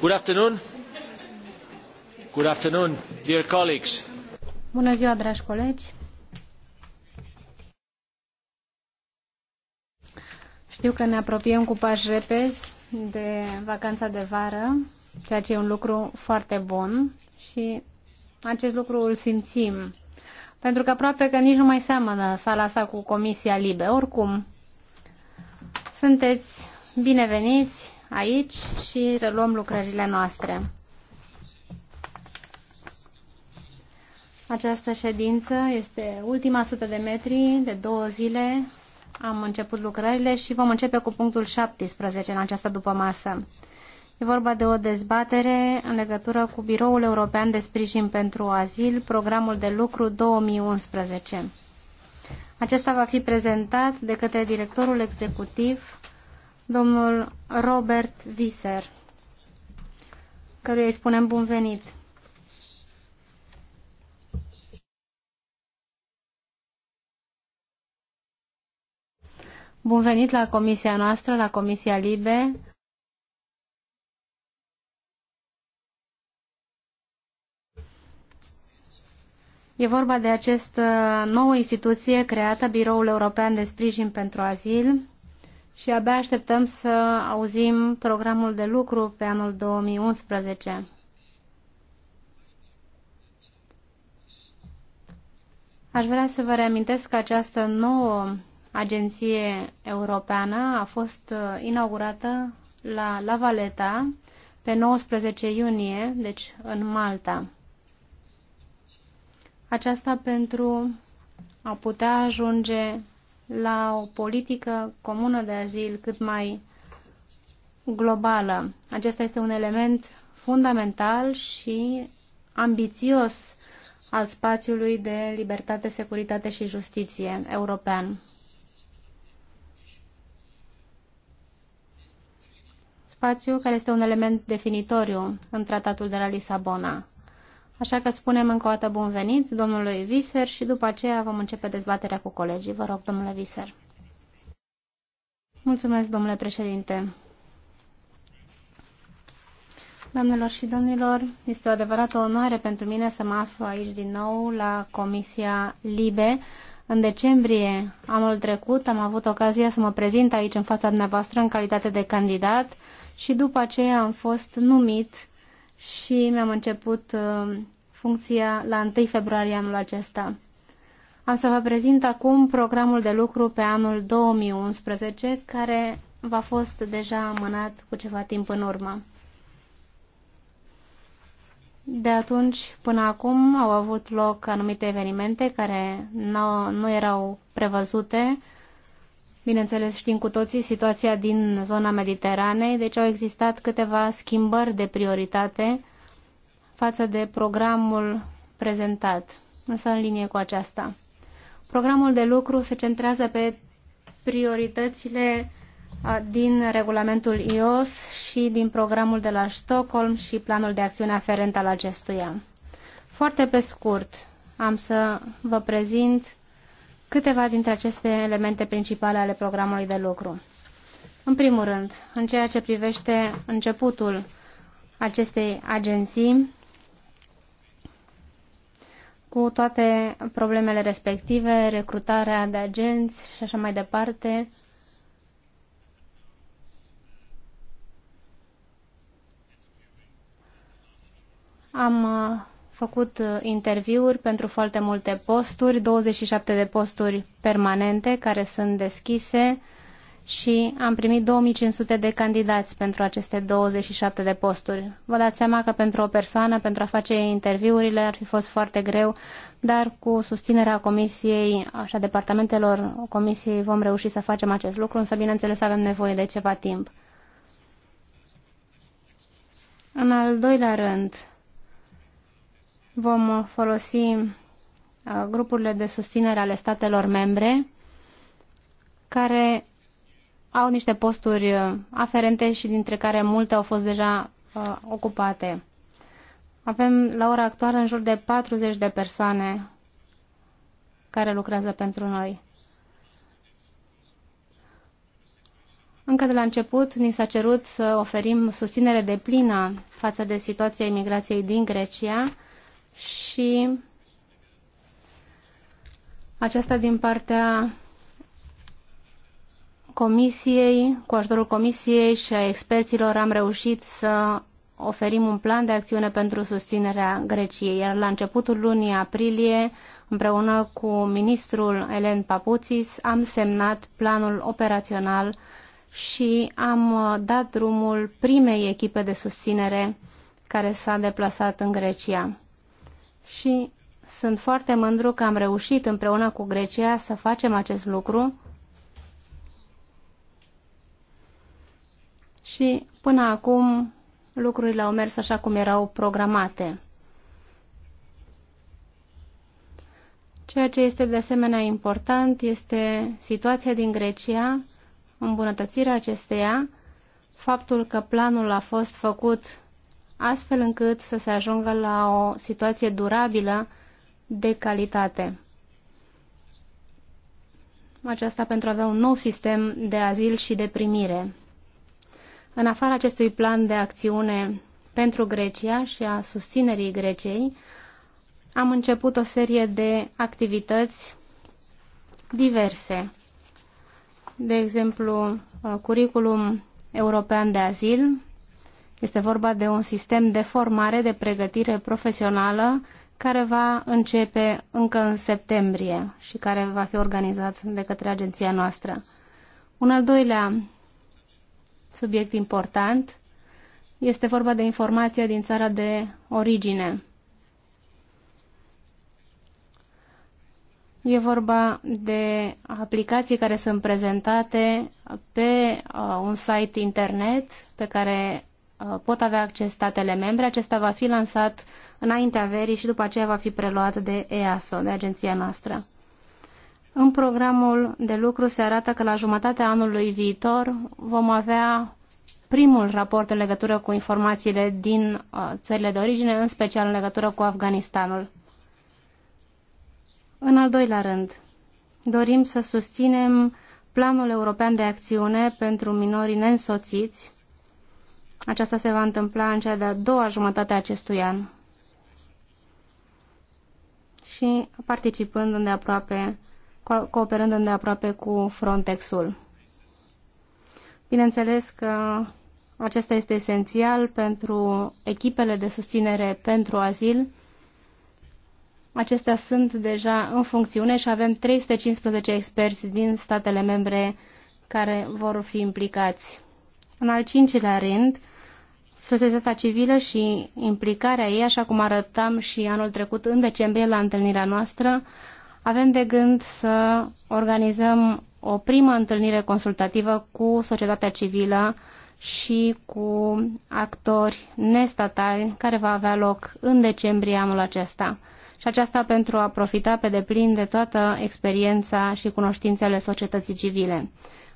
Good afternoon. Good afternoon, dear colleagues. Bună ziua, dragi colegi. Știu că ne apropiem cu pași repezi de vacanța de vară, ceea ce e un lucru foarte bun și acest lucru îl simțim. Pentru că aproape că nici nu mai seamănă sala sa cu Comisia Libe. Oricum, sunteți bineveniți aici și reluăm lucrările noastre. Această ședință este ultima sută de metri de două zile. Am început lucrările și vom începe cu punctul 17 în această dupămasă. E vorba de o dezbatere în legătură cu Biroul European de Sprijin pentru Azil, programul de lucru 2011. Acesta va fi prezentat de către directorul executiv domnul Robert Viser, căruia îi spunem bun venit. Bun venit la comisia noastră, la comisia LIBE. E vorba de această nouă instituție creată, Biroul European de Sprijin pentru Azil, și abia așteptăm să auzim programul de lucru pe anul 2011. Aș vrea să vă reamintesc că această nouă agenție europeană a fost uh, inaugurată la La Valeta pe 19 iunie, deci în Malta. Aceasta pentru a putea ajunge la o politică comună de azil cât mai globală. Acesta este un element fundamental și ambițios al spațiului de libertate, securitate și justiție european. Spațiu care este un element definitoriu în tratatul de la Lisabona. Așa că spunem încă o dată bun venit domnului Viser și după aceea vom începe dezbaterea cu colegii. Vă rog, domnule Viser. Mulțumesc, domnule președinte. Doamnelor și domnilor, este o adevărată onoare pentru mine să mă aflu aici din nou la Comisia Libe. În decembrie anul trecut am avut ocazia să mă prezint aici în fața dumneavoastră în calitate de candidat și după aceea am fost numit și mi-am început uh, funcția la 1 februarie anul acesta. Am să vă prezint acum programul de lucru pe anul 2011, care va fost deja amânat cu ceva timp în urmă. De atunci până acum au avut loc anumite evenimente care nu, nu erau prevăzute, Bineînțeles, știm cu toții situația din zona Mediteranei, deci au existat câteva schimbări de prioritate față de programul prezentat, însă în linie cu aceasta. Programul de lucru se centrează pe prioritățile din regulamentul IOS și din programul de la Stockholm și planul de acțiune aferent al acestuia. Foarte pe scurt am să vă prezint câteva dintre aceste elemente principale ale programului de lucru. În primul rând, în ceea ce privește începutul acestei agenții, cu toate problemele respective, recrutarea de agenți și așa mai departe. Am uh, făcut uh, interviuri pentru foarte multe posturi, 27 de posturi permanente care sunt deschise și am primit 2500 de candidați pentru aceste 27 de posturi. Vă dați seama că pentru o persoană, pentru a face interviurile, ar fi fost foarte greu, dar cu susținerea comisiei și a departamentelor comisiei vom reuși să facem acest lucru, însă bineînțeles avem nevoie de ceva timp. În al doilea rând, Vom uh, folosi uh, grupurile de susținere ale statelor membre care au niște posturi uh, aferente și dintre care multe au fost deja ocupate. Avem la ora actuală în jur de 40 de persoane care lucrează pentru noi. Încă de la început ni s-a cerut să oferim susținere de plină față de situația imigrației din Grecia și aceasta din partea Comisiei, cu ajutorul Comisiei și a experților am reușit să oferim un plan de acțiune pentru susținerea Greciei, iar la începutul lunii aprilie, împreună cu ministrul Elen Papuțis, am semnat planul operațional și am dat drumul primei echipe de susținere care s-a deplasat în Grecia și sunt foarte mândru că am reușit împreună cu Grecia să facem acest lucru și până acum lucrurile au mers așa cum erau programate. Ceea ce este de asemenea important este situația din Grecia, îmbunătățirea acesteia, faptul că planul a fost făcut astfel încât să se ajungă la o situație durabilă de calitate. Aceasta pentru a avea un nou sistem de azil și de primire. În afara acestui plan de acțiune pentru Grecia și a susținerii Greciei, am început o serie de activități diverse. De exemplu, uh, curiculum european de azil, este vorba de un sistem de formare, de pregătire profesională care va începe încă în septembrie și care va fi organizat de către agenția noastră. Un al doilea subiect important este vorba de informația din țara de origine. E vorba de aplicații care sunt prezentate pe uh, un site internet pe care Uh, pot avea acces statele membre. Acesta va fi lansat înaintea verii și după aceea va fi preluat de EASO, de agenția noastră. În programul de lucru se arată că la jumătatea anului viitor vom avea primul raport în legătură cu informațiile din uh, țările de origine, în special în legătură cu Afganistanul. În al doilea rând, dorim să susținem Planul European de Acțiune pentru Minorii Nensoțiți, aceasta se va întâmpla în cea de-a doua jumătate a acestui an și participând îndeaproape, cooperând îndeaproape cu Frontexul. Bineînțeles că acesta este esențial pentru echipele de susținere pentru azil. Acestea sunt deja în funcțiune și avem 315 experți din statele membre care vor fi implicați. În al cincilea rând, societatea civilă și implicarea ei, așa cum arătam și anul trecut în decembrie la întâlnirea noastră, avem de gând să organizăm o primă întâlnire consultativă cu societatea civilă și cu actori nestatali care va avea loc în decembrie anul acesta. Și aceasta pentru a profita pe deplin de toată experiența și cunoștințele societății civile.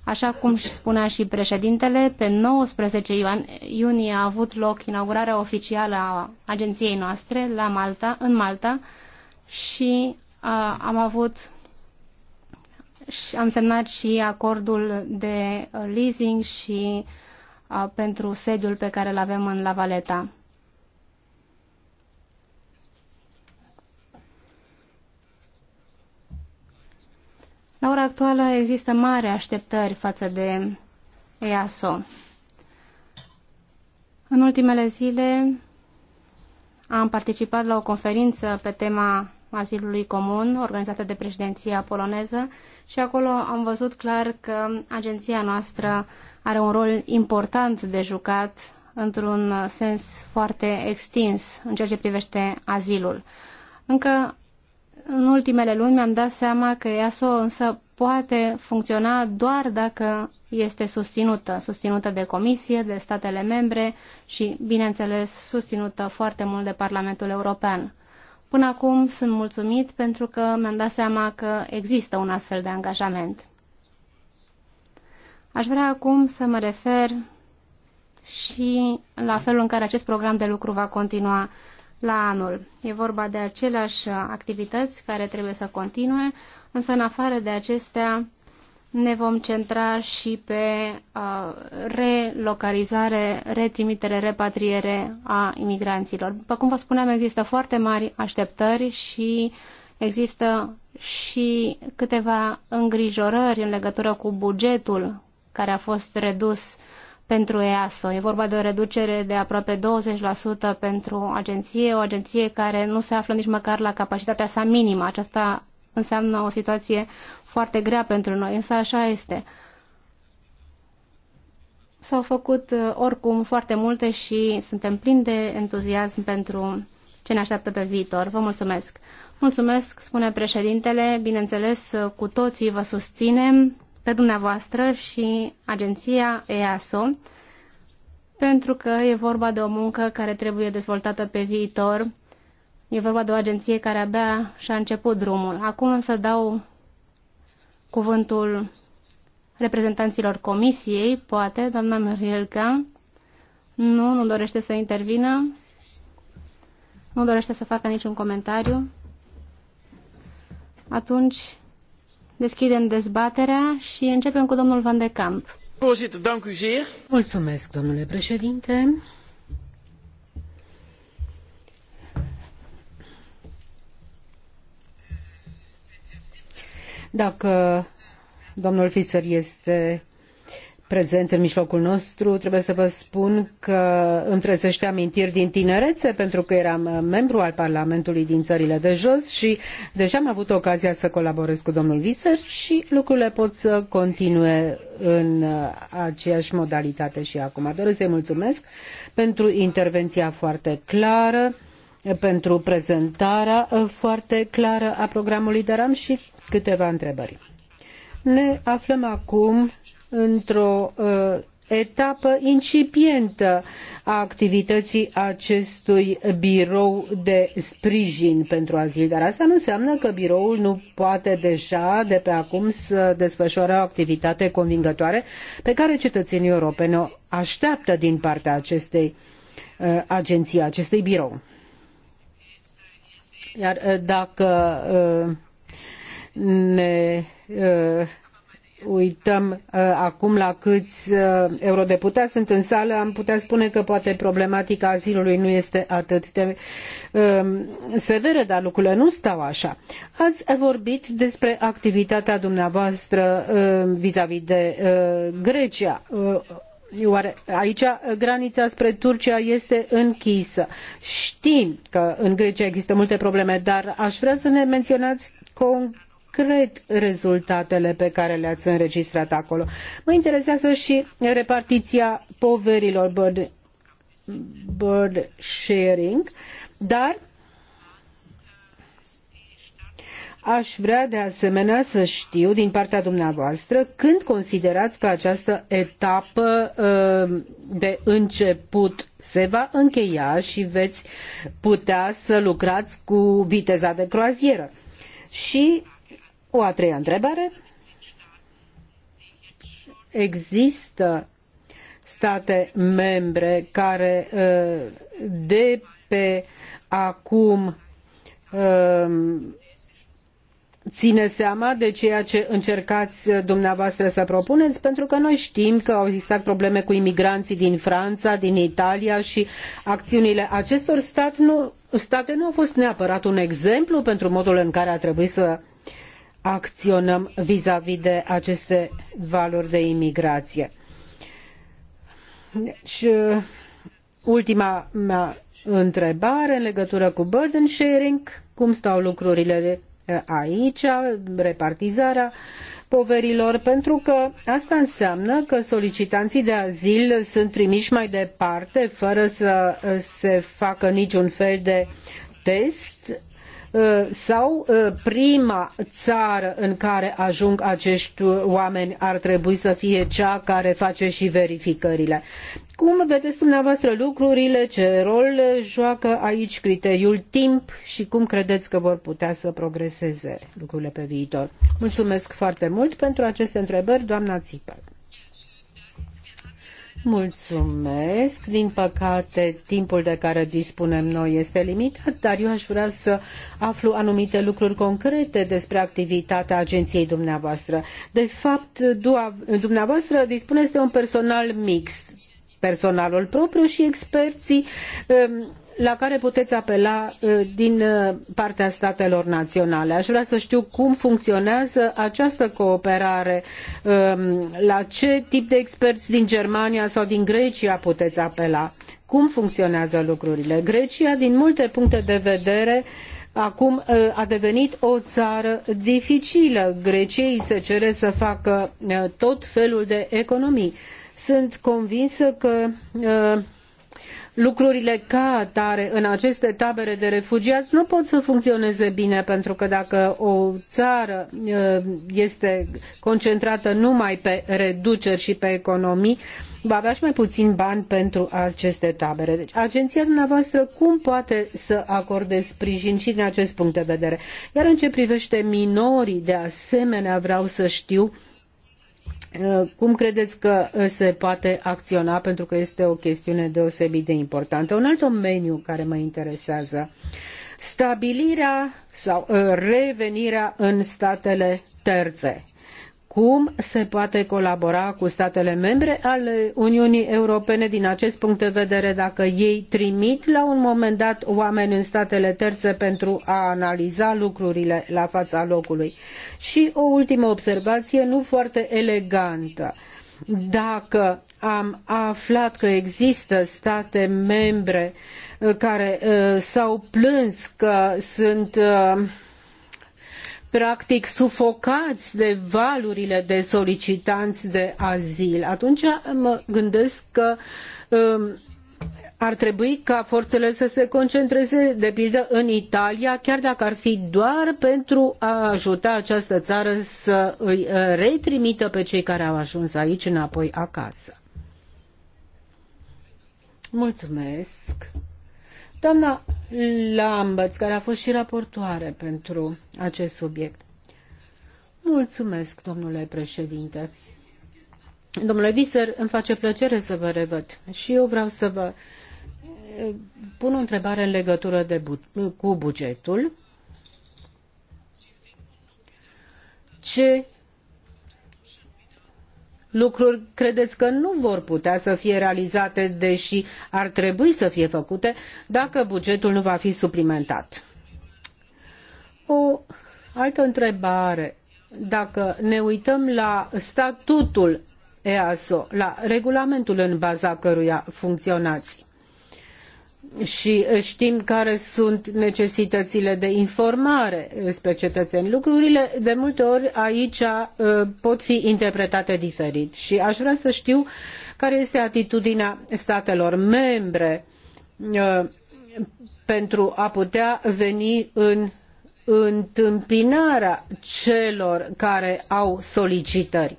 Așa cum spunea și președintele, pe 19 iunie a avut loc inaugurarea oficială a agenției noastre la Malta, în Malta și uh, am avut și am semnat și acordul de leasing și uh, pentru sediul pe care îl avem în La Valeta. La ora actuală există mare așteptări față de EASO. În ultimele zile am participat la o conferință pe tema azilului comun organizată de președinția poloneză și acolo am văzut clar că agenția noastră are un rol important de jucat într-un sens foarte extins în ceea ce privește azilul. Încă în ultimele luni mi-am dat seama că EASO însă poate funcționa doar dacă este susținută, susținută de Comisie, de statele membre și, bineînțeles, susținută foarte mult de Parlamentul European. Până acum sunt mulțumit pentru că mi-am dat seama că există un astfel de angajament. Aș vrea acum să mă refer și la felul în care acest program de lucru va continua la anul. E vorba de aceleași activități care trebuie să continue, însă în afară de acestea ne vom centra și pe uh, relocalizare, retrimitere, repatriere a imigranților. După cum vă spuneam, există foarte mari așteptări și există și câteva îngrijorări în legătură cu bugetul care a fost redus uh, pentru EASO. E vorba de o reducere de aproape 20% pentru agenție, o agenție care nu se află nici măcar la capacitatea sa minimă. Aceasta înseamnă o situație foarte grea pentru noi, însă așa este. S-au făcut uh, oricum foarte multe și suntem plini de entuziasm pentru ce ne așteaptă pe viitor. Vă mulțumesc! Mulțumesc, spune președintele. Bineînțeles, uh, cu toții vă susținem pe dumneavoastră și agenția EASO, pentru că e vorba de o muncă care trebuie dezvoltată pe viitor. E vorba de o agenție care abia și-a început drumul. Acum să dau cuvântul reprezentanților comisiei, poate, doamna Mirilca. Nu, nu dorește să intervină. Nu dorește să facă niciun comentariu. Atunci Deschidem dezbaterea și începem cu domnul Van de Camp. Mulțumesc, domnule președinte. Dacă domnul Fischer este prezent în mijlocul nostru. Trebuie să vă spun că îmi trezește amintiri din tinerețe, pentru că eram uh, membru al Parlamentului din țările de jos și deja am avut ocazia să colaborez cu domnul Viser și lucrurile pot să continue în uh, aceeași modalitate și acum. Doresc să-i mulțumesc pentru intervenția foarte clară pentru prezentarea uh, foarte clară a programului de RAM și câteva întrebări. Ne aflăm acum într-o uh, etapă incipientă a activității acestui birou de sprijin pentru azil. Dar asta nu înseamnă că biroul nu poate deja de pe acum să desfășoare o activitate convingătoare pe care cetățenii europeni o așteaptă din partea acestei uh, agenții, acestui birou. Iar uh, dacă uh, ne uităm uh, acum la câți uh, eurodeputați sunt în sală, am putea spune că poate problematica azilului nu este atât de uh, severă, dar lucrurile nu stau așa. Ați vorbit despre activitatea dumneavoastră vizavi de Grecia. Oare aici granița spre Turcia este închisă. Știm că în Grecia există multe probleme, dar aș vrea să ne menționați concret cred rezultatele pe care le-ați înregistrat acolo. Mă interesează și repartiția poverilor bird, bird sharing, dar Aș vrea de asemenea să știu din partea dumneavoastră când considerați că această etapă uh, de început se va încheia și veți putea să lucrați cu viteza de croazieră. Și o a treia întrebare. Există state membre care uh, de pe acum um, ține seama de ceea ce încercați uh, dumneavoastră să propuneți, pentru că noi știm că au existat probleme cu imigranții din Franța, din Italia și acțiunile acestor stat nu, state nu au fost neapărat un exemplu pentru modul în care a trebuit să acționăm vis-a-vis de aceste valuri de imigrație. Deci, ultima mea întrebare în legătură cu burden sharing, cum stau lucrurile aici, repartizarea poverilor, pentru că asta înseamnă că solicitanții de azil sunt trimiși mai departe fără să se facă niciun fel de test Uh, sau uh, prima țară în care ajung acești oameni ar trebui să fie cea care face și verificările. Cum vedeți dumneavoastră lucrurile, ce rol joacă aici criteriul timp și cum credeți că vor putea să progreseze lucrurile pe viitor? Mulțumesc foarte mult pentru aceste întrebări, doamna Țipăl. Mulțumesc. Din păcate, timpul de care dispunem noi este limitat, dar eu aș vrea să aflu anumite lucruri concrete despre activitatea agenției dumneavoastră. De fapt, dumneavoastră dispuneți de un personal mix, personalul propriu și experții um, la care puteți apela uh, din uh, partea statelor naționale. Aș vrea să știu cum funcționează această cooperare, um, la ce tip de experți din Germania sau din Grecia puteți apela, cum funcționează lucrurile. Grecia, din multe puncte de vedere, acum uh, a devenit o țară dificilă. Greciei se cere să facă tot felul de economii. Sunt convinsă că lucrurile ca atare în aceste tabere de refugiați nu pot să funcționeze bine, pentru că dacă o țară uh, este concentrată numai pe reduceri și pe economii, va avea și mai puțin bani pentru aceste tabere. Deci, agenția dumneavoastră cum poate să acorde sprijin și din acest punct de vedere? Iar în ce privește minorii, de asemenea, vreau să știu Uh, cum credeți că uh, se poate acționa, pentru că este o chestiune deosebit de importantă. Un alt domeniu care mă interesează, stabilirea sau uh, revenirea în statele terțe cum se poate colabora cu statele membre ale Uniunii Europene din acest punct de vedere dacă ei trimit la un moment dat oameni în statele terțe pentru a analiza lucrurile la fața locului. Și o ultimă observație nu foarte elegantă dacă am aflat că există state membre uh, care uh, s-au plâns că sunt uh, practic sufocați de valurile de solicitanți de azil. Atunci mă gândesc că um, ar trebui ca forțele să se concentreze, de pildă, în Italia, chiar dacă ar fi doar pentru a ajuta această țară să îi uh, retrimită pe cei care au ajuns aici înapoi acasă. Mulțumesc! Doamna Lambăț, care a fost și raportoare pentru acest subiect. Mulțumesc, domnule președinte. Domnule Viser, îmi face plăcere să vă revăd și eu vreau să vă eh, pun o întrebare în legătură de bu- cu bugetul. Ce lucruri credeți că nu vor putea să fie realizate, deși ar trebui să fie făcute, dacă bugetul nu va fi suplimentat? O altă întrebare. Dacă ne uităm la statutul EASO, la regulamentul în baza căruia funcționați, și eh, știm care sunt necesitățile de informare eh, spre cetățeni. Lucrurile de multe ori aici eh, pot fi interpretate diferit și aș vrea să știu care este atitudinea statelor membre pentru a putea veni în întâmpinarea celor care au solicitări.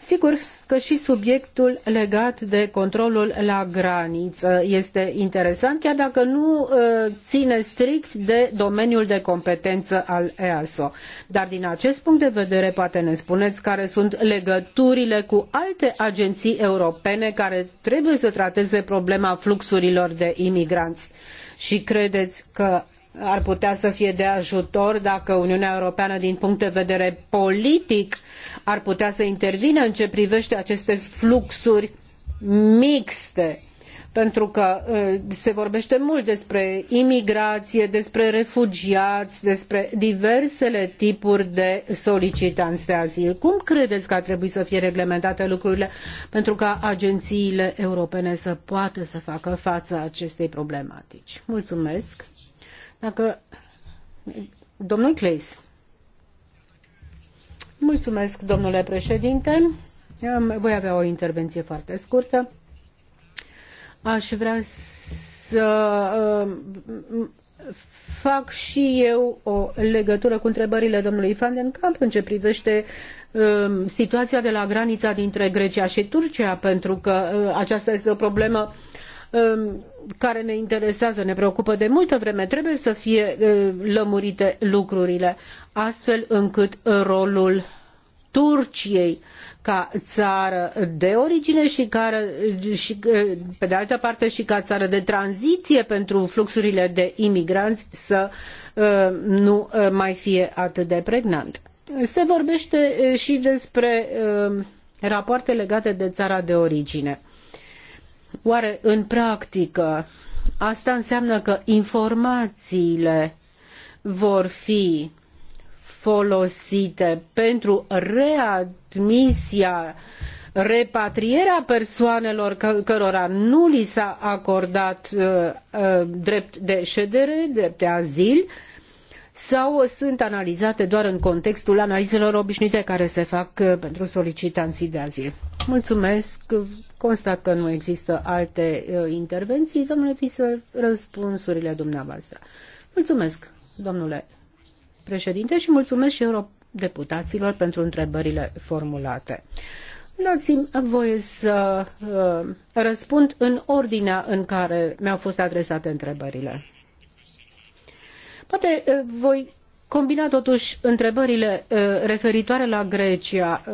Sigur că și subiectul legat de controlul la graniță este interesant, chiar dacă nu uh, ține strict de domeniul de competență al EASO. Dar din acest punct de vedere poate ne spuneți care sunt legăturile cu alte agenții europene care trebuie să trateze problema fluxurilor de imigranți. Și credeți că ar putea să fie de ajutor dacă Uniunea Europeană, din punct de vedere politic, ar putea să intervină în ce privește aceste fluxuri mixte. Pentru că uh, se vorbește mult despre imigrație, despre refugiați, despre diversele tipuri de solicitanți de azil. Cum credeți că ar trebui să fie reglementate lucrurile pentru ca agențiile europene să poată să facă față acestei problematici? Mulțumesc! domnul domnule președinte. Voi avea o intervenție foarte scurtă. Aș vrea să um, fac și eu o legătură cu întrebările domnului Van den Kamp în ce privește um, situația de la granița dintre Grecia și Turcia, pentru că uh, aceasta este o problemă um, care ne interesează, ne preocupă de multă vreme, trebuie să fie lămurite lucrurile, astfel încât rolul Turciei ca țară de origine și, care, și pe de altă parte și ca țară de tranziție pentru fluxurile de imigranți să nu mai fie atât de pregnant. Se vorbește și despre rapoarte legate de țara de origine. Oare în practică asta înseamnă că informațiile vor fi folosite pentru readmisia, repatrierea persoanelor că, cărora nu li s-a acordat uh, uh, drept de ședere, drept de azil, uh, sau sunt analizate doar în contextul analizelor obișnuite care se fac uh, pentru solicitanții de azil. Mulțumesc, constat că nu există alte uh, intervenții. Domnule Fisăr, răspunsurile dumneavoastră. Mulțumesc, domnule președinte, și mulțumesc și eurodeputaților pentru întrebările formulate. Dați-mi voie să uh, răspund în ordinea în care mi-au fost adresate întrebările. Poate voi combina totuși întrebările referitoare la Grecia,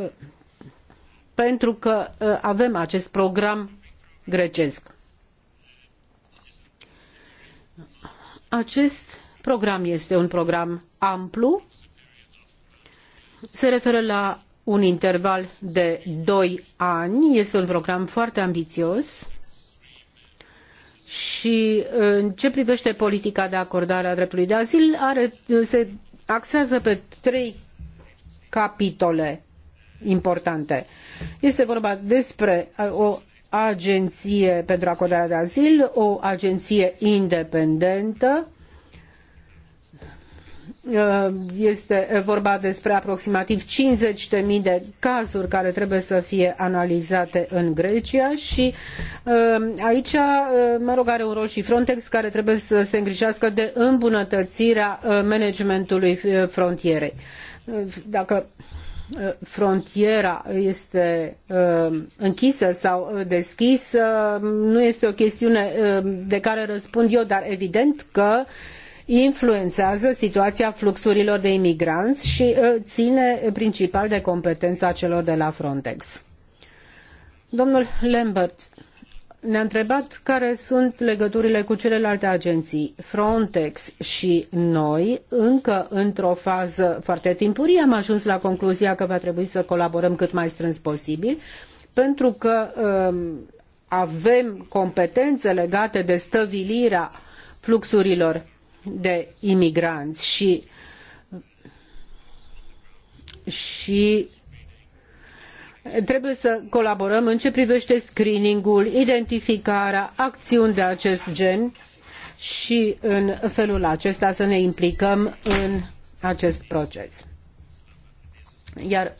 pentru că avem acest program grecesc. Acest program este un program amplu, se referă la un interval de doi ani, este un program foarte ambițios și uh, în ce privește politica de acordare a dreptului de azil, are, se axează pe trei capitole importante. Este vorba despre uh, o agenție pentru acordarea de azil, o agenție independentă Uh, este vorba despre aproximativ 50.000 de cazuri care trebuie să fie analizate în Grecia și uh, aici, uh, mă rog, are un rol și Frontex care trebuie să se îngrijească de îmbunătățirea managementului frontierei. Dacă frontiera este închisă sau deschisă, nu este o chestiune de care răspund eu, dar evident că uh, influențează situația fluxurilor de imigranți și uh, ține principal de competența celor de la Frontex. Domnul Lambert ne-a întrebat care sunt legăturile cu celelalte agenții. Frontex și noi, încă într-o fază foarte timpurie, am ajuns la concluzia că va trebui să colaborăm cât mai strâns posibil, pentru că um, avem competențe legate de stăvilirea fluxurilor de imigranți și și trebuie să colaborăm în ce privește screeningul, identificarea, acțiuni de acest gen și în felul acesta să ne implicăm în acest proces. Iar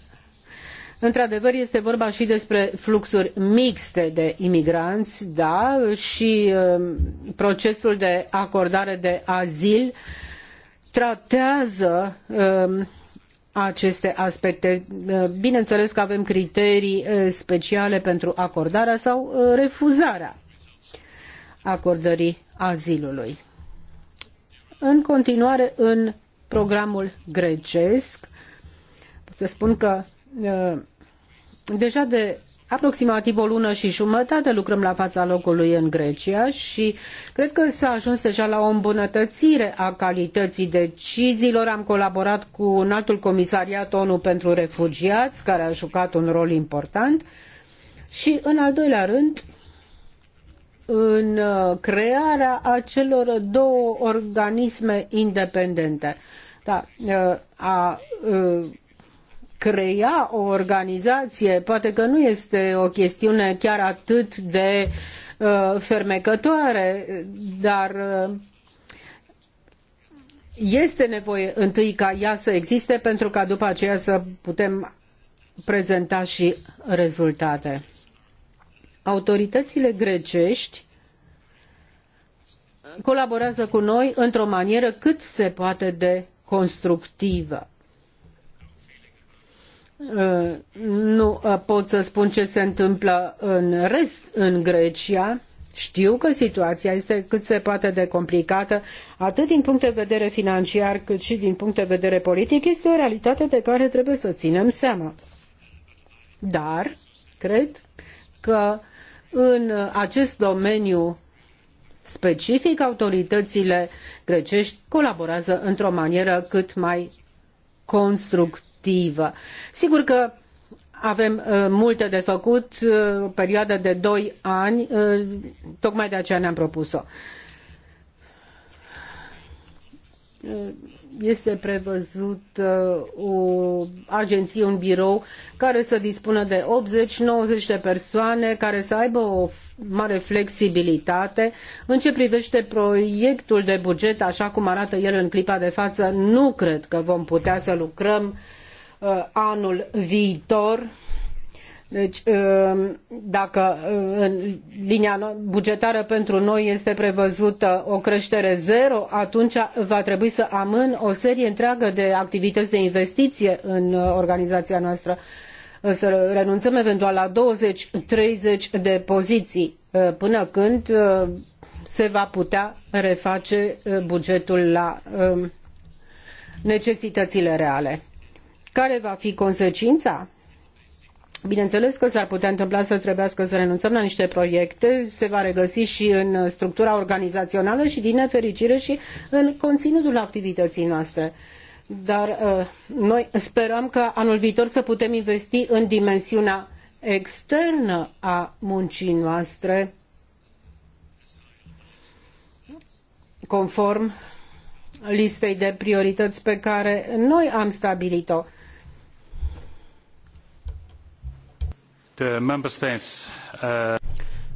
Într-adevăr, este vorba și despre fluxuri mixte de imigranți, da, și um, procesul de acordare de azil tratează um, aceste aspecte. Uh, bineînțeles că avem criterii uh, speciale pentru acordarea sau uh, refuzarea acordării azilului. În continuare, în programul grecesc, pot să spun că Deja de aproximativ o lună și jumătate lucrăm la fața locului în Grecia și cred că s-a ajuns deja la o îmbunătățire a calității deciziilor. Am colaborat cu un altul comisariat ONU pentru refugiați, care a jucat un rol important. Și în al doilea rând, în uh, crearea acelor două organisme independente. Da, uh, a, a uh, crea o organizație, poate că nu este o chestiune chiar atât de uh, fermecătoare, dar uh, este nevoie întâi ca ea să existe pentru ca după aceea să putem prezenta și rezultate. Autoritățile grecești colaborează cu noi într-o manieră cât se poate de constructivă. Uh, nu uh, pot să spun ce se întâmplă în rest în Grecia. Știu că situația este cât se poate de complicată, atât din punct de vedere financiar cât și din punct de vedere politic. Este o realitate de care trebuie să ținem seama. Dar cred că în acest domeniu specific autoritățile grecești colaborează într-o manieră cât mai constructivă activă. Sigur că avem uh, multe de făcut, uh, o perioadă de doi ani, uh, tocmai de aceea ne-am propus-o. Este prevăzut o agenție, un birou care să dispună de 80-90 de persoane, care să aibă o mare flexibilitate. În ce privește proiectul de buget, așa cum arată el în clipa de față, nu cred că vom putea să lucrăm uh, Uh, anul viitor. Deci, uh, dacă uh, în linia bugetară pentru noi este prevăzută o creștere zero, atunci va trebui să amân o serie întreagă de activități de investiție în organizația noastră, să renunțăm eventual la 20-30 de poziții până când se va putea reface bugetul la necesitățile reale. Care va fi consecința? Bineînțeles că s-ar putea întâmpla să trebuiască să renunțăm la niște proiecte, se va regăsi și în structura organizațională și, din nefericire, și în conținutul activității noastre. Dar uh, noi sperăm că anul viitor să putem investi în dimensiunea externă a muncii noastre, conform listei de priorități pe care noi am stabilit-o. Uh, Uh, uh,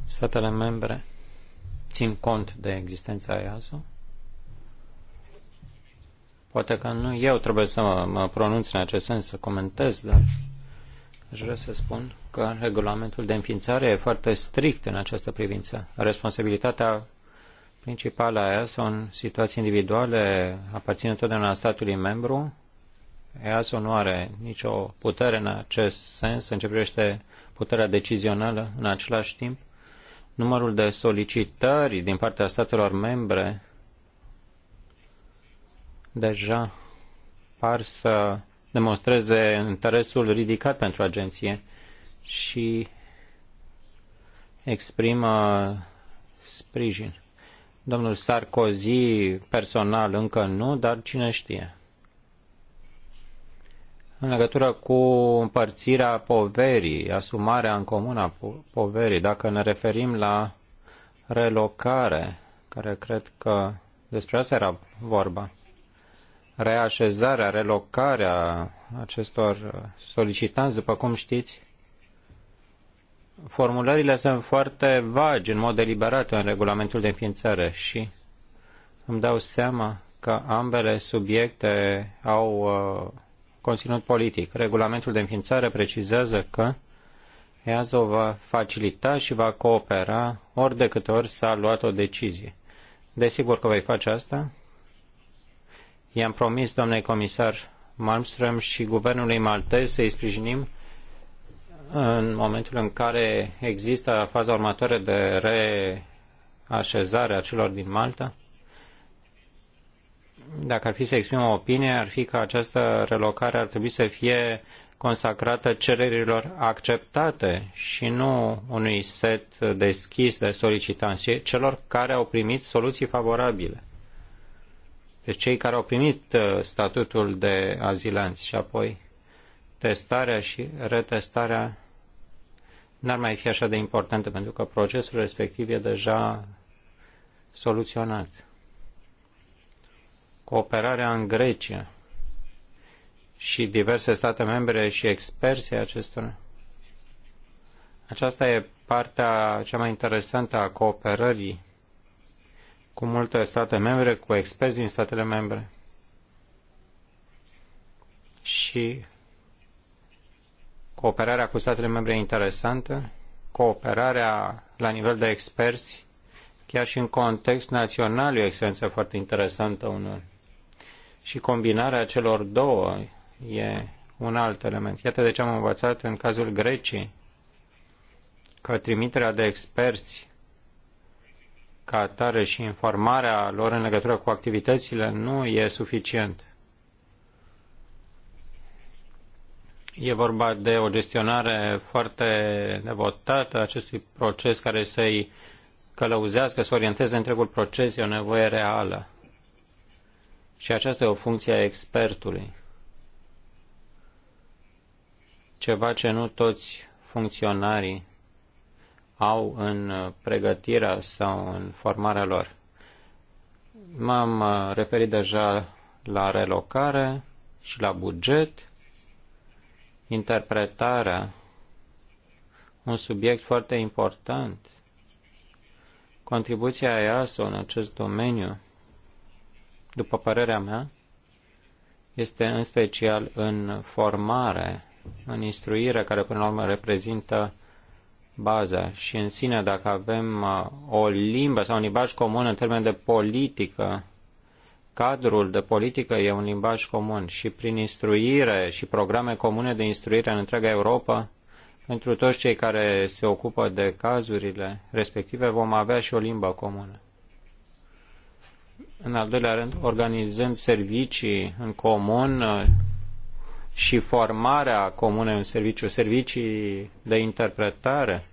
Statele membre țin cont de existența EASO? Poate că nu eu trebuie să mă, mă pronunț în acest sens, să comentez, dar aș vrea să spun că regulamentul de înființare e foarte strict în această privință. Responsabilitatea principală a EASO în situații individuale aparține totdeauna statului membru. EASO nu are nicio putere în acest sens în ce privește puterea decizională în același timp, numărul de solicitări din partea statelor membre deja par să demonstreze interesul ridicat pentru agenție și exprimă sprijin. Domnul Sarkozy personal încă nu, dar cine știe în legătură cu împărțirea poverii, asumarea în comun a poverii, dacă ne referim la relocare, care cred că despre asta era vorba, reașezarea, relocarea acestor solicitanți, după cum știți, formulările sunt foarte vagi, în mod deliberat, în regulamentul de înființare și îmi dau seama că ambele subiecte au uh, conținut politic. Regulamentul de înființare precizează că EASO va facilita și va coopera ori de câte ori s-a luat o decizie. Desigur că voi face asta. I-am promis, domnule comisar Malmström și guvernului maltez să-i sprijinim în momentul în care există faza următoare de reașezare a celor din Malta dacă ar fi să exprim o opinie, ar fi că această relocare ar trebui să fie consacrată cererilor acceptate și nu unui set deschis de solicitanți, ci celor care au primit soluții favorabile. Deci cei care au primit uh, statutul de azilanți și apoi testarea și retestarea n-ar mai fi așa de importantă pentru că procesul respectiv e deja soluționat. Cooperarea în Grecia și diverse state membre și experții acestora. Aceasta e partea cea mai interesantă a cooperării cu multe state membre, cu experți din statele membre. Și cooperarea cu statele membre e interesantă, cooperarea la nivel de experți, chiar și în context național e o experiență foarte interesantă unul. Și combinarea celor două e un alt element. Iată de ce am învățat în cazul Greciei că trimiterea de experți ca atare și informarea lor în legătură cu activitățile nu e suficient. E vorba de o gestionare foarte devotată a acestui proces care să-i călăuzească, să orienteze întregul proces, e o nevoie reală. Și aceasta e o funcție a expertului. Ceva ce nu toți funcționarii au în pregătirea sau în formarea lor. M-am uh, referit deja la relocare și la buget, interpretarea, un subiect foarte important, contribuția EASO în acest domeniu, după părerea mea, este în special în formare, în instruire, care până la urmă reprezintă baza și în sine dacă avem uh, o limbă sau un limbaj comun în termen de politică, cadrul de politică e un limbaj comun și prin instruire și programe comune de instruire în întreaga Europa, pentru toți cei care se ocupă de cazurile respective vom avea și o limbă comună. În al doilea rând, organizând servicii în comun uh, și formarea comună în serviciu, servicii de interpretare.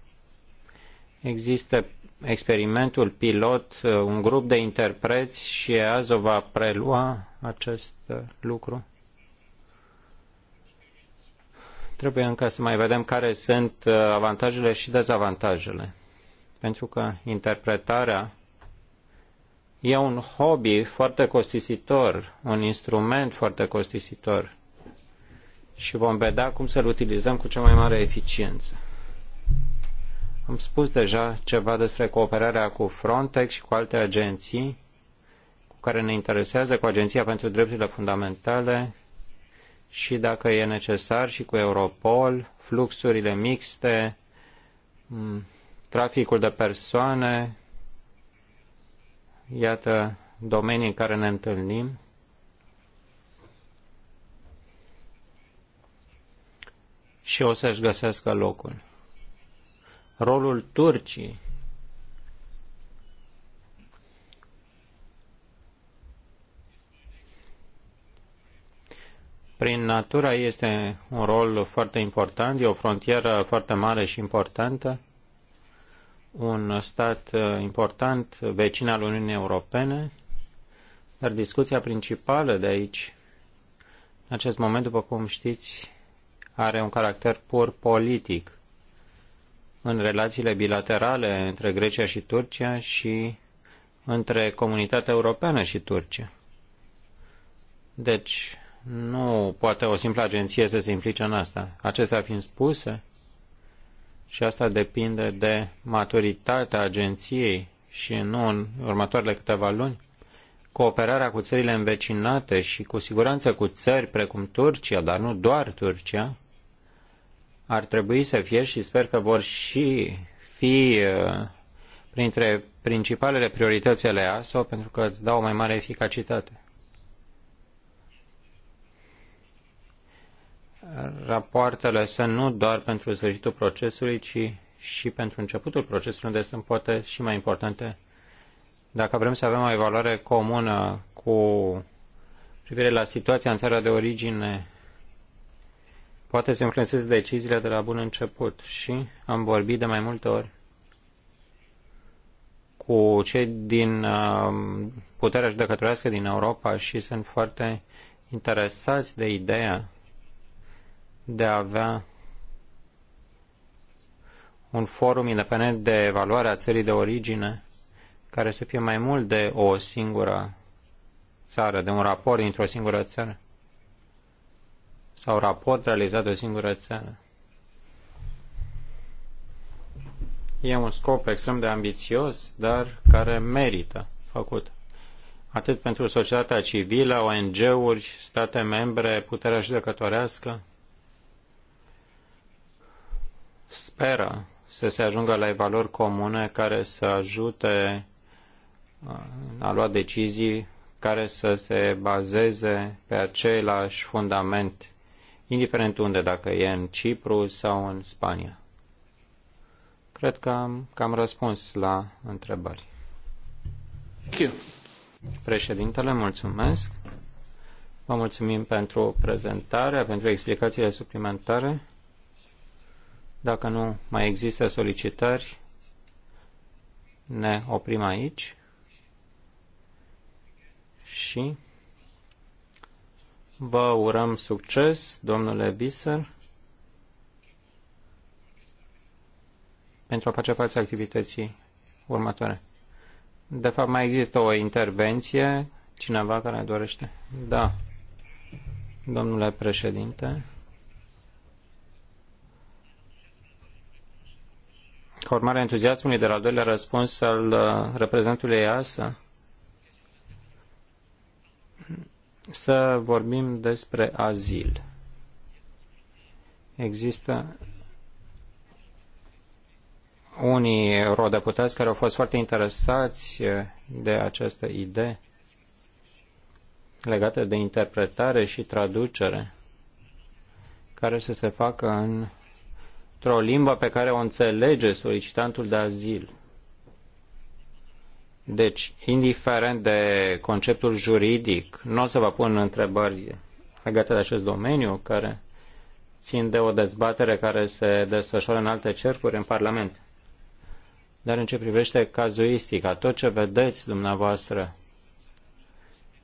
Există experimentul pilot, uh, un grup de interpreți și EASO va prelua acest uh, lucru. Trebuie încă să mai vedem care sunt avantajele și dezavantajele. Pentru că interpretarea E un hobby foarte costisitor, un instrument foarte costisitor și vom vedea cum să-l utilizăm cu cea mai mare eficiență. Am spus deja ceva despre cooperarea cu Frontex și cu alte agenții cu care ne interesează, cu Agenția pentru Drepturile Fundamentale și, dacă e necesar, și cu Europol, fluxurile mixte, traficul de persoane, Iată domenii în care ne întâlnim. Și o să-și găsească locul. Rolul Turcii prin natura este un rol foarte important, e o frontieră foarte mare și importantă un stat uh, important, vecin al Uniunii Europene, dar discuția principală de aici, în acest moment, după cum știți, are un caracter pur politic în relațiile bilaterale între Grecia și Turcia și între comunitatea europeană și Turcia. Deci, nu poate o simplă agenție să se implice în asta. Acestea fiind spuse, și asta depinde de maturitatea agenției și nu în următoarele câteva luni, cooperarea cu țările învecinate și cu siguranță cu țări precum Turcia, dar nu doar Turcia, ar trebui să fie și sper că vor și fi uh, printre principalele priorități ale ASO pentru că îți dau o mai mare eficacitate. rapoartele să nu doar pentru sfârșitul procesului, ci și pentru începutul procesului, unde sunt poate și mai importante. Dacă vrem să avem o evaluare comună cu privire la situația în țara de origine, poate să influențeze deciziile de la bun început. Și am vorbit de mai multe ori cu cei din um, puterea judecătorească din Europa și sunt foarte interesați de ideea de a avea un forum independent de evaluare a țării de origine, care să fie mai mult de o singură țară, de un raport dintr-o singură țară, sau raport realizat de o singură țară. E un scop extrem de ambițios, dar care merită făcut. Atât pentru societatea civilă, ONG-uri, state membre, puterea judecătorească, speră să se ajungă la evaluări comune care să ajute uh, a lua decizii care să se bazeze pe același fundament, indiferent unde, dacă e în Cipru sau în Spania. Cred că am, că am răspuns la întrebări. Președintele, mulțumesc. Vă mulțumim pentru prezentare, pentru explicațiile suplimentare. Dacă nu mai există solicitări, ne oprim aici și vă urăm succes, domnule Biser, pentru a face față activității următoare. De fapt, mai există o intervenție. Cineva care dorește? Da. Domnule președinte. Ca urmare a entuziasmului de la al doilea răspuns al uh, reprezentului EASA, să vorbim despre azil. Există unii eurodeputați care au fost foarte interesați de această idee legată de interpretare și traducere care să se facă în într-o limbă pe care o înțelege solicitantul de azil. Deci, indiferent de conceptul juridic, nu o să vă pun întrebări legate de acest domeniu, care țin de o dezbatere care se desfășoară în alte cercuri în Parlament. Dar în ce privește cazuistica, tot ce vedeți dumneavoastră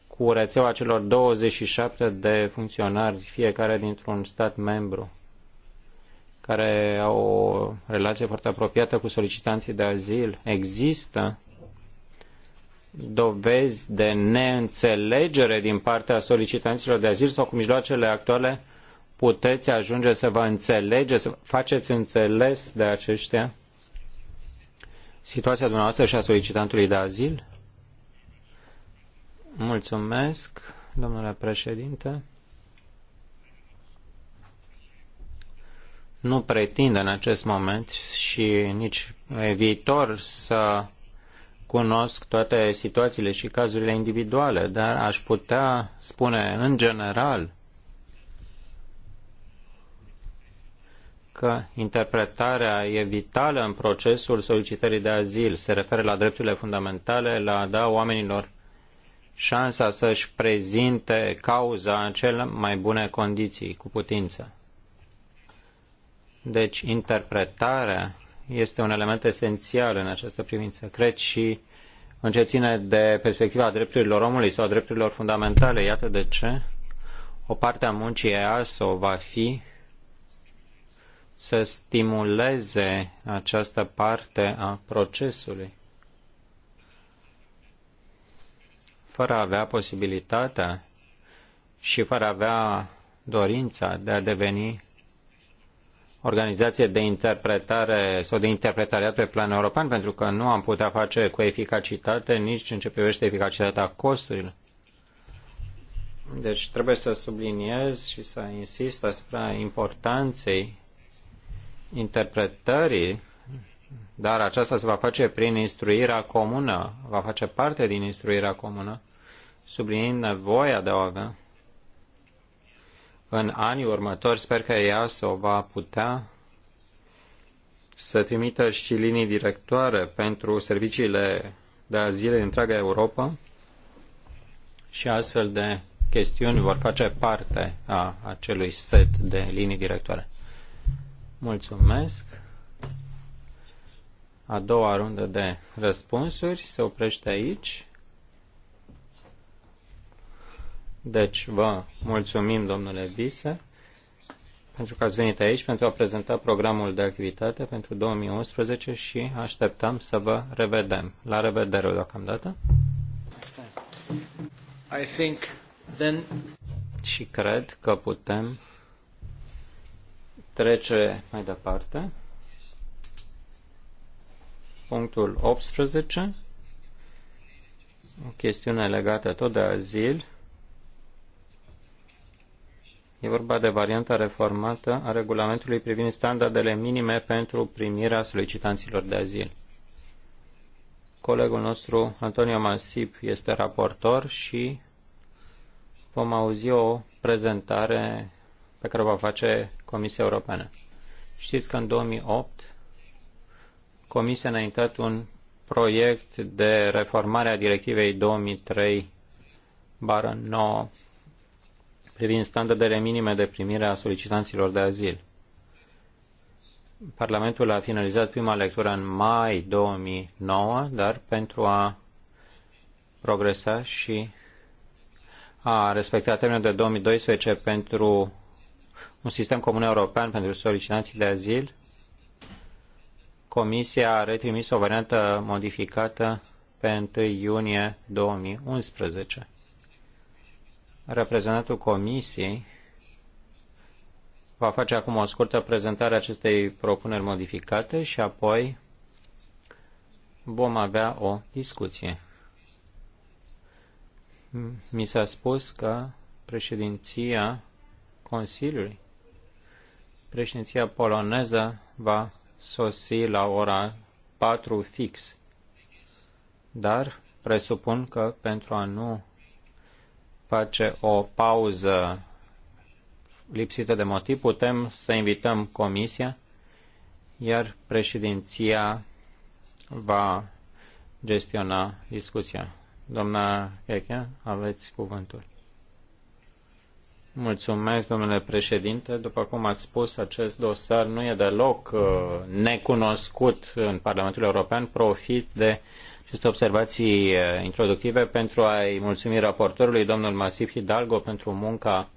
cu rețeaua celor 27 de funcționari, fiecare dintr-un stat membru, care au o relație foarte apropiată cu solicitanții de azil. Există dovezi de neînțelegere din partea solicitanților de azil sau cu mijloacele actuale puteți ajunge să vă înțelegeți, să faceți înțeles de aceștia situația dumneavoastră și a solicitantului de azil? Mulțumesc, domnule președinte. nu pretinde în acest moment și nici e viitor să cunosc toate situațiile și cazurile individuale, dar aș putea spune în general că interpretarea e vitală în procesul solicitării de azil. Se referă la drepturile fundamentale, la a da oamenilor șansa să-și prezinte cauza în cele mai bune condiții, cu putință. Deci, interpretarea este un element esențial în această privință. Cred și în ce ține de perspectiva drepturilor omului sau drepturilor fundamentale. Iată de ce o parte a muncii EASO va fi să stimuleze această parte a procesului. Fără a avea posibilitatea și fără a avea dorința de a deveni organizație de interpretare sau de interpretariat pe plan european, pentru că nu am putea face cu eficacitate nici în ce privește eficacitatea costurilor. Deci trebuie să subliniez și să insist asupra importanței interpretării, dar aceasta se va face prin instruirea comună, va face parte din instruirea comună, subliniind nevoia de a o avea în anii următori. Sper că EASO va putea să trimită și linii directoare pentru serviciile de azil din întreaga Europa și astfel de chestiuni vor face parte a acelui set de linii directoare. Mulțumesc. A doua rundă de răspunsuri se oprește aici. Deci vă mulțumim, domnule Vise, pentru că ați venit aici pentru a prezenta programul de activitate pentru 2011 și așteptăm să vă revedem. La revedere deocamdată. I think then... Și cred că putem trece mai departe. Punctul 18. O chestiune legată tot de azil E vorba de varianta reformată a regulamentului privind standardele minime pentru primirea solicitanților de azil. Colegul nostru, Antonio Masip, este raportor și vom auzi o prezentare pe care o va face Comisia Europeană. Știți că în 2008 Comisia a înaintat un proiect de reformare a directivei 2003 bară 9 privind standardele minime de primire a solicitanților de azil. Parlamentul a finalizat prima lectură în mai 2009, dar pentru a progresa și a respecta termenul de 2012 pentru un sistem comun european pentru solicitanții de azil, Comisia a retrimis o variantă modificată pe 1 iunie 2011 reprezentantul Comisiei va face acum o scurtă prezentare a acestei propuneri modificate și apoi vom avea o discuție. Mi s-a spus că președinția Consiliului, președinția poloneză va sosi la ora 4 fix, dar presupun că pentru a nu face o pauză lipsită de motiv, putem să invităm comisia, iar președinția va gestiona discuția. Doamna Echea, aveți cuvântul. Mulțumesc, domnule președinte. După cum ați spus, acest dosar nu e deloc uh, necunoscut în Parlamentul European. Profit de aceste observații uh, introductive pentru a-i mulțumi raportorului, domnul Masif Hidalgo, pentru munca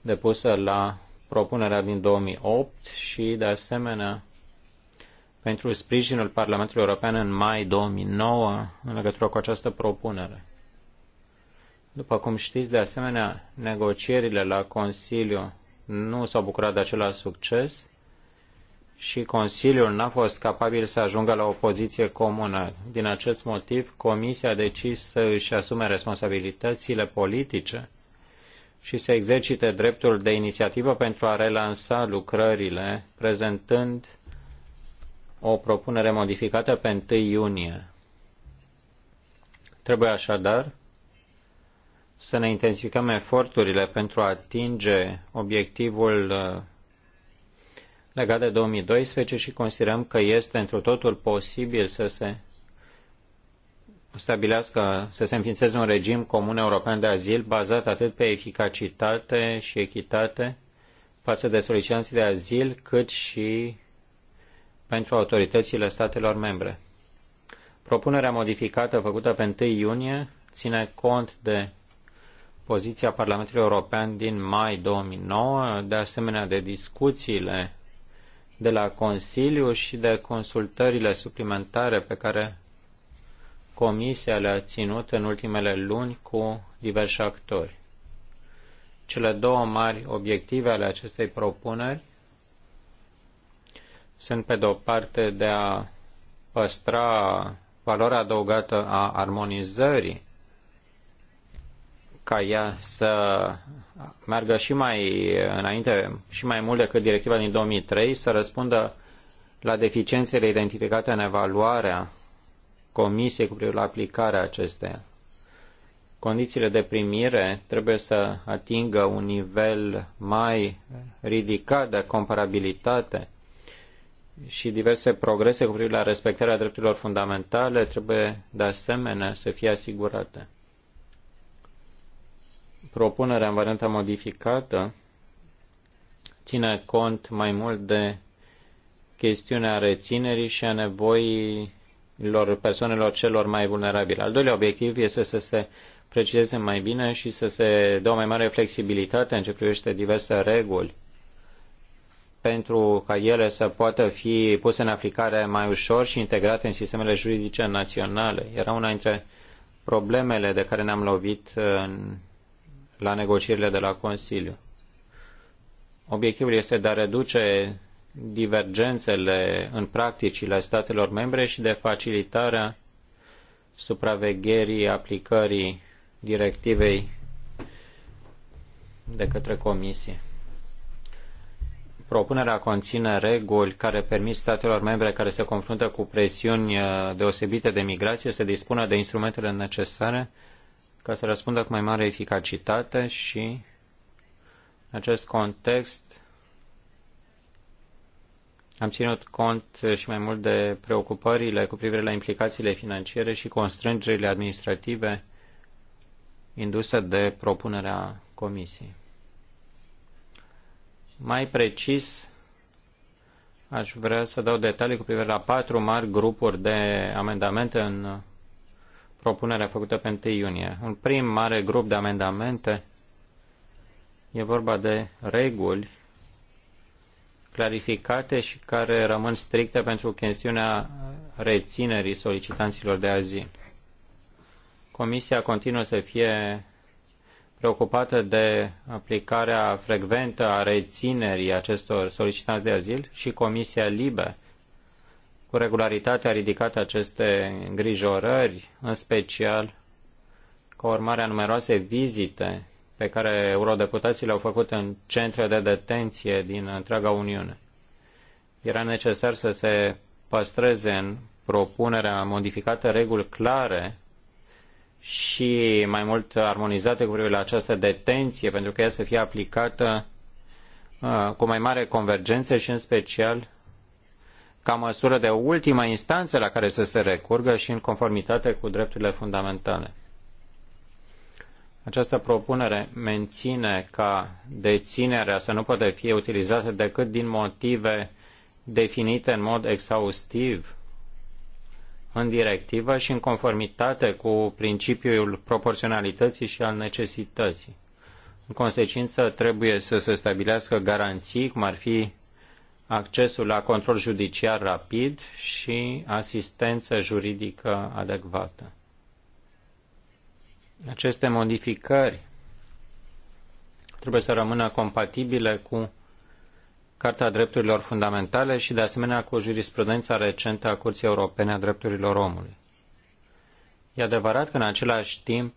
depusă la propunerea din 2008 și, de asemenea, pentru sprijinul Parlamentului European în mai 2009 în legătură cu această propunere. După cum știți, de asemenea, negocierile la Consiliu nu s-au bucurat de același succes și Consiliul n-a fost capabil să ajungă la o poziție comună. Din acest motiv, Comisia a decis să își asume responsabilitățile politice și să exercite dreptul de inițiativă pentru a relansa lucrările, prezentând o propunere modificată pe 1 iunie. Trebuie așadar să ne intensificăm eforturile pentru a atinge obiectivul uh, legat de 2012 și considerăm că este într totul posibil să se stabilească, să se înființeze un regim comun european de azil bazat atât pe eficacitate și echitate față de solicitanții de azil, cât și pentru autoritățile statelor membre. Propunerea modificată făcută pe 1 iunie ține cont de poziția Parlamentului European din mai 2009, de asemenea de discuțiile de la Consiliu și de consultările suplimentare pe care Comisia le-a ținut în ultimele luni cu diversi actori. Cele două mari obiective ale acestei propuneri sunt, pe de o parte, de a păstra valoarea adăugată a armonizării ca ea să meargă și mai înainte și mai mult decât directiva din 2003, să răspundă la deficiențele identificate în evaluarea Comisiei cu privire la aplicarea acesteia. Condițiile de primire trebuie să atingă un nivel mai ridicat de comparabilitate și diverse progrese cu privire la respectarea drepturilor fundamentale trebuie de asemenea să fie asigurate. Propunerea în varianta modificată ține cont mai mult de chestiunea reținerii și a nevoilor persoanelor celor mai vulnerabile. Al doilea obiectiv este să se precizeze mai bine și să se dea o mai mare flexibilitate în ce privește diverse reguli pentru ca ele să poată fi puse în aplicare mai ușor și integrate în sistemele juridice naționale. Era una dintre problemele de care ne-am lovit în la negocierile de la Consiliu. Obiectivul este de a reduce divergențele în practicile statelor membre și de facilitarea supravegherii aplicării directivei de către Comisie. Propunerea conține reguli care permit statelor membre care se confruntă cu presiuni uh, deosebite de migrație să dispună de instrumentele necesare ca să răspundă cu mai mare eficacitate și în acest context am ținut cont și mai mult de preocupările cu privire la implicațiile financiare și constrângerile administrative induse de propunerea Comisiei. Mai precis, aș vrea să dau detalii cu privire la patru mari grupuri de amendamente în propunerea făcută pe 1 iunie. Un prim mare grup de amendamente e vorba de reguli clarificate și care rămân stricte pentru chestiunea reținerii solicitanților de azil. Comisia continuă să fie preocupată de aplicarea frecventă a reținerii acestor solicitanți de azil și Comisia Libe cu regularitate a ridicat aceste îngrijorări, în special ca urmare a numeroase vizite pe care eurodeputații le-au făcut în centre de detenție din întreaga Uniune. Era necesar să se păstreze în propunerea modificată reguli clare și mai mult armonizate cu privire la această detenție, pentru că ea să fie aplicată uh, cu mai mare convergență și în special ca măsură de ultimă instanță la care să se recurgă și în conformitate cu drepturile fundamentale. Această propunere menține ca deținerea să nu poate fi utilizată decât din motive definite în mod exhaustiv în directivă și în conformitate cu principiul proporționalității și al necesității. În consecință, trebuie să se stabilească garanții, cum ar fi accesul la control judiciar rapid și asistență juridică adecvată. Aceste modificări trebuie să rămână compatibile cu Carta Drepturilor Fundamentale și, de asemenea, cu jurisprudența recentă a Curții Europene a Drepturilor Omului. E adevărat că, în același timp,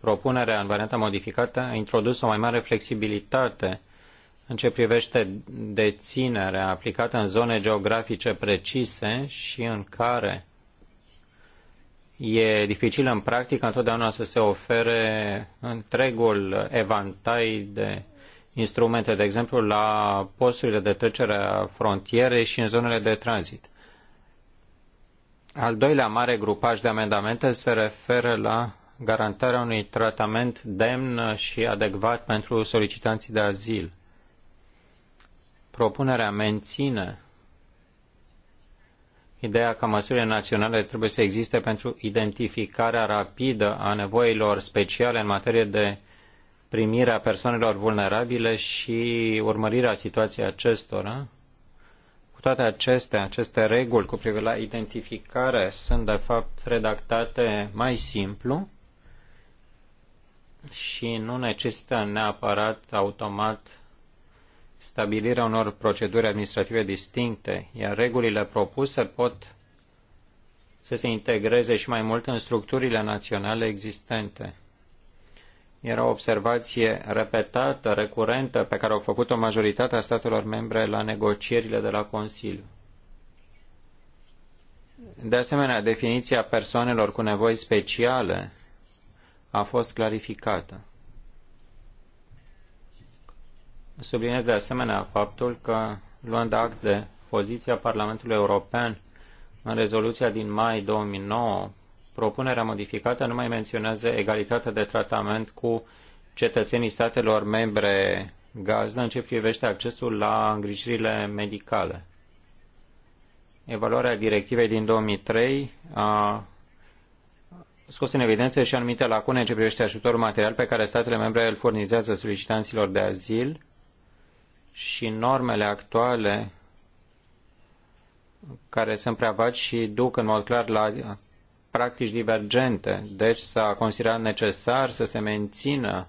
propunerea în varianta modificată a introdus o mai mare flexibilitate în ce privește deținerea aplicată în zone geografice precise și în care e dificil în practică întotdeauna să se ofere întregul evantai de instrumente, de exemplu la posturile de trecere a frontierei și în zonele de tranzit. Al doilea mare grupaj de amendamente se referă la garantarea unui tratament demn și adecvat pentru solicitanții de azil. Propunerea menține ideea că măsurile naționale trebuie să existe pentru identificarea rapidă a nevoilor speciale în materie de primire a persoanelor vulnerabile și urmărirea situației acestora. Cu toate acestea, aceste reguli cu privire la identificare sunt de fapt redactate mai simplu și nu necesită neapărat automat stabilirea unor proceduri administrative distincte, iar regulile propuse pot să se integreze și mai mult în structurile naționale existente. Era o observație repetată, recurentă, pe care au făcut-o majoritatea statelor membre la negocierile de la Consiliu. De asemenea, definiția persoanelor cu nevoi speciale a fost clarificată. Subliniez de asemenea faptul că, luând act de poziția Parlamentului European în rezoluția din mai 2009, propunerea modificată nu mai menționează egalitatea de tratament cu cetățenii statelor membre gazdă în ce privește accesul la îngrijirile medicale. Evaluarea directivei din 2003 a scos în evidență și anumite lacune în ce privește ajutorul material pe care statele membre îl furnizează solicitanților de azil și normele actuale care sunt prea vagi și duc în mod clar la practici divergente. Deci s-a considerat necesar să se mențină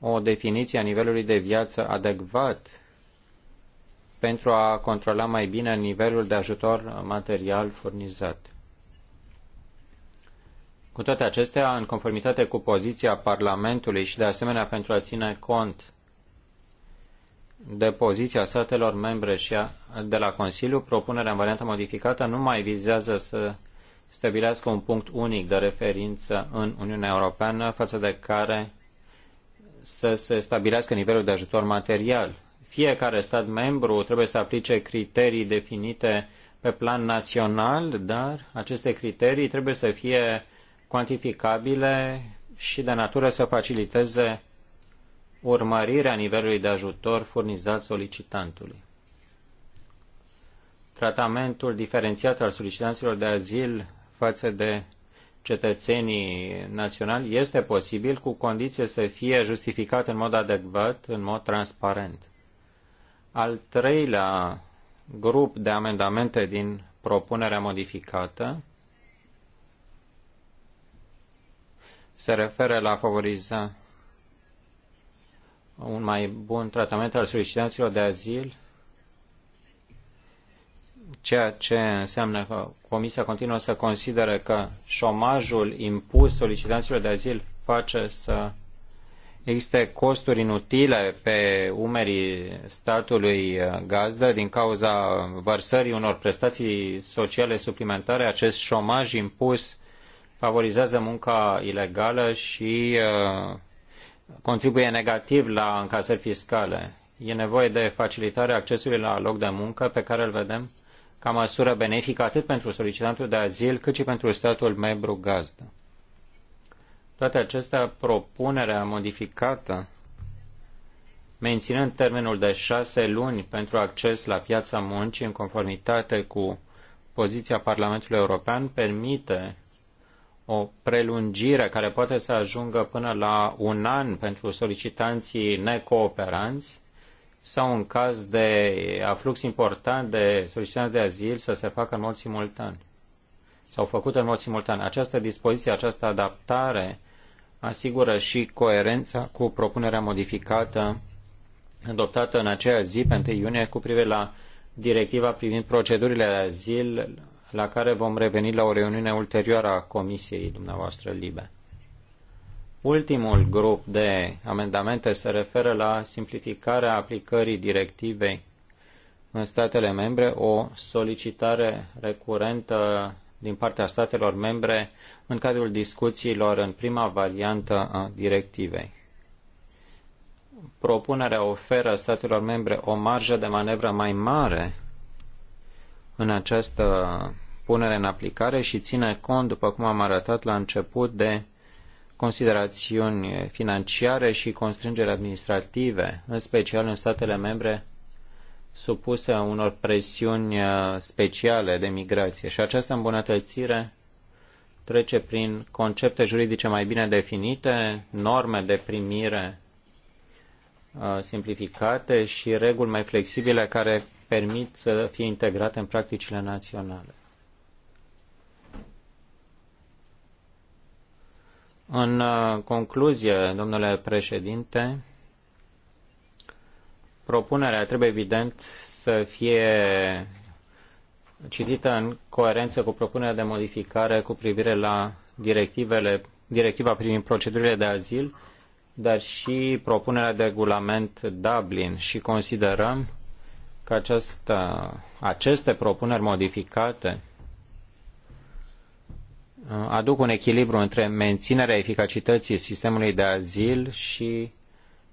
o definiție a nivelului de viață adecvat pentru a controla mai bine nivelul de ajutor material furnizat. Cu toate acestea, în conformitate cu poziția Parlamentului și de asemenea pentru a ține cont de poziția statelor membre și a, de la Consiliu, propunerea în variantă modificată nu mai vizează să stabilească un punct unic de referință în Uniunea Europeană față de care să se stabilească nivelul de ajutor material. Fiecare stat membru trebuie să aplice criterii definite pe plan național, dar aceste criterii trebuie să fie cuantificabile și de natură să faciliteze urmărirea nivelului de ajutor furnizat solicitantului. Tratamentul diferențiat al solicitanților de azil față de cetățenii naționali este posibil cu condiție să fie justificat în mod adecvat, în mod transparent. Al treilea grup de amendamente din propunerea modificată se referă la favorizarea un mai bun tratament al solicitanților de azil, ceea ce înseamnă că Comisia continuă să consideră că șomajul impus solicitanților de azil face să existe costuri inutile pe umerii statului gazdă din cauza vărsării unor prestații sociale suplimentare. Acest șomaj impus favorizează munca ilegală și uh, contribuie negativ la încasări fiscale. E nevoie de facilitarea accesului la loc de muncă pe care îl vedem ca măsură benefică atât pentru solicitantul de azil cât și pentru statul membru gazdă. Toate acestea, propunerea modificată, menținând termenul de șase luni pentru acces la piața muncii în conformitate cu poziția Parlamentului European, permite o prelungire care poate să ajungă până la un an pentru solicitanții necooperanți sau în caz de aflux important de solicitanți de azil să se facă în mod simultan sau făcute în mod simultan. Această dispoziție, această adaptare asigură și coerența cu propunerea modificată adoptată în aceea zi, pe 1 iunie, cu privire la directiva privind procedurile de azil la care vom reveni la o reuniune ulterioară a Comisiei dumneavoastră libe. Ultimul grup de amendamente se referă la simplificarea aplicării directivei în statele membre, o solicitare recurentă din partea statelor membre în cadrul discuțiilor în prima variantă a directivei. Propunerea oferă statelor membre o marjă de manevră mai mare în această punere în aplicare și ține cont, după cum am arătat la început, de considerațiuni financiare și constrângeri administrative, în special în statele membre supuse unor presiuni uh, speciale de migrație. Și această îmbunătățire trece prin concepte juridice mai bine definite, norme de primire uh, simplificate și reguli mai flexibile care permit să fie integrate în practicile naționale. În uh, concluzie, domnule președinte, propunerea trebuie evident să fie citită în coerență cu propunerea de modificare cu privire la directivele, directiva privind procedurile de azil, dar și propunerea de regulament Dublin și considerăm că această, uh, aceste propuneri modificate uh, aduc un echilibru între menținerea eficacității sistemului de azil și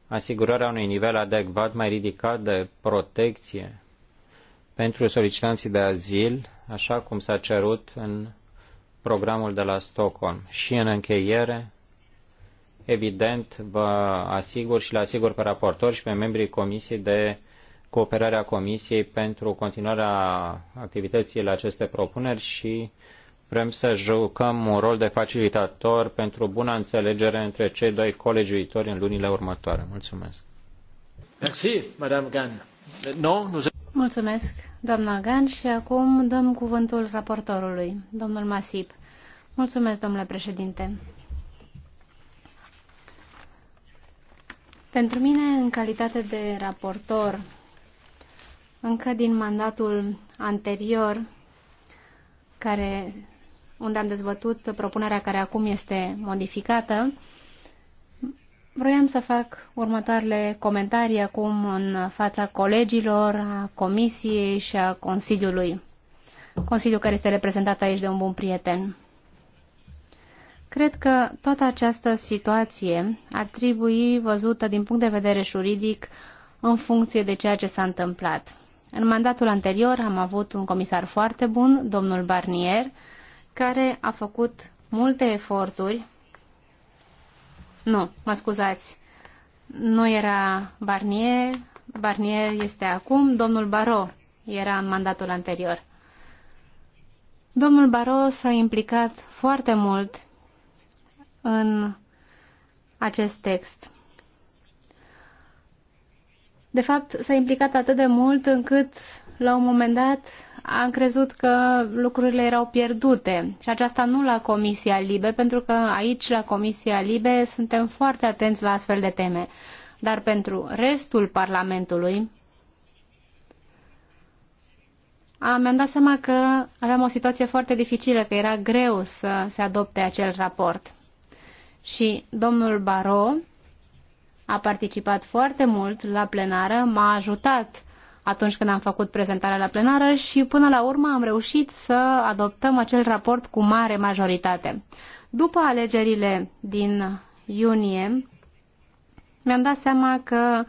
asigurarea unui nivel adecvat mai ridicat de protecție pentru solicitanții de azil, așa cum s-a cerut în programul de la Stockholm. Și în încheiere, evident, vă asigur și le asigur pe raportori și pe membrii comisiei de cooperarea Comisiei pentru continuarea activității la aceste propuneri și vrem să jucăm un rol de facilitator pentru buna înțelegere între cei doi colegi viitori în lunile următoare. Mulțumesc. Merci, Madame Gan. No, nu... Mulțumesc, doamna Gan, și acum dăm cuvântul raportorului, domnul Masip. Mulțumesc, domnule președinte. Pentru mine, în calitate de raportor încă din mandatul anterior, care, unde am dezbătut propunerea care acum este modificată, Vroiam să fac următoarele comentarii acum în fața colegilor, a Comisiei și a Consiliului. Consiliul care este reprezentat aici de un bun prieten. Cred că toată această situație ar trebui văzută din punct de vedere juridic în funcție de ceea ce s-a întâmplat. În mandatul anterior am avut un comisar foarte bun, domnul Barnier, care a făcut multe eforturi. Nu, mă scuzați, nu era Barnier, Barnier este acum, domnul Baro era în mandatul anterior. Domnul Baro s-a implicat foarte mult în acest text. De fapt, s-a implicat atât de mult încât, la un moment dat, am crezut că lucrurile erau pierdute și aceasta nu la Comisia Libe, pentru că aici, la Comisia Libe, suntem foarte atenți la astfel de teme. Dar pentru restul Parlamentului, mi-am dat seama că aveam o situație foarte dificilă, că era greu să se adopte acel raport. Și domnul Barot a participat foarte mult la plenară, m-a ajutat atunci când am făcut prezentarea la plenară și până la urmă am reușit să adoptăm acel raport cu mare majoritate. După alegerile din iunie, mi-am dat seama că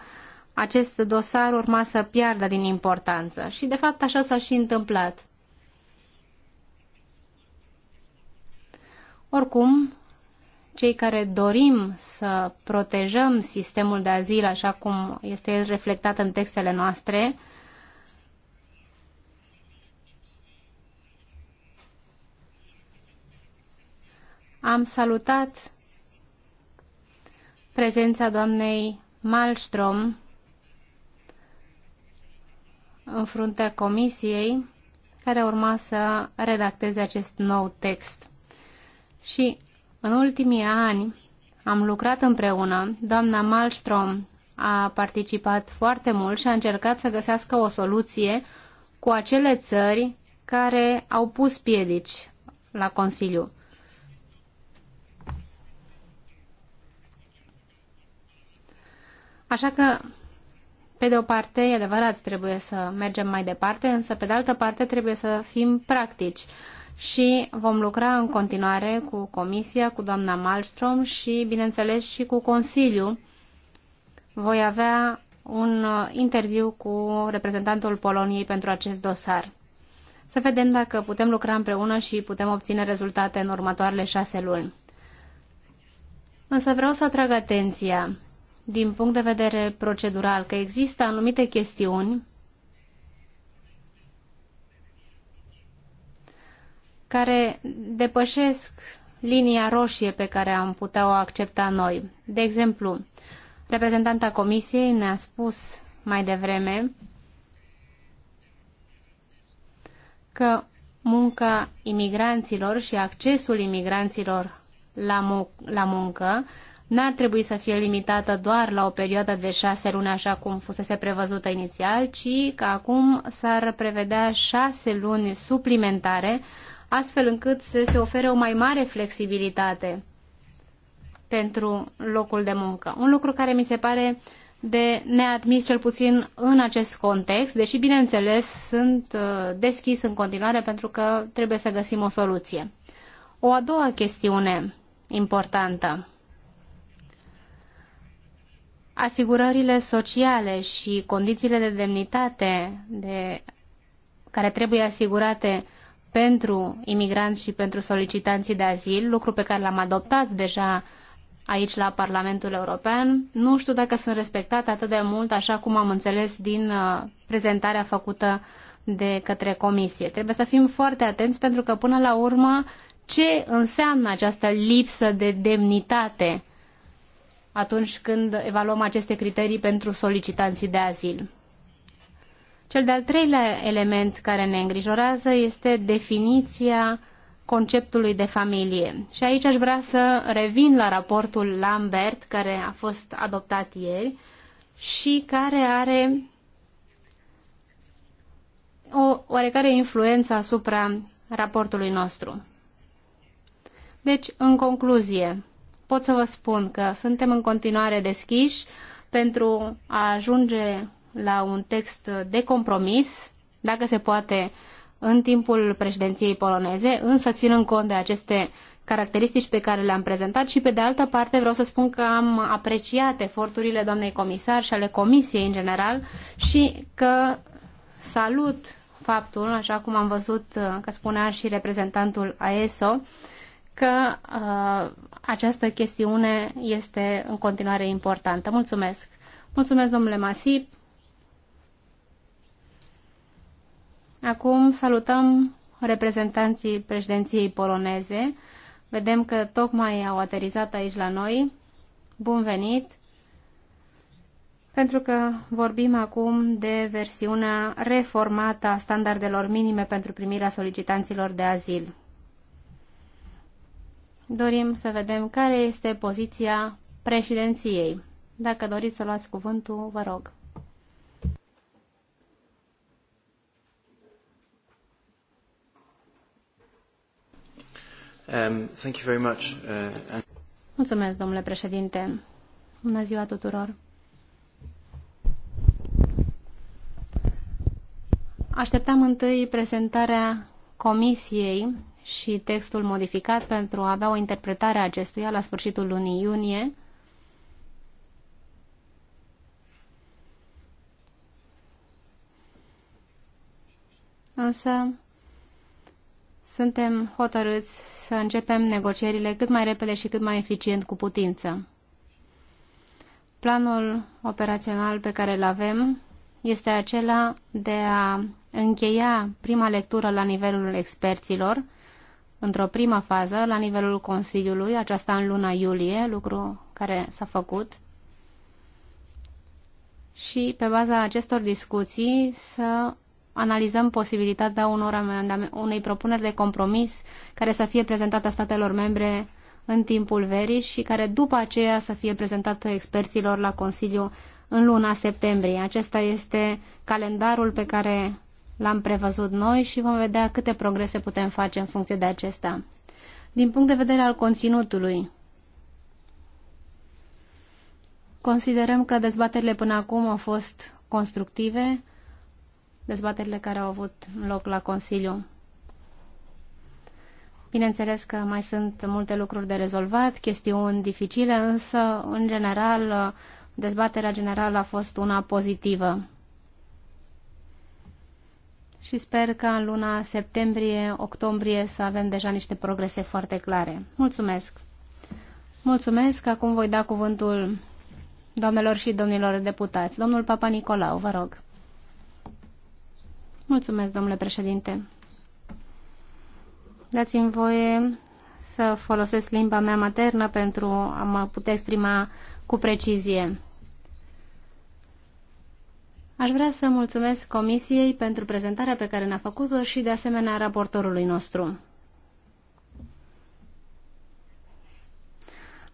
acest dosar urma să piardă din importanță și de fapt așa s-a și întâmplat. Oricum, cei care dorim să protejăm sistemul de azil așa cum este el reflectat în textele noastre, am salutat prezența doamnei Malmström în fruntea comisiei care urma să redacteze acest nou text. Și în ultimii ani am lucrat împreună. Doamna Malmström a participat foarte mult și a încercat să găsească o soluție cu acele țări care au pus piedici la Consiliu. Așa că, pe de o parte, e adevărat, trebuie să mergem mai departe, însă, pe de altă parte, trebuie să fim practici și vom lucra în continuare cu Comisia, cu doamna Malmström și, bineînțeles, și cu Consiliu. Voi avea un uh, interviu cu reprezentantul Poloniei pentru acest dosar. Să vedem dacă putem lucra împreună și putem obține rezultate în următoarele șase luni. Însă vreau să atrag atenția, din punct de vedere procedural, că există anumite chestiuni care depășesc linia roșie pe care am putea o accepta noi. De exemplu, reprezentanta Comisiei ne-a spus mai devreme că munca imigranților și accesul imigranților la, la muncă n-ar trebui să fie limitată doar la o perioadă de șase luni, așa cum fusese prevăzută inițial, ci că acum s-ar prevedea șase luni suplimentare astfel încât să se ofere o mai mare flexibilitate pentru locul de muncă. Un lucru care mi se pare de neadmis cel puțin în acest context, deși bineînțeles sunt uh, deschis în continuare pentru că trebuie să găsim o soluție. O a doua chestiune importantă. Asigurările sociale și condițiile de demnitate de, care trebuie asigurate pentru imigranți și pentru solicitanții de azil, lucru pe care l-am adoptat deja aici la Parlamentul European. Nu știu dacă sunt respectate atât de mult așa cum am înțeles din uh, prezentarea făcută de către Comisie. Trebuie să fim foarte atenți pentru că până la urmă ce înseamnă această lipsă de demnitate atunci când evaluăm aceste criterii pentru solicitanții de azil. Cel de-al treilea element care ne îngrijorează este definiția conceptului de familie. Și aici aș vrea să revin la raportul Lambert, care a fost adoptat ieri și care are o oarecare influență asupra raportului nostru. Deci, în concluzie, pot să vă spun că suntem în continuare deschiși pentru a ajunge la un text de compromis, dacă se poate, în timpul președinției poloneze, însă ținând cont de aceste caracteristici pe care le-am prezentat și pe de altă parte vreau să spun că am apreciat eforturile doamnei comisar și ale comisiei în general și că salut faptul, așa cum am văzut că spunea și reprezentantul AESO, că uh, această chestiune este în continuare importantă. Mulțumesc! Mulțumesc, domnule Masip! Acum salutăm reprezentanții președinției poloneze. Vedem că tocmai au aterizat aici la noi. Bun venit! Pentru că vorbim acum de versiunea reformată a standardelor minime pentru primirea solicitanților de azil. Dorim să vedem care este poziția președinției. Dacă doriți să luați cuvântul, vă rog. Um, uh, domnule președinte. Bună ziua tuturor. Așteptam întâi prezentarea comisiei și textul modificat pentru a avea o interpretare a acestuia la sfârșitul lunii iunie. Însă suntem hotărâți să începem negocierile cât mai repede și cât mai eficient cu putință. Planul operațional pe care îl avem este acela de a încheia prima lectură la nivelul experților, într-o primă fază, la nivelul Consiliului, aceasta în luna iulie, lucru care s-a făcut, și pe baza acestor discuții să analizăm posibilitatea unor unei propuneri de compromis care să fie prezentată statelor membre în timpul verii și care după aceea să fie prezentată experților la Consiliu în luna septembrie. Acesta este calendarul pe care l-am prevăzut noi și vom vedea câte progrese putem face în funcție de acesta. Din punct de vedere al conținutului, considerăm că dezbaterile până acum au fost constructive, dezbaterile care au avut loc la Consiliu. Bineînțeles că mai sunt multe lucruri de rezolvat, chestiuni dificile, însă, în general, dezbaterea generală a fost una pozitivă. Și sper că în luna septembrie-octombrie să avem deja niște progrese foarte clare. Mulțumesc! Mulțumesc! Acum voi da cuvântul doamnelor și domnilor deputați. Domnul Papa Nicolau, vă rog. Mulțumesc, domnule președinte. Dați-mi voie să folosesc limba mea maternă pentru a mă putea exprima cu precizie. Aș vrea să mulțumesc Comisiei pentru prezentarea pe care ne-a făcut-o și, de asemenea, raportorului nostru.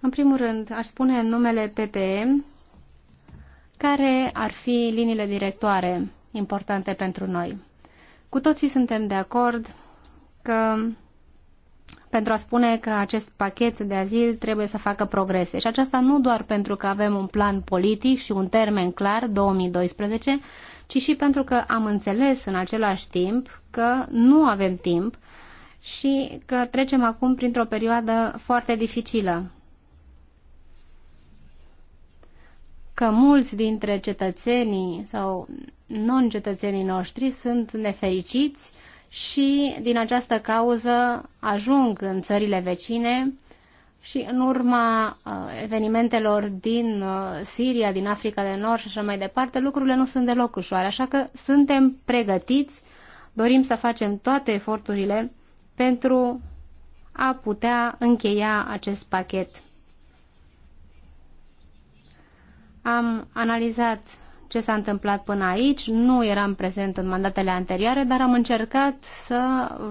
În primul rând, aș spune numele PPM, care ar fi liniile directoare importante pentru noi. Cu toții suntem de acord că pentru a spune că acest pachet de azil trebuie să facă progrese. Și aceasta nu doar pentru că avem un plan politic și un termen clar, 2012, ci și pentru că am înțeles în același timp că nu avem timp și că trecem acum printr-o perioadă foarte dificilă. Că mulți dintre cetățenii sau non-cetățenii noștri sunt nefericiți și din această cauză ajung în țările vecine și în urma uh, evenimentelor din uh, Siria, din Africa de Nord și așa mai departe, lucrurile nu sunt deloc ușoare, așa că suntem pregătiți, dorim să facem toate eforturile pentru a putea încheia acest pachet. Am analizat ce s-a întâmplat până aici. Nu eram prezent în mandatele anterioare, dar am încercat să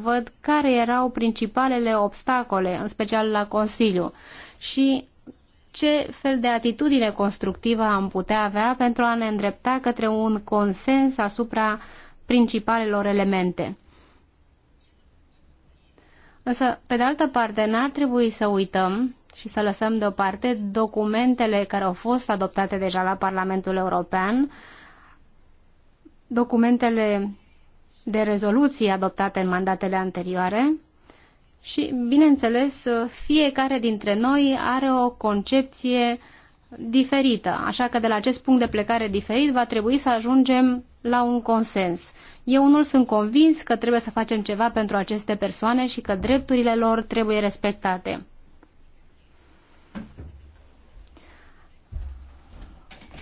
văd care erau principalele obstacole, în special la Consiliu, și ce fel de atitudine constructivă am putea avea pentru a ne îndrepta către un consens asupra principalelor elemente. Însă, pe de altă parte, n-ar trebui să uităm și să lăsăm deoparte documentele care au fost adoptate deja la Parlamentul European, documentele de rezoluții adoptate în mandatele anterioare și, bineînțeles, fiecare dintre noi are o concepție diferită, așa că de la acest punct de plecare diferit va trebui să ajungem la un consens. Eu nu sunt convins că trebuie să facem ceva pentru aceste persoane și că drepturile lor trebuie respectate.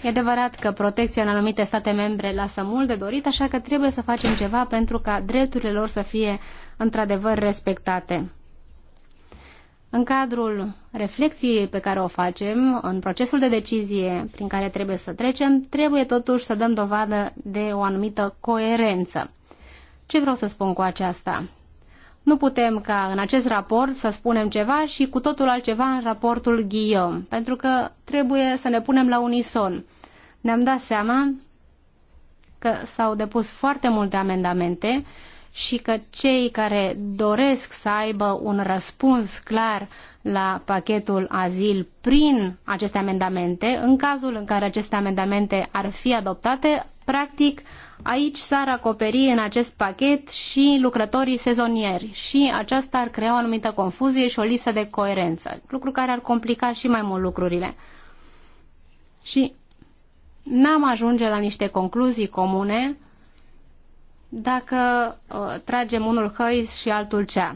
E adevărat că protecția în anumite state membre lasă mult de dorit, așa că trebuie să facem ceva pentru ca drepturile lor să fie într-adevăr respectate. În cadrul reflexiei pe care o facem, în procesul de decizie prin care trebuie să trecem, trebuie totuși să dăm dovadă de o anumită coerență. Ce vreau să spun cu aceasta? Nu putem ca în acest raport să spunem ceva și cu totul altceva în raportul Guillaume, pentru că trebuie să ne punem la unison. Ne-am dat seama că s-au depus foarte multe amendamente și că cei care doresc să aibă un răspuns clar la pachetul azil prin aceste amendamente, în cazul în care aceste amendamente ar fi adoptate, practic Aici s-ar acoperi în acest pachet și lucrătorii sezonieri și aceasta ar crea o anumită confuzie și o lipsă de coerență, lucru care ar complica și mai mult lucrurile. Și n-am ajunge la niște concluzii comune dacă uh, tragem unul hăis și altul cea.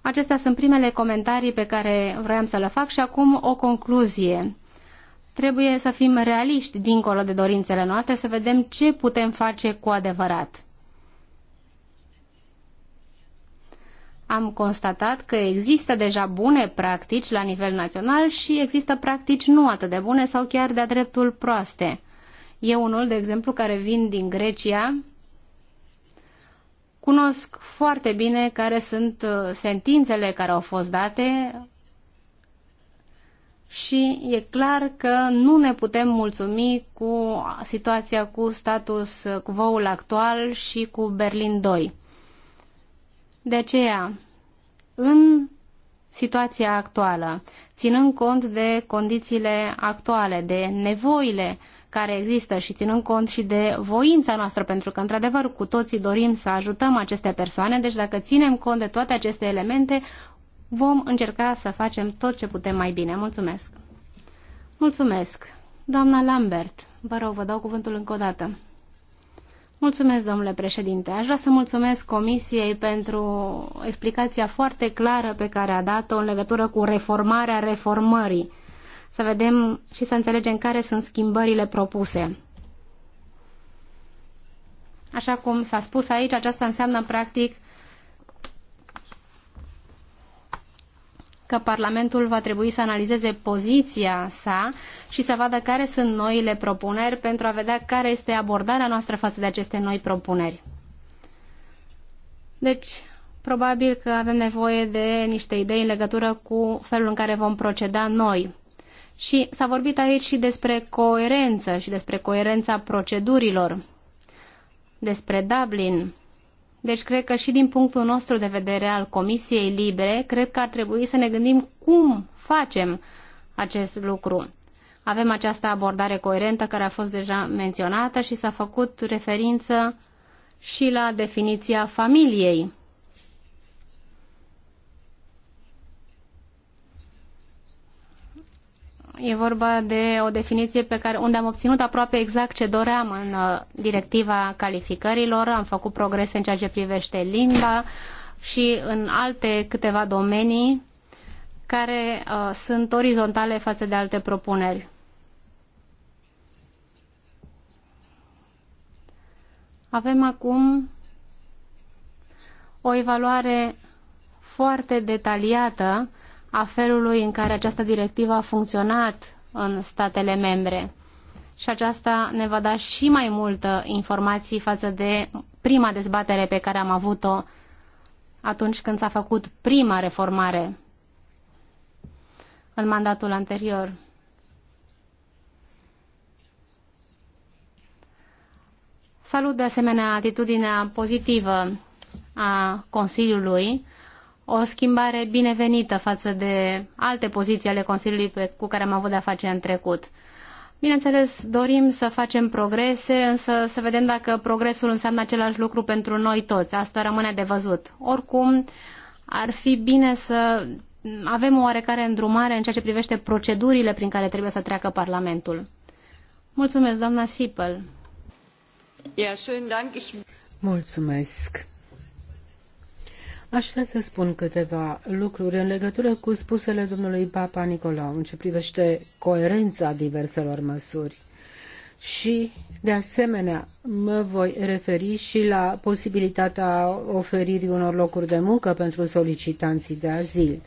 Acestea sunt primele comentarii pe care vroiam să le fac și acum o concluzie. Trebuie să fim realiști dincolo de dorințele noastre, să vedem ce putem face cu adevărat. Am constatat că există deja bune practici la nivel național și există practici nu atât de bune sau chiar de-a dreptul proaste. Eu unul, de exemplu, care vin din Grecia, cunosc foarte bine care sunt uh, sentințele care au fost date și e clar că nu ne putem mulțumi cu situația cu status quo-ul actual și cu Berlin 2. De aceea, în situația actuală, ținând cont de condițiile actuale, de nevoile care există și ținând cont și de voința noastră, pentru că, într-adevăr, cu toții dorim să ajutăm aceste persoane, deci dacă ținem cont de toate aceste elemente, vom încerca să facem tot ce putem mai bine. Mulțumesc! Mulțumesc! Doamna Lambert, vă rog, vă dau cuvântul încă o dată. Mulțumesc, domnule președinte. Aș vrea să mulțumesc Comisiei pentru explicația foarte clară pe care a dat-o în legătură cu reformarea reformării. Să vedem și să înțelegem care sunt schimbările propuse. Așa cum s-a spus aici, aceasta înseamnă practic că Parlamentul va trebui să analizeze poziția sa și să vadă care sunt noile propuneri pentru a vedea care este abordarea noastră față de aceste noi propuneri. Deci, probabil că avem nevoie de niște idei în legătură cu felul în care vom proceda noi. Și s-a vorbit aici și despre coerență și despre coerența procedurilor, despre Dublin, deci cred că și din punctul nostru de vedere al Comisiei Libere, cred că ar trebui să ne gândim cum facem acest lucru. Avem această abordare coerentă care a fost deja menționată și s-a făcut referință și la definiția familiei. E vorba de o definiție pe care, unde am obținut aproape exact ce doream în uh, directiva calificărilor, am făcut progrese în ceea ce privește limba și în alte câteva domenii care uh, sunt orizontale față de alte propuneri. Avem acum o evaluare foarte detaliată a felului în care această directivă a funcționat în statele membre. Și aceasta ne va da și mai multă informații față de prima dezbatere pe care am avut-o atunci când s-a făcut prima reformare în mandatul anterior. Salut de asemenea atitudinea pozitivă a Consiliului o schimbare binevenită față de alte poziții ale Consiliului pe, cu care am avut de-a face în trecut. Bineînțeles, dorim să facem progrese, însă să vedem dacă progresul înseamnă același lucru pentru noi toți. Asta rămâne de văzut. Oricum, ar fi bine să avem o oarecare îndrumare în ceea ce privește procedurile prin care trebuie să treacă Parlamentul. Mulțumesc, doamna Sipel. Mulțumesc. Aș vrea să spun câteva lucruri în legătură cu spusele domnului Papa Nicolau în ce privește coerența diverselor măsuri. Și, de asemenea, mă voi referi și la posibilitatea oferirii unor locuri de muncă pentru solicitanții de azil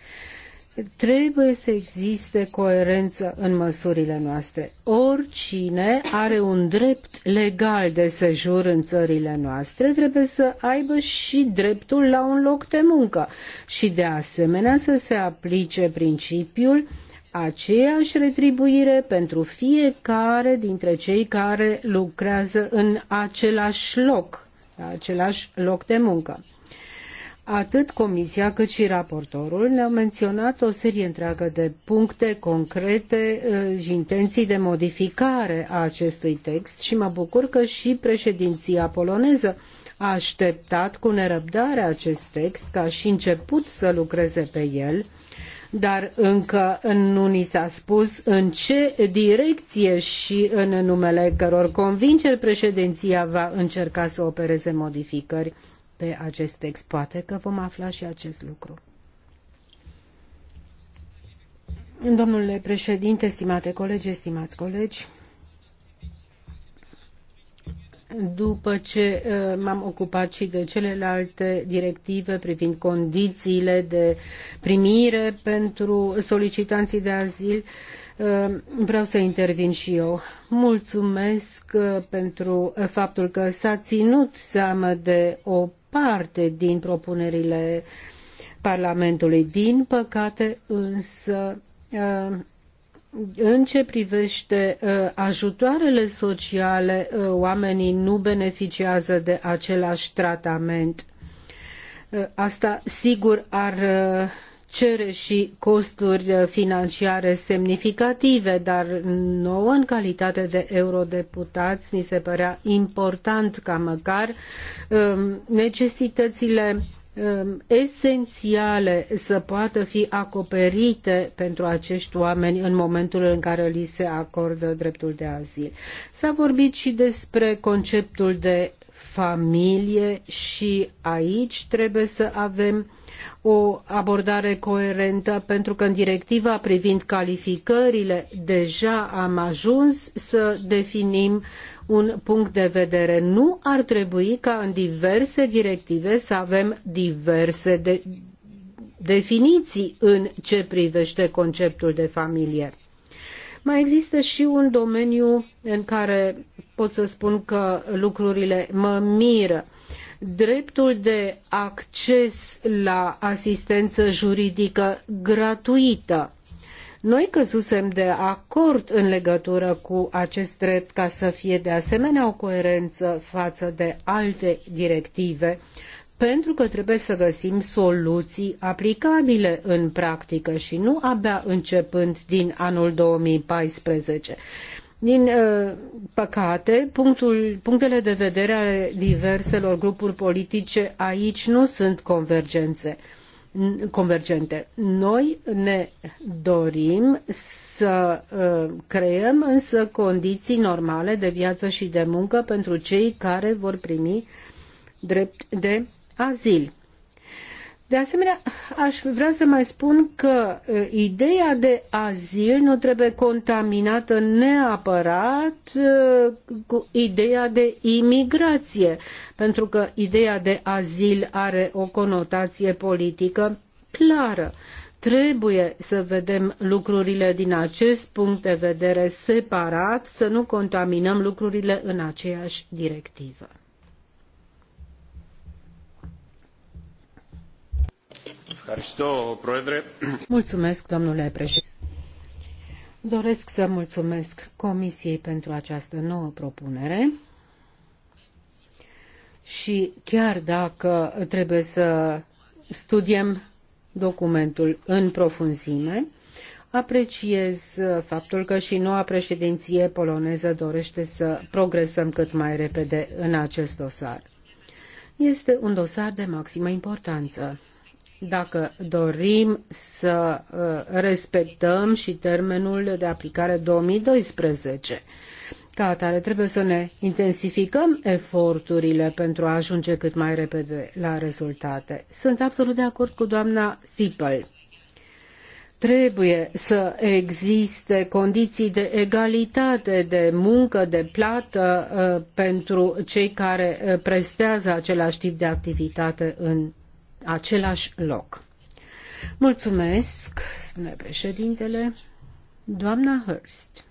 trebuie să existe coerență în măsurile noastre. Oricine are un drept legal de sejur în țările noastre trebuie să aibă și dreptul la un loc de muncă și de asemenea să se aplice principiul aceeași retribuire pentru fiecare dintre cei care lucrează în același loc, la același loc de muncă. Atât Comisia cât și raportorul ne-au menționat o serie întreagă de puncte concrete uh, și intenții de modificare a acestui text și mă bucur că și președinția poloneză a așteptat cu nerăbdare acest text ca și început să lucreze pe el, dar încă nu ni s-a spus în ce direcție și în numele căror convingeri președinția va încerca să opereze modificări pe acest text. Poate că vom afla și acest lucru. Domnule președinte, stimate colegi, stimați colegi, după ce uh, m-am ocupat și de celelalte directive privind condițiile de primire pentru solicitanții de azil, uh, vreau să intervin și eu. Mulțumesc uh, pentru faptul că s-a ținut seamă de o parte din propunerile Parlamentului. Din păcate, însă, uh, în ce privește uh, ajutoarele sociale, uh, oamenii nu beneficiază de același tratament. Asta, sigur, ar cere și costuri financiare semnificative, dar nouă, în calitate de eurodeputați, ni se părea important ca măcar um, necesitățile um, esențiale să poată fi acoperite pentru acești oameni în momentul în care li se acordă dreptul de azil. S-a vorbit și despre conceptul de familie și aici trebuie să avem o abordare coerentă pentru că în directiva privind calificările deja am ajuns să definim un punct de vedere. Nu ar trebui ca în diverse directive să avem diverse de- definiții în ce privește conceptul de familie. Mai există și un domeniu în care pot să spun că lucrurile mă miră. Dreptul de acces la asistență juridică gratuită. Noi căzusem de acord în legătură cu acest drept ca să fie de asemenea o coerență față de alte directive, pentru că trebuie să găsim soluții aplicabile în practică și nu abia începând din anul 2014. Din uh, păcate, punctul, punctele de vedere ale diverselor grupuri politice aici nu sunt convergențe convergente. Noi ne dorim să uh, creăm însă condiții normale de viață și de muncă pentru cei care vor primi drept de azil. De asemenea, aș vrea să mai spun că ideea de azil nu trebuie contaminată neapărat cu ideea de imigrație, pentru că ideea de azil are o conotație politică clară. Trebuie să vedem lucrurile din acest punct de vedere separat, să nu contaminăm lucrurile în aceeași directivă. Mulțumesc, domnule președinte. Doresc să mulțumesc Comisiei pentru această nouă propunere și chiar dacă trebuie să studiem documentul în profunzime, apreciez faptul că și noua președinție poloneză dorește să progresăm cât mai repede în acest dosar. Este un dosar de maximă importanță dacă dorim să uh, respectăm și termenul de aplicare 2012. Ca atare, trebuie să ne intensificăm eforturile pentru a ajunge cât mai repede la rezultate. Sunt absolut de acord cu doamna Sipel. Trebuie să existe condiții de egalitate de muncă, de plată uh, pentru cei care uh, prestează același tip de activitate în același loc. Mulțumesc, spune președintele, doamna Hurst.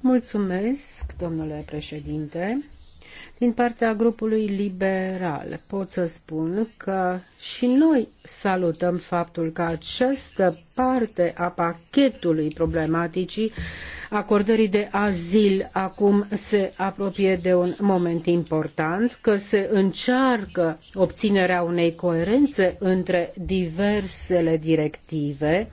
Mulțumesc, domnule președinte. Din partea grupului liberal pot să spun că și noi salutăm faptul că această parte a pachetului problematicii acordării de azil acum se apropie de un moment important, că se încearcă obținerea unei coerențe între diversele directive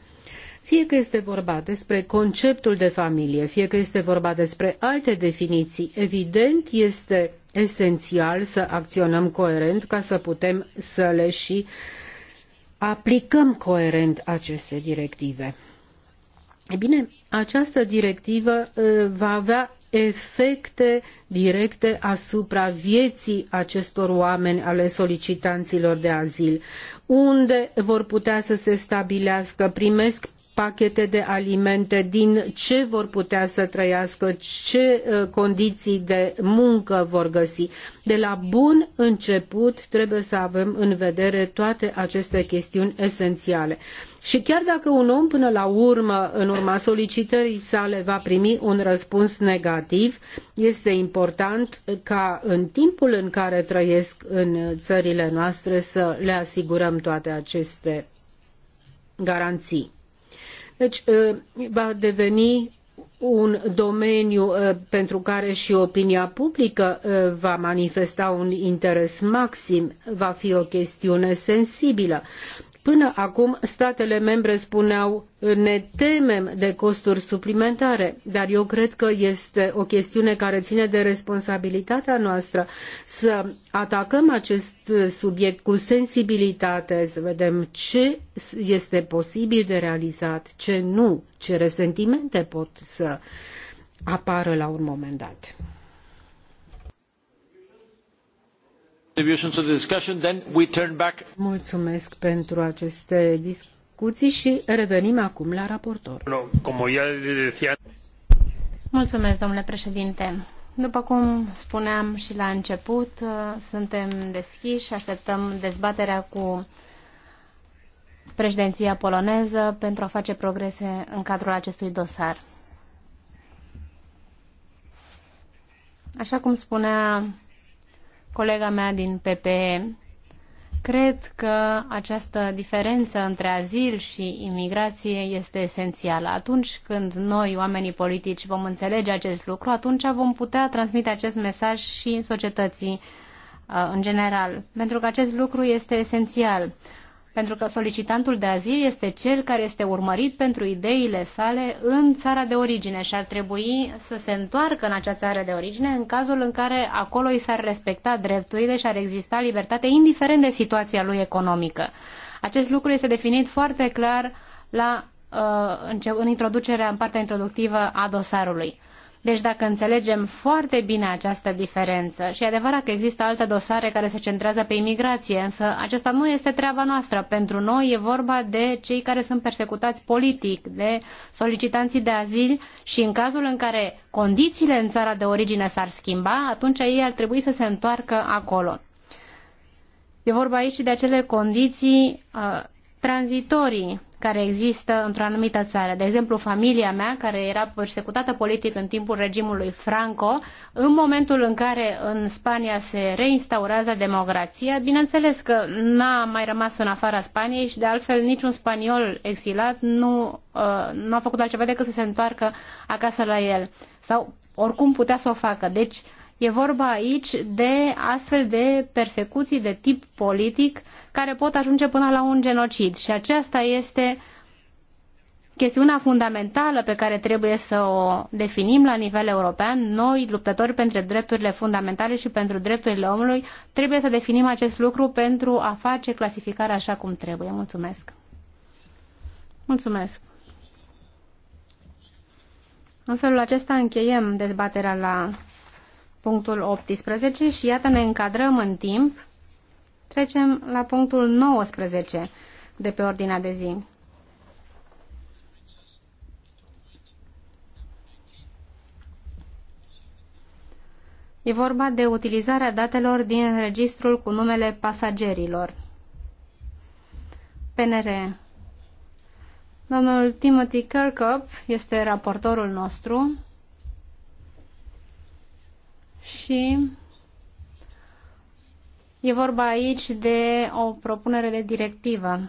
fie că este vorba despre conceptul de familie, fie că este vorba despre alte definiții, evident este esențial să acționăm coerent ca să putem să le și aplicăm coerent aceste directive. E bine, această directivă va avea efecte directe asupra vieții acestor oameni ale solicitanților de azil, unde vor putea să se stabilească, primesc pachete de alimente, din ce vor putea să trăiască, ce uh, condiții de muncă vor găsi. De la bun început trebuie să avem în vedere toate aceste chestiuni esențiale. Și chiar dacă un om până la urmă, în urma solicitării sale, va primi un răspuns negativ, este important ca în timpul în care trăiesc în țările noastre să le asigurăm toate aceste garanții. Deci ă, va deveni un domeniu ă, pentru care și opinia publică ă, va manifesta un interes maxim, va fi o chestiune sensibilă. Până acum, statele membre spuneau ne temem de costuri suplimentare, dar eu cred că este o chestiune care ține de responsabilitatea noastră să atacăm acest subiect cu sensibilitate, să vedem ce este posibil de realizat, ce nu, ce resentimente pot să apară la un moment dat. Mulțumesc pentru aceste discuții și revenim acum la raportor. Mulțumesc, domnule președinte. După cum spuneam și la început, suntem deschiși, și așteptăm dezbaterea cu președinția poloneză pentru a face progrese în cadrul acestui dosar. Așa cum spunea colega mea din PPE, cred că această diferență între azil și imigrație este esențială. Atunci când noi, oamenii politici, vom înțelege acest lucru, atunci vom putea transmite acest mesaj și în societății uh, în general, pentru că acest lucru este esențial pentru că solicitantul de azil este cel care este urmărit pentru ideile sale în țara de origine și ar trebui să se întoarcă în acea țară de origine în cazul în care acolo i s-ar respecta drepturile și ar exista libertate, indiferent de situația lui economică. Acest lucru este definit foarte clar la, uh, în introducerea, în partea introductivă a dosarului. Deci dacă înțelegem foarte bine această diferență și e adevărat că există alte dosare care se centrează pe imigrație, însă acesta nu este treaba noastră. Pentru noi e vorba de cei care sunt persecutați politic, de solicitanții de azil și în cazul în care condițiile în țara de origine s-ar schimba, atunci ei ar trebui să se întoarcă acolo. E vorba aici și de acele condiții uh, tranzitorii care există într-o anumită țară. De exemplu, familia mea, care era persecutată politic în timpul regimului Franco, în momentul în care în Spania se reinstaurează democrația, bineînțeles că n-a mai rămas în afara Spaniei și de altfel niciun spaniol exilat nu, uh, nu a făcut altceva decât să se întoarcă acasă la el. Sau oricum putea să o facă. Deci e vorba aici de astfel de persecuții de tip politic uh, care pot ajunge până la un genocid. Și aceasta este chestiunea fundamentală pe care trebuie să o definim la nivel european. Noi, luptători pentru drepturile fundamentale și pentru drepturile omului, trebuie să definim acest lucru pentru a face clasificarea așa cum trebuie. Mulțumesc! Mulțumesc! În felul acesta încheiem dezbaterea la punctul 18 și iată ne încadrăm în timp Trecem la punctul 19 de pe ordinea de zi. E vorba de utilizarea datelor din registrul cu numele pasagerilor. PNR. Domnul Timothy Kirkup este raportorul nostru și E vorba aici de o propunere de directivă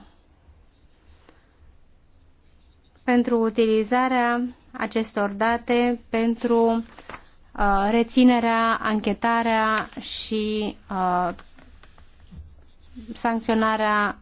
pentru utilizarea acestor date pentru uh, reținerea, anchetarea și uh, sancționarea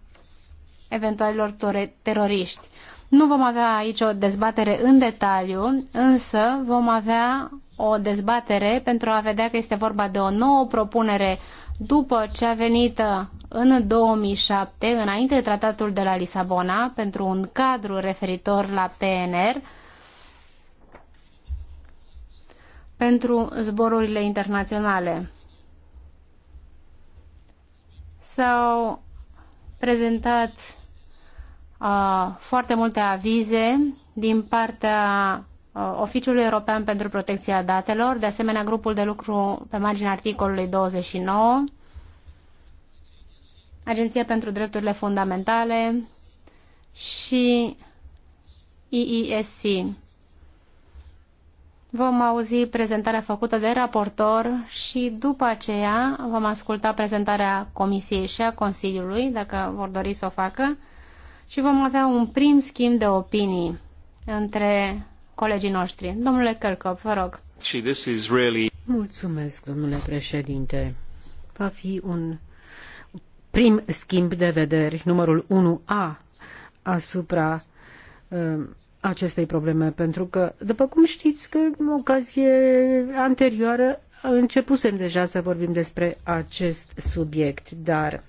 eventualilor teroriști. Nu vom avea aici o dezbatere în detaliu, însă vom avea o dezbatere pentru a vedea că este vorba de o nouă propunere după ce a venit uh, în 2007, înainte de tratatul de la Lisabona, pentru un cadru referitor la PNR, pentru zborurile internaționale. S-au prezentat uh, foarte multe avize din partea Uh, Oficiul European pentru Protecția Datelor, de asemenea grupul de lucru pe marginea articolului 29, Agenția pentru Drepturile Fundamentale și EESC. Vom auzi prezentarea făcută de raportor și după aceea vom asculta prezentarea Comisiei și a Consiliului, dacă vor dori să o facă, și vom avea un prim schimb de opinii între colegii noștri. Domnule Cărcop, vă rog. Mulțumesc, domnule președinte. Va fi un prim schimb de vederi, numărul 1A, asupra uh, acestei probleme, pentru că, după cum știți, că în ocazie anterioară începusem deja să vorbim despre acest subiect, dar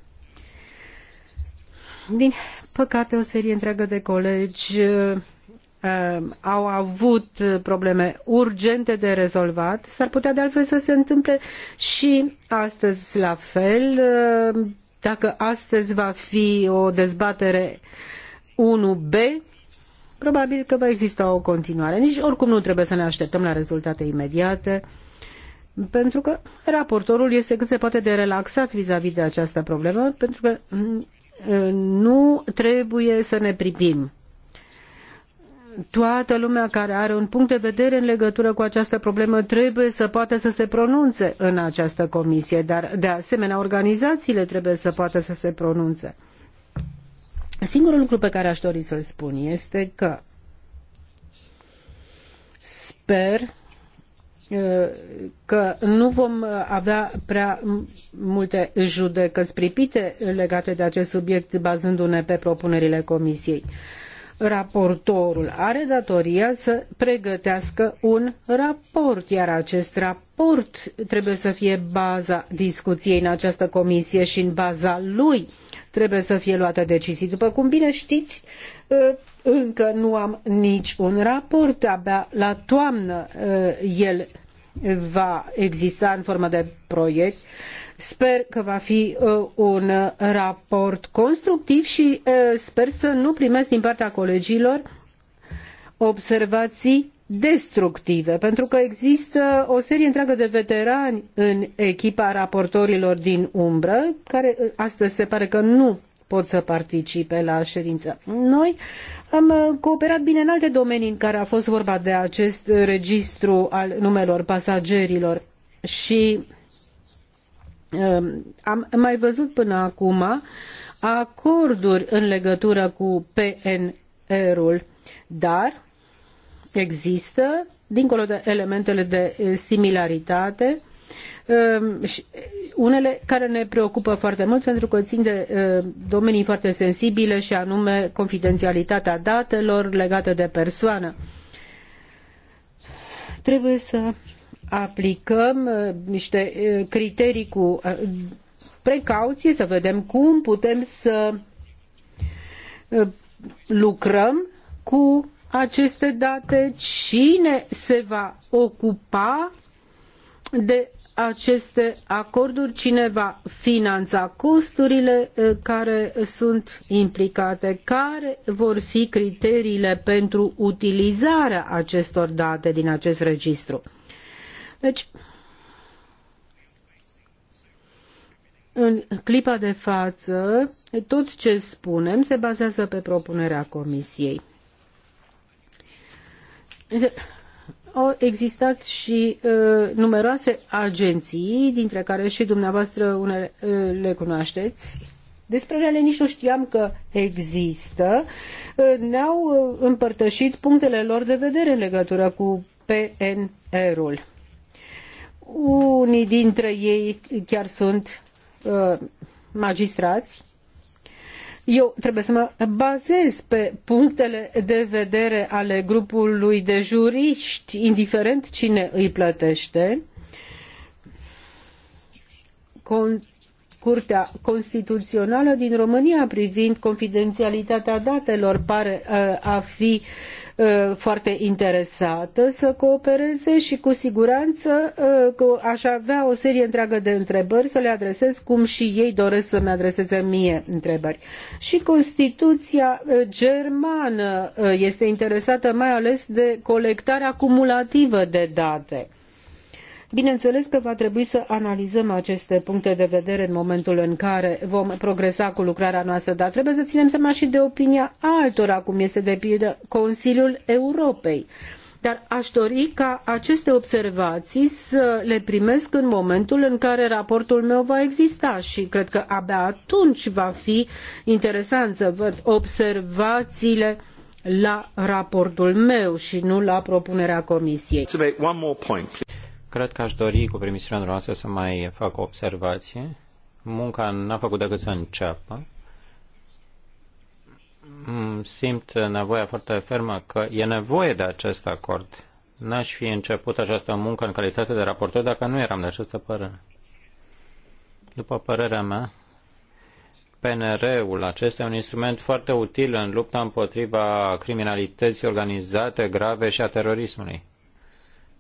din păcate o serie întreagă de colegi uh, Um, au avut probleme urgente de rezolvat, s-ar putea de altfel să se întâmple și astăzi la fel. Um, dacă astăzi va fi o dezbatere 1B, probabil că va exista o continuare. Nici oricum nu trebuie să ne așteptăm la rezultate imediate, pentru că raportorul este cât se poate de relaxat vis-a-vis de această problemă, pentru că mm, nu trebuie să ne pripim toată lumea care are un punct de vedere în legătură cu această problemă trebuie să poată să se pronunțe în această comisie, dar de asemenea organizațiile trebuie să poată să se pronunțe. Singurul lucru pe care aș dori să-l spun este că sper uh, că nu vom avea prea multe judecăți pripite legate de acest subiect bazându-ne pe propunerile comisiei. Uh, raportorul are datoria să pregătească un raport, iar acest raport trebuie să fie baza discuției în această comisie și în baza lui trebuie să fie luată decizii. După cum bine știți, ă, încă nu am nici un raport, abia la toamnă ă, el va exista în formă de proiect. Sper că va fi uh, un raport constructiv și uh, sper să nu primesc din partea colegilor observații destructive, pentru că există o serie întreagă de veterani în echipa raportorilor din umbră, care uh, astăzi se pare că nu pot să participe la ședință. Noi am cooperat bine în alte domenii în care a fost vorba de acest registru al numelor pasagerilor și um, am mai văzut până acum acorduri în legătură cu PNR-ul, dar există, dincolo de elementele de similaritate, Ehm, unele care ne preocupă foarte mult pentru că țin de domenii foarte sensibile și anume confidențialitatea datelor legate de persoană. Trebuie să aplicăm niște criterii cu precauție, să vedem cum putem să lucrăm cu aceste date, cine se va ocupa de aceste acorduri, cine va finanța costurile eh, care sunt implicate, care vor fi criteriile pentru utilizarea acestor date din acest registru. Deci, în clipa de față, tot ce spunem se bazează pe propunerea Comisiei au existat și uh, numeroase agenții, dintre care și dumneavoastră unele uh, le cunoașteți, despre ele nici nu știam că există, uh, ne-au uh, împărtășit punctele lor de vedere în legătură cu PNR-ul. Unii dintre ei chiar sunt uh, magistrați eu trebuie să mă bazez pe punctele de vedere ale grupului de juriști, indiferent cine îi plătește. Con- Curtea Constituțională din România privind confidențialitatea datelor pare uh, a fi uh, foarte interesată să coopereze și cu siguranță uh, că aș avea o serie întreagă de întrebări să le adresez cum și ei doresc să-mi adreseze mie întrebări. Și Constituția germană este interesată mai ales de colectarea cumulativă de date Bineînțeles că va trebui să analizăm aceste puncte de vedere în momentul în care vom progresa cu lucrarea noastră, dar trebuie să ținem seama și de opinia altora, cum este de pildă Consiliul Europei dar aș dori ca aceste observații să le primesc în momentul în care raportul meu va exista și cred că abia atunci va fi interesant să văd observațiile la raportul meu și nu la propunerea comisiei. Cred că aș dori cu permisiunea noastră să mai fac o observație. Munca n-a făcut decât să înceapă. Mm, simt nevoia foarte fermă că e nevoie de acest acord. N-aș fi început această muncă în calitate de raportor dacă nu eram de această părere. După părerea mea, PNR-ul acesta e un instrument foarte util în lupta împotriva criminalității organizate grave și a terorismului.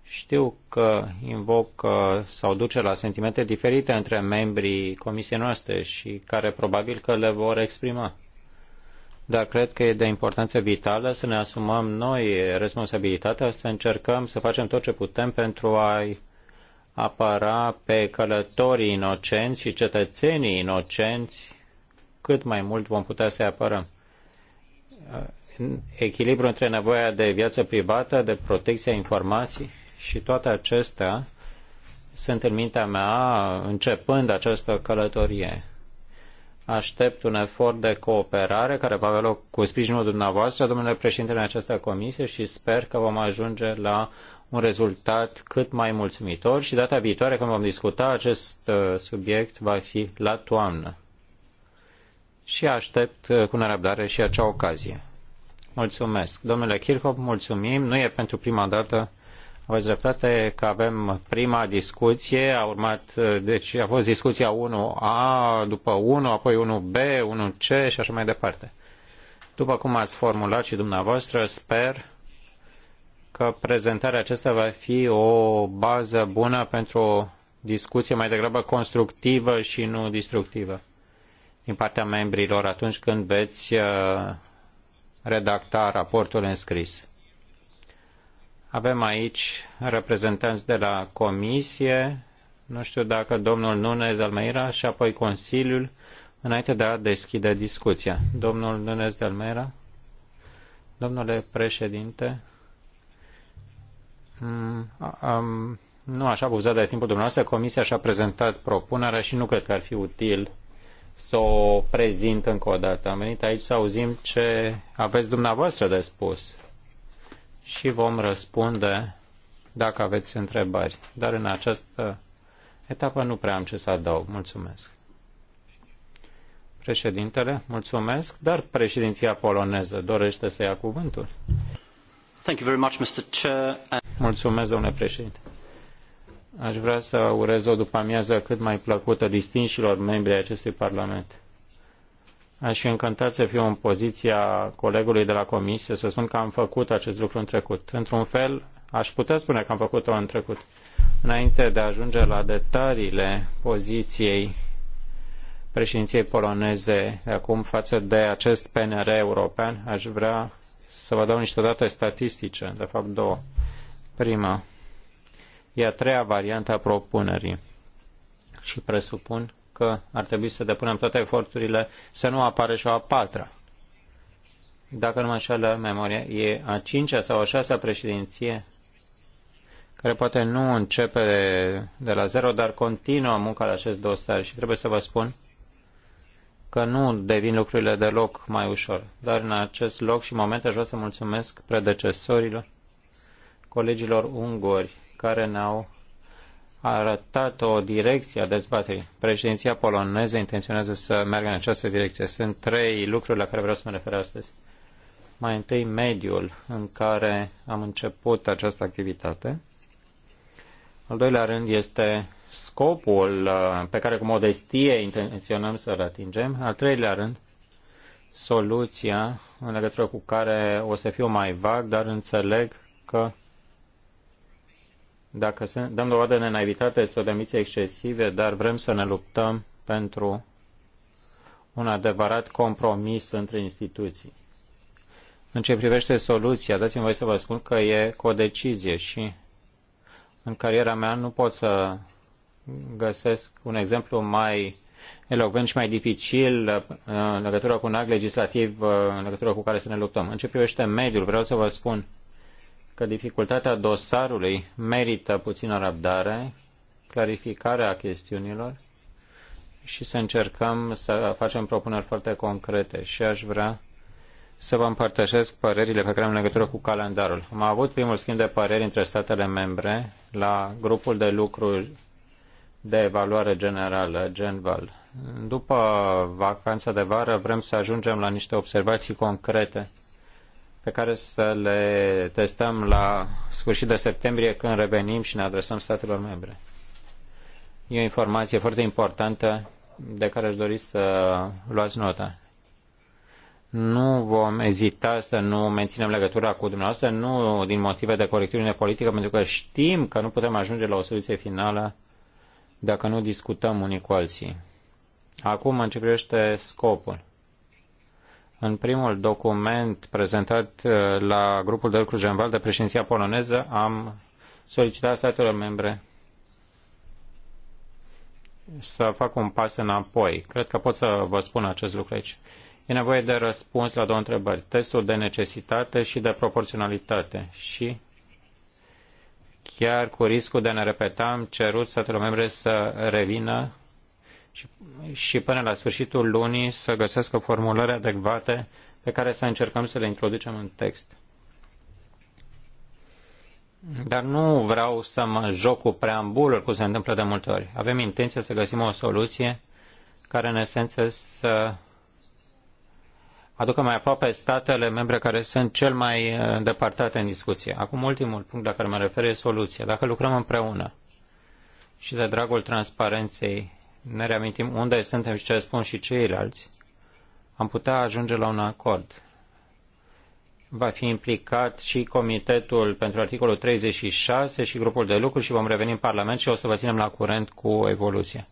Știu că invoc sau duce la sentimente diferite între membrii comisiei noastre și care probabil că le vor exprima. Dar cred că e de importanță vitală să ne asumăm noi responsabilitatea, să încercăm să facem tot ce putem pentru a-i apăra pe călătorii inocenți și cetățenii inocenți cât mai mult vom putea să-i apărăm echilibru între nevoia de viață privată, de protecția informației și toate acestea sunt în mintea mea începând această călătorie. Aștept un efort de cooperare care va avea loc cu sprijinul dumneavoastră, domnule președinte, în această comisie și sper că vom ajunge la un rezultat cât mai mulțumitor și data viitoare când vom discuta acest uh, subiect va fi la toamnă. Și aștept uh, cu nerăbdare și acea ocazie. Mulțumesc. Domnule Kirchhoff, mulțumim. Nu e pentru prima dată aveți dreptate că avem prima discuție, a urmat, deci a fost discuția 1A, după 1, apoi 1B, 1C și așa mai departe. După cum ați formulat și dumneavoastră, sper că prezentarea aceasta va fi o bază bună pentru o discuție mai degrabă constructivă și nu destructivă din partea membrilor atunci când veți uh, redacta raportul înscris. Avem aici reprezentanți de la Comisie, nu știu dacă domnul Nunes Almeida și apoi Consiliul, înainte de a deschide discuția. Domnul Nunes de Almeida, domnule președinte, mm, am, nu aș abuza de timpul dumneavoastră, Comisia și-a prezentat propunerea și nu cred că ar fi util să o prezint încă o dată. Am venit aici să auzim ce aveți dumneavoastră de spus și vom răspunde dacă aveți întrebări. Dar în această etapă nu prea am ce să adaug. Mulțumesc. Președintele, mulțumesc, dar președinția poloneză dorește să ia cuvântul. Thank you very much, Mr. Chair. Mulțumesc, domnule președinte. Aș vrea să urez o după amiază cât mai plăcută distinșilor membri ai acestui parlament. Aș fi încântat să fiu în poziția colegului de la comisie să spun că am făcut acest lucru în trecut. Într-un fel, aș putea spune că am făcut-o în trecut. Înainte de a ajunge la detaliile poziției președinției poloneze de acum față de acest PNR european, aș vrea să vă dau niște date statistice, de fapt două. Prima, e a treia variantă a propunerii și presupun că ar trebui să depunem toate eforturile să nu apare și o a patra. Dacă nu mă înșală memoria, e a cincea sau a șasea președinție care poate nu începe de la zero, dar continuă munca la acest dosar și trebuie să vă spun că nu devin lucrurile deloc mai ușor. Dar în acest loc și moment aș vrea să mulțumesc predecesorilor, colegilor ungori care ne-au a arătat o direcție a dezbaterii. Președinția poloneză intenționează să meargă în această direcție. Sunt trei lucruri la care vreau să mă refer astăzi. Mai întâi, mediul în care am început această activitate. Al doilea rând este scopul uh, pe care cu modestie intenționăm să-l atingem. Al treilea rând, soluția în legătură cu care o să fiu mai vag, dar înțeleg că dacă se, dăm dovadă de naivitate este o ambiții excesivă, dar vrem să ne luptăm pentru un adevărat compromis între instituții. În ce privește soluția, dați-mi voi să vă spun că e cu o decizie și în cariera mea nu pot să găsesc un exemplu mai elocvent și mai dificil uh, în legătură cu un act legislativ uh, în legătură cu care să ne luptăm. În ce privește mediul, vreau să vă spun că dificultatea dosarului merită puțină răbdare, clarificarea chestiunilor și să încercăm să facem propuneri foarte concrete. Și aș vrea să vă împărtășesc părerile pe care am legătură cu calendarul. Am avut primul schimb de păreri între statele membre la grupul de lucru de evaluare generală, GenVal. După vacanța de vară vrem să ajungem la niște observații concrete pe care să le testăm la sfârșit de septembrie când revenim și ne adresăm statelor membre. E o informație foarte importantă de care aș dori să luați nota. Nu vom ezita să nu menținem legătura cu dumneavoastră, nu din motive de corectiune politică, pentru că știm că nu putem ajunge la o soluție finală dacă nu discutăm unii cu alții. Acum începește scopul. În primul document prezentat uh, la grupul de lucru general de președinția poloneză am solicitat statelor membre să fac un pas înapoi. Cred că pot să vă spun acest lucru aici. E nevoie de răspuns la două întrebări. Testul de necesitate și de proporționalitate. Și chiar cu riscul de a ne repeta, am cerut statelor membre să revină și până la sfârșitul lunii să găsească formulări adecvate pe care să încercăm să le introducem în text. Dar nu vreau să mă joc cu preambulul, cum se întâmplă de multe ori. Avem intenția să găsim o soluție care, în esență, să aducă mai aproape statele membre care sunt cel mai uh, îndepărtate în discuție. Acum, ultimul punct la care mă refer e soluția. Dacă lucrăm împreună și de dragul transparenței ne reamintim unde suntem și ce spun și ceilalți, am putea ajunge la un acord. Va fi implicat și Comitetul pentru articolul 36 și grupul de lucru și vom reveni în Parlament și o să vă ținem la curent cu evoluția.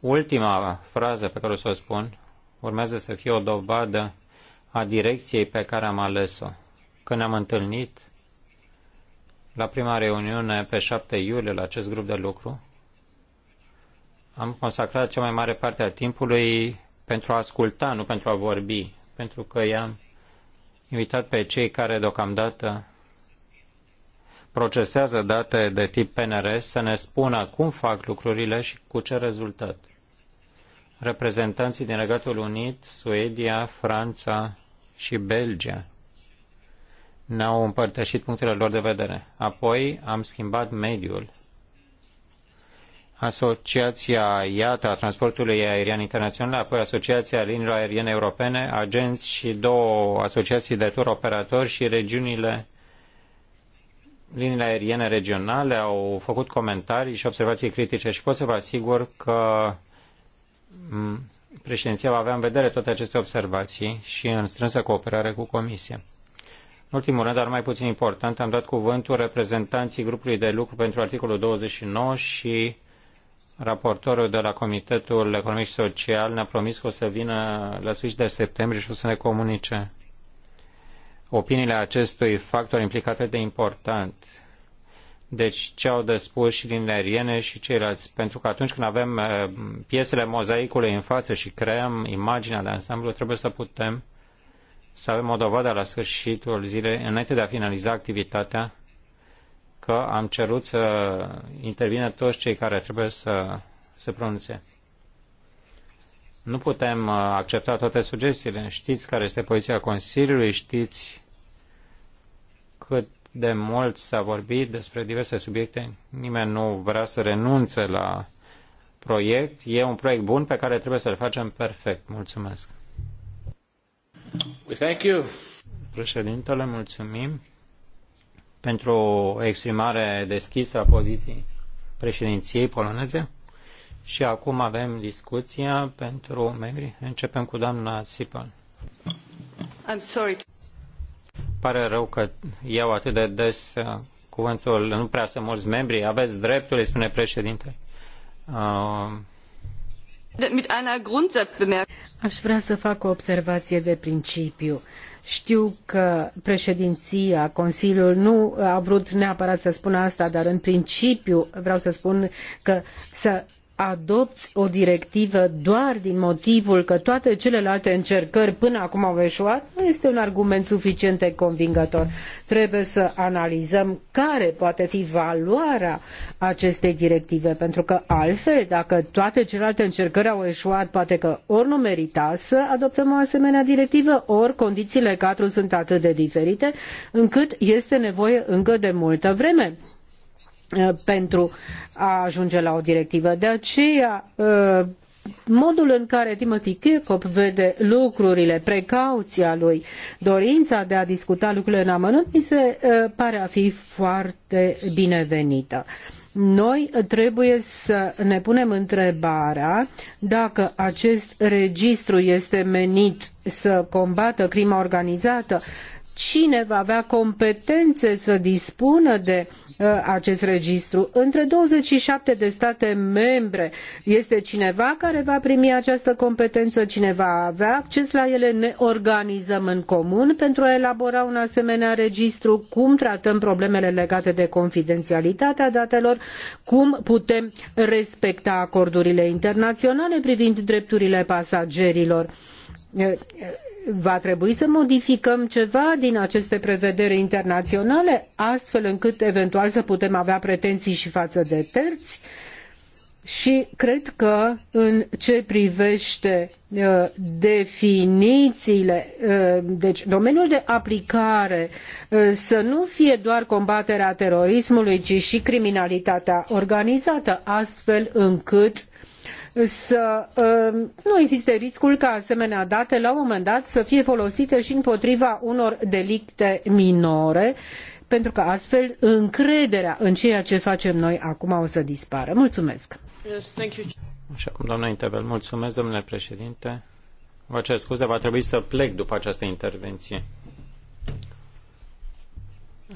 Ultima frază pe care o să o spun urmează să fie o dovadă a direcției pe care am ales-o. Când ne-am întâlnit la prima reuniune pe 7 iulie la acest grup de lucru, am consacrat cea mai mare parte a timpului pentru a asculta, nu pentru a vorbi, pentru că i-am invitat pe cei care deocamdată procesează date de tip PNR să ne spună cum fac lucrurile și cu ce rezultat. Reprezentanții din Regatul Unit, Suedia, Franța și Belgia ne-au împărtășit punctele lor de vedere. Apoi am schimbat mediul Asociația IATA a Transportului Aerian Internațional, apoi Asociația Liniilor Aeriene Europene, agenți și două asociații de tur operatori și regiunile liniile aeriene regionale au făcut comentarii și observații critice și pot să vă asigur că președinția va avea în vedere toate aceste observații și în strânsă cooperare cu Comisia. În ultimul rând, dar mai puțin important, am dat cuvântul reprezentanții grupului de lucru pentru articolul 29 și Raportorul de la Comitetul Economic și Social ne-a promis că o să vină la sfârșitul de septembrie și o să ne comunice opiniile acestui factor implicat de important. Deci ce au de spus și din aeriene și ceilalți. Pentru că atunci când avem eh, piesele mozaicului în față și creăm imaginea de ansamblu, trebuie să putem să avem o dovadă la sfârșitul zilei, înainte de a finaliza activitatea, că am cerut să intervină toți cei care trebuie să se pronunțe. Nu putem uh, accepta toate sugestiile. Știți care este poziția Consiliului, știți cât de mult s-a vorbit despre diverse subiecte. Nimeni nu vrea să renunțe la proiect. E un proiect bun pe care trebuie să-l facem perfect. Mulțumesc. We thank you. Președintele, mulțumim pentru o exprimare deschisă a poziției președinției poloneze. Și acum avem discuția pentru membri. Începem cu doamna Sipan. I'm sorry. Pare rău că iau atât de des uh, cuvântul, nu prea sunt mulți membri, aveți dreptul, îi spune președinte. Uh, Aș vrea să fac o observație de principiu. Știu că președinția, Consiliul nu a vrut neapărat să spună asta, dar în principiu vreau să spun că să adopți o directivă doar din motivul că toate celelalte încercări până acum au eșuat, nu este un argument suficient de convingător. Trebuie să analizăm care poate fi valoarea acestei directive, pentru că altfel, dacă toate celelalte încercări au eșuat, poate că ori nu merita să adoptăm o asemenea directivă, ori condițiile cadru sunt atât de diferite, încât este nevoie încă de multă vreme Uh, pentru a ajunge la o directivă. De aceea, uh, modul în care Timothy Kirchhoff vede lucrurile, precauția lui, dorința de a discuta lucrurile în amănunt, mi se uh, pare a fi foarte binevenită. Noi trebuie să ne punem întrebarea dacă acest registru este menit să combată crima organizată, cine va avea competențe să dispună de uh, Uh, acest registru. Între 27 de state membre este cineva care va primi această competență, cineva va avea acces la ele, ne organizăm în comun pentru a elabora un asemenea registru, cum tratăm problemele legate de confidențialitatea datelor, cum putem respecta acordurile internaționale privind drepturile pasagerilor uh, uh, va trebui să modificăm ceva din aceste prevederi internaționale, astfel încât eventual să putem avea pretenții și față de terți. Și cred că în ce privește uh, definițiile, uh, deci domeniul de aplicare uh, să nu fie doar combaterea terorismului, ci și criminalitatea organizată, astfel încât uh, să um, nu existe riscul ca asemenea date la un moment dat să fie folosite și împotriva unor delicte minore, pentru că astfel încrederea în ceea ce facem noi acum o să dispară. Mulțumesc! Yes, și acum, doamna Intervel, mulțumesc, domnule președinte. Vă cer scuze, va trebui să plec după această intervenție.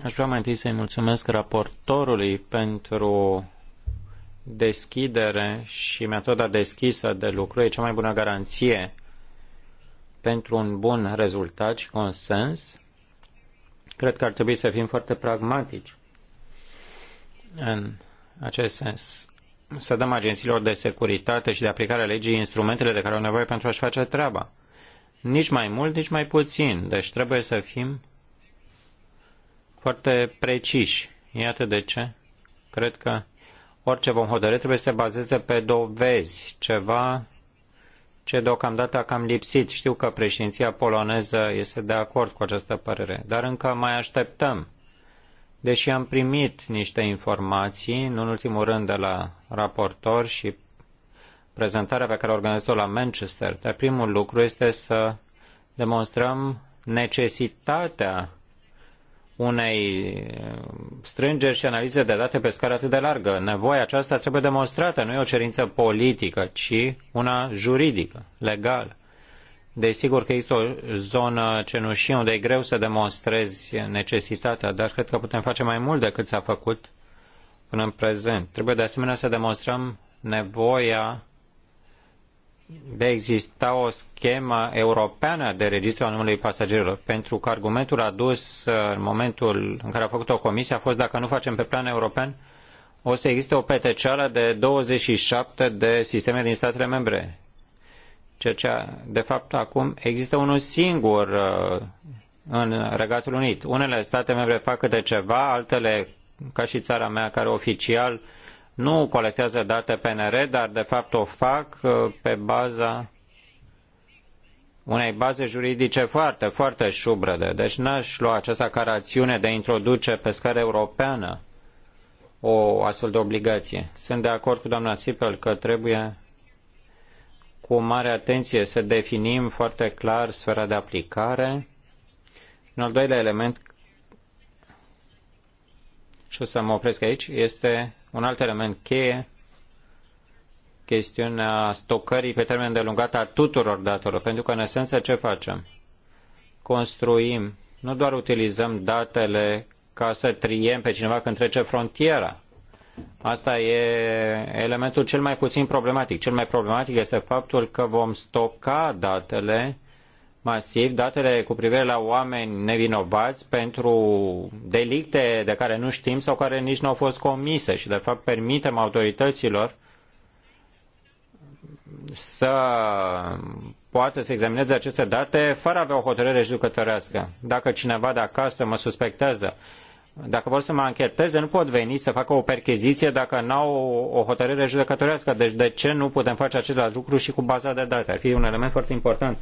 Aș vrea mai întâi să-i mulțumesc raportorului pentru deschidere și metoda deschisă de lucru e cea mai bună garanție pentru un bun rezultat și consens. Cred că ar trebui să fim foarte pragmatici în acest sens. Să dăm agențiilor de securitate și de aplicare a legii instrumentele de care au nevoie pentru a-și face treaba. Nici mai mult, nici mai puțin. Deci trebuie să fim foarte preciși. Iată de ce. Cred că orice vom hotărâ trebuie să se bazeze pe dovezi, ceva ce deocamdată a cam lipsit. Știu că președinția poloneză este de acord cu această părere, dar încă mai așteptăm. Deși am primit niște informații, nu în ultimul rând de la raportor și prezentarea pe care a organizat-o la Manchester, dar primul lucru este să demonstrăm necesitatea unei uh, strângeri și analize de date pe scară atât de largă. Nevoia aceasta trebuie demonstrată, nu e o cerință politică, ci una juridică, legală. Desigur că există o zonă cenușie unde e greu să demonstrezi necesitatea, dar cred că putem face mai mult decât s-a făcut până în prezent. Trebuie de asemenea să demonstrăm nevoia de a exista o schemă europeană de registru al numărului pasagerilor, pentru că argumentul adus uh, în momentul în care a făcut-o comisie a fost dacă nu facem pe plan european, o să existe o peteceală de 27 de sisteme din statele membre. Ceea ce, de fapt, acum există unul singur uh, în Regatul Unit. Unele state membre fac câte ceva, altele, ca și țara mea, care oficial uh, nu colectează date PNR, dar de fapt o fac uh, pe baza unei baze juridice foarte, foarte șubrede. Deci n-aș lua aceasta ca rațiune de a introduce pe scară europeană o astfel de obligație. Sunt de acord cu doamna Sipel că trebuie cu mare atenție să definim foarte clar sfera de aplicare. În al doilea element, și o să mă opresc aici, este un alt element cheie, chestiunea stocării pe termen delungat a tuturor datelor, pentru că în esență ce facem? Construim, nu doar utilizăm datele ca să triem pe cineva când trece frontiera. Asta e elementul cel mai puțin problematic. Cel mai problematic este faptul că vom stoca datele masiv datele cu privire la oameni nevinovați pentru delicte de care nu știm sau care nici nu au fost comise și de fapt permitem autorităților să poată să examineze aceste date fără a avea o hotărâre judecătorească. Dacă cineva de acasă mă suspectează, dacă vor să mă ancheteze, nu pot veni să facă o percheziție dacă nu au o hotărâre judecătorească. Deci de ce nu putem face același lucru și cu baza de date? Ar fi un element foarte important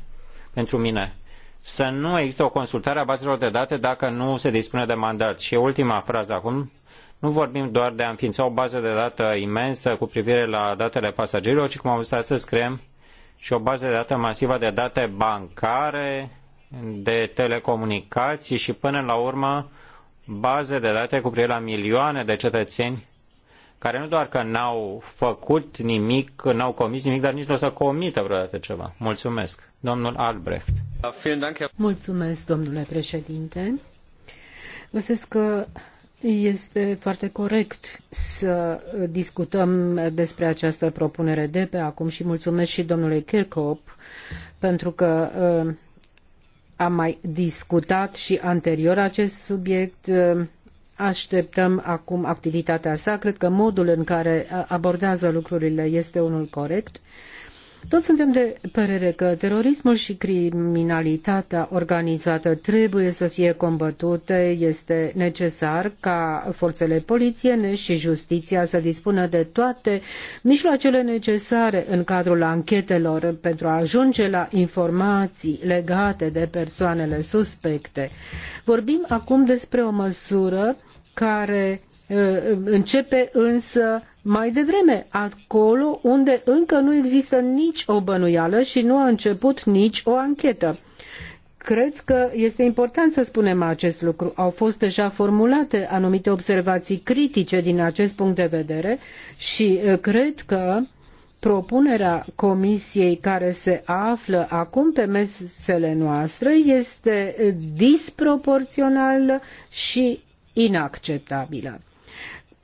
pentru mine să nu există o consultare a bazelor de date dacă nu se dispune de mandat. Și ultima frază acum, nu vorbim doar de a înființa o bază de dată imensă cu privire la datele pasagerilor, ci cum am văzut astăzi, creăm și o bază de dată masivă de date bancare, de telecomunicații și până la urmă baze de date cu privire la milioane de cetățeni care nu doar că n-au făcut nimic, n-au comis nimic, dar nici nu o să comită vreodată ceva. Mulțumesc. Domnul Albrecht. Da, mulțumesc, domnule președinte. Găsesc că este foarte corect să discutăm despre această propunere de pe acum și mulțumesc și domnului Kirchhoff pentru că uh, am mai discutat și anterior acest subiect uh, Așteptăm acum activitatea sa. Cred că modul în care abordează lucrurile este unul corect. Uh, toți suntem de părere că terorismul și criminalitatea organizată trebuie să fie combătute. Este necesar ca forțele polițiene și justiția să dispună de toate mijloacele necesare în cadrul anchetelor pentru a ajunge la informații legate de persoanele suspecte. Vorbim acum despre o măsură care uh, începe însă mai devreme, acolo unde încă nu există nici o bănuială și nu a început nici o anchetă. Cred că este important să spunem acest lucru. Au fost deja formulate anumite observații critice din acest punct de vedere și cred că propunerea comisiei care se află acum pe mesele noastre este disproporțională și inacceptabilă.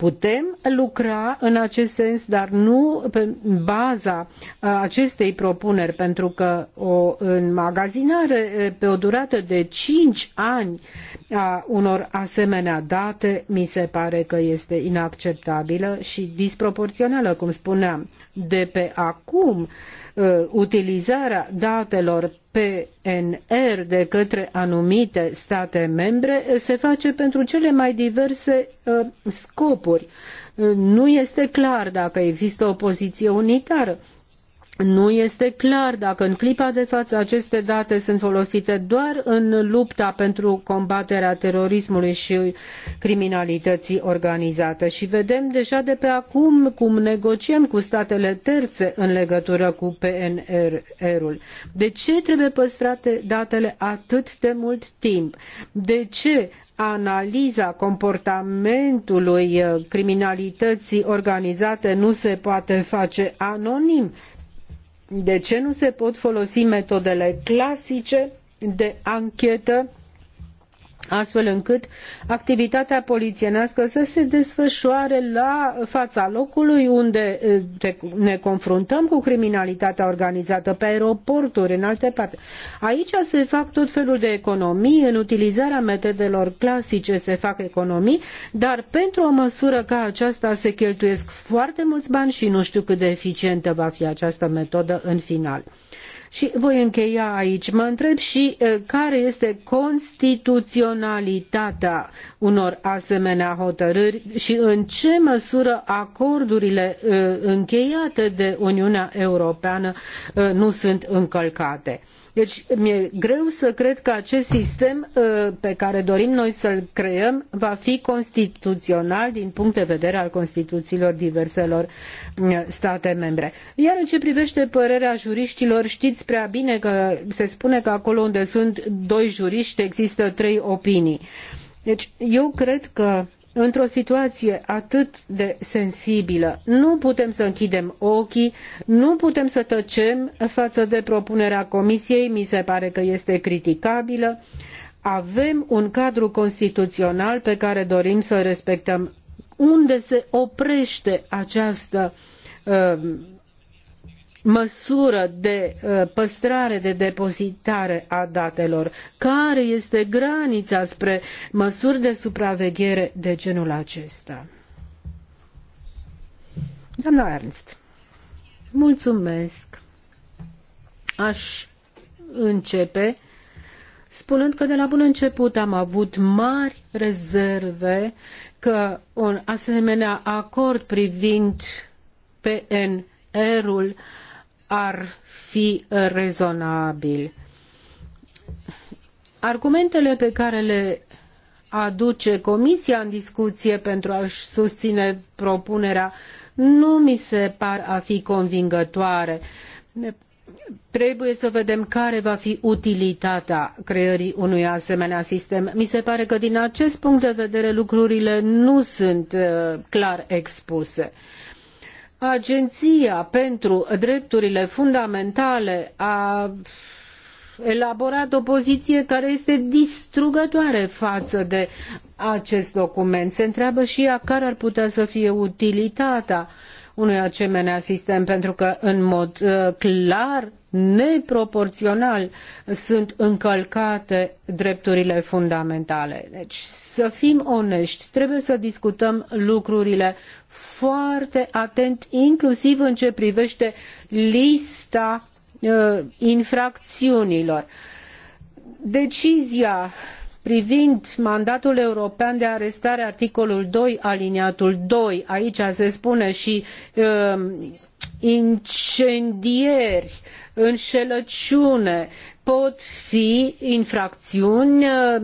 Putem lucra în acest sens, dar nu pe baza acestei propuneri, pentru că o înmagazinare pe o durată de cinci ani a unor asemenea date mi se pare că este inacceptabilă și disproporțională, cum spuneam de pe acum uh, utilizarea datelor PNR de către anumite state membre uh, se face pentru cele mai diverse uh, scopuri. Nu este clar dacă există o poziție unitară nu este clar dacă în clipa de față aceste date sunt folosite doar în lupta pentru combaterea terorismului și criminalității organizate. Și vedem deja de pe acum cum negociem cu statele terțe în legătură cu PNR-ul. De ce trebuie păstrate datele atât de mult timp? De ce analiza comportamentului eh, criminalității organizate nu se poate face anonim? De ce nu se pot folosi metodele clasice de anchetă astfel încât activitatea polițienească să se desfășoare la fața locului unde ne confruntăm cu criminalitatea organizată, pe aeroporturi, în alte parte. Aici se fac tot felul de economii, în utilizarea metodelor clasice se fac economii, dar pentru o măsură ca aceasta se cheltuiesc foarte mulți bani și nu știu cât de eficientă va fi această metodă în final. Și voi încheia aici. Mă întreb și care este constituționalitatea unor asemenea hotărâri și în ce măsură acordurile încheiate de Uniunea Europeană nu sunt încălcate. Deci mi-e greu să cred că acest sistem uh, pe care dorim noi să-l creăm va fi constituțional din punct de vedere al Constituțiilor diverselor uh, state membre. Iar în ce privește părerea juriștilor, știți prea bine că se spune că acolo unde sunt doi juriști există trei opinii. Deci eu cred că într-o situație atât de sensibilă. Nu putem să închidem ochii, nu putem să tăcem față de propunerea Comisiei, mi se pare că este criticabilă. Avem un cadru constituțional pe care dorim să respectăm. Unde se oprește această uh, măsură de uh, păstrare, de depozitare a datelor? Care este granița spre măsuri de supraveghere de genul acesta? Doamna Ernst, mulțumesc. Aș începe spunând că de la bun început am avut mari rezerve că un asemenea acord privind PNR-ul ar fi rezonabil. Argumentele pe care le aduce Comisia în discuție pentru a-și susține propunerea nu mi se par a fi convingătoare. Trebuie să vedem care va fi utilitatea creării unui asemenea sistem. Mi se pare că din acest punct de vedere lucrurile nu sunt uh, clar expuse. Uh, Agenția pentru Drepturile Fundamentale a elaborat o poziție care este distrugătoare față de acest document. Se întreabă și ea care ar putea să fie utilitatea unui asemenea sistem, pentru că, în mod uh, clar, neproporțional sunt încălcate drepturile fundamentale. Deci să fim onești, trebuie să discutăm lucrurile foarte atent, inclusiv în ce privește lista uh, infracțiunilor. Decizia privind mandatul european de arestare, articolul 2, aliniatul 2, aici se spune și uh, incendieri, înșelăciune, pot fi infracțiuni uh,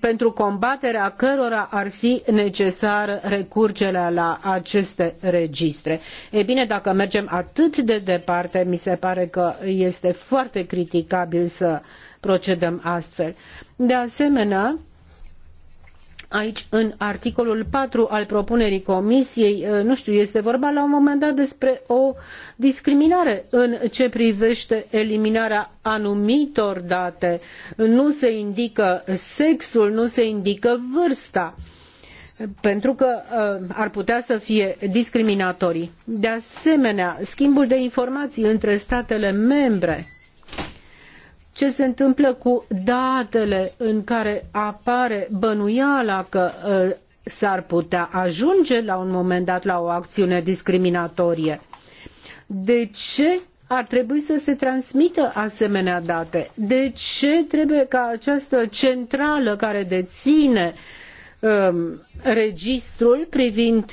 pentru combaterea cărora ar fi necesară recurgerea la aceste registre. E bine, dacă mergem atât de departe, mi se pare că este foarte criticabil să procedăm astfel. De asemenea, aici în articolul patru al propunerii comisiei, uh, nu știu, este vorba la un moment dat despre o discriminare în ce privește eliminarea anumitor date. Nu se indică sexul, nu se indică vârsta pentru că uh, ar putea să fie discriminatorii. De asemenea, schimbul de informații între statele membre ce se întâmplă cu datele în care apare bănuiala că ă, s-ar putea ajunge la un moment dat la o acțiune discriminatorie. De ce ar trebui să se transmită asemenea date? De ce trebuie ca această centrală care deține um, registrul privind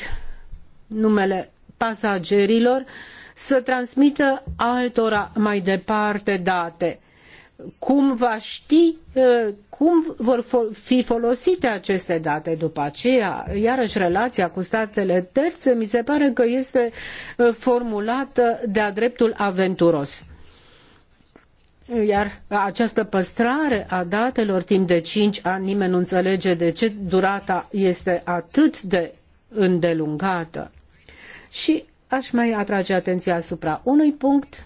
numele pasagerilor să transmită altora mai departe date? cum va ști uh, cum vor fi folosite aceste date după aceea. Iarăși relația cu statele terțe mi se pare că este uh, formulată de-a dreptul aventuros. Iar această păstrare a datelor timp de cinci ani, nimeni nu înțelege de ce durata este atât de îndelungată. Și aș mai atrage atenția asupra unui punct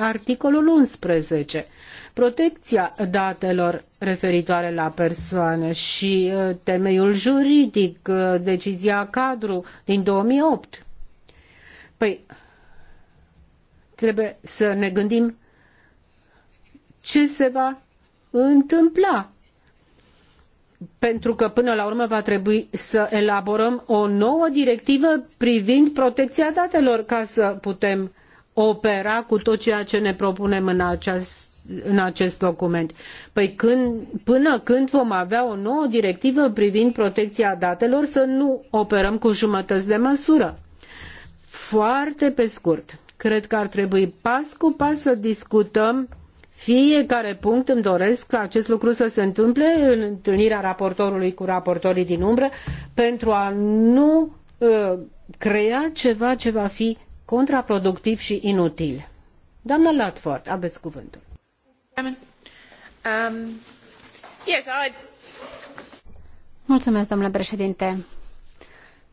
Articolul 11. Protecția datelor referitoare la persoane și uh, temeiul juridic, uh, decizia cadru din 2008. Păi, trebuie să ne gândim ce se va întâmpla. Pentru că până la urmă va trebui să elaborăm o nouă directivă privind protecția datelor ca să putem opera cu tot ceea ce ne propunem în acest în acest document. Păi când, până când vom avea o nouă directivă privind protecția datelor, să nu operăm cu jumătăți de măsură. Foarte pe scurt, cred că ar trebui pas cu pas să discutăm fiecare punct îmi doresc ca acest lucru să se întâmple în întâlnirea raportorului cu raportorii din umbră pentru a nu uh, crea ceva ce va fi contraproductiv și inutil. Doamna Latford, aveți cuvântul. Um, yes, I... Mulțumesc, domnule președinte.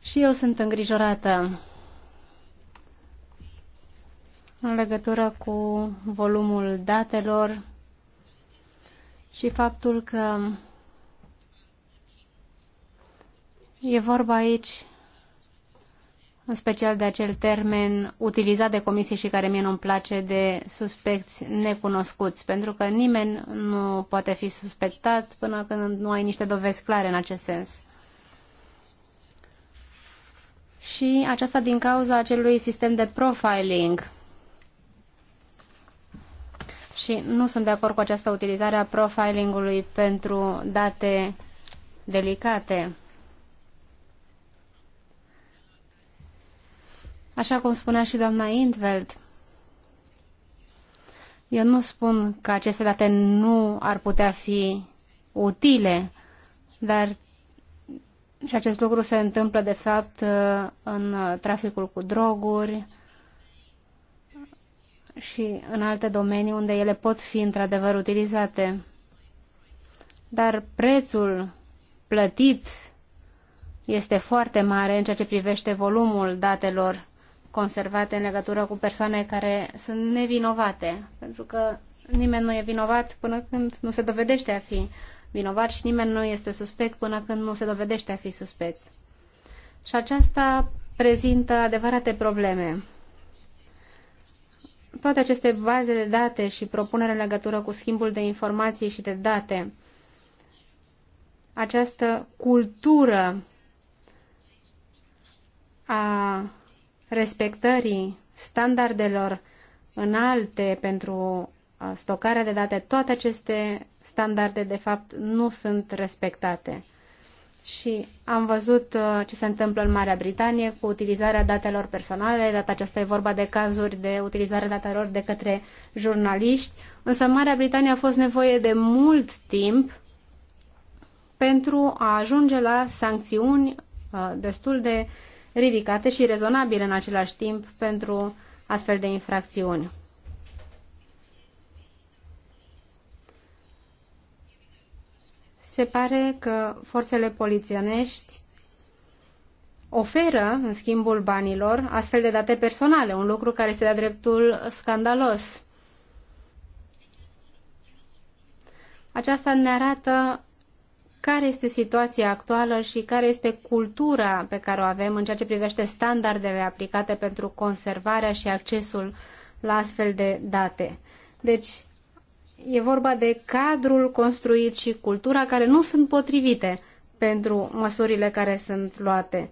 Și eu sunt îngrijorată în legătură cu volumul datelor și faptul că e vorba aici în special de acel termen utilizat de comisie și care mie nu-mi place de suspecți necunoscuți, pentru că nimeni nu poate fi suspectat până când nu ai niște dovezi clare în acest sens. Și aceasta din cauza acelui sistem de profiling. Și nu sunt de acord cu această utilizare a profilingului pentru date delicate. Așa cum spunea și doamna Intveld, eu nu spun că aceste date nu ar putea fi utile, dar și acest lucru se întâmplă, de fapt, în traficul cu droguri și în alte domenii unde ele pot fi, într-adevăr, utilizate. Dar prețul plătit este foarte mare în ceea ce privește volumul datelor conservate în legătură cu persoane care sunt nevinovate, pentru că nimeni nu e vinovat până când nu se dovedește a fi vinovat și nimeni nu este suspect până când nu se dovedește a fi suspect. Și aceasta prezintă adevărate probleme. Toate aceste baze de date și propunere în legătură cu schimbul de informații și de date, această cultură a respectării standardelor înalte pentru uh, stocarea de date, toate aceste standarde, de fapt, nu sunt respectate. Și am văzut uh, ce se întâmplă în Marea Britanie cu utilizarea datelor personale. Data aceasta e vorba de cazuri de utilizare datelor de către jurnaliști. Însă Marea Britanie a fost nevoie de mult timp pentru a ajunge la sancțiuni uh, destul de uh, ridicate și rezonabile în același timp pentru astfel de infracțiuni. Se pare că forțele polițienești oferă, în schimbul banilor, astfel de date personale, un lucru care este de-a dreptul scandalos. Aceasta ne arată care este situația actuală și care este cultura pe care o avem în ceea ce privește standardele aplicate pentru conservarea și accesul la astfel de date. Deci, e vorba de cadrul construit și cultura care nu sunt potrivite pentru măsurile care sunt luate.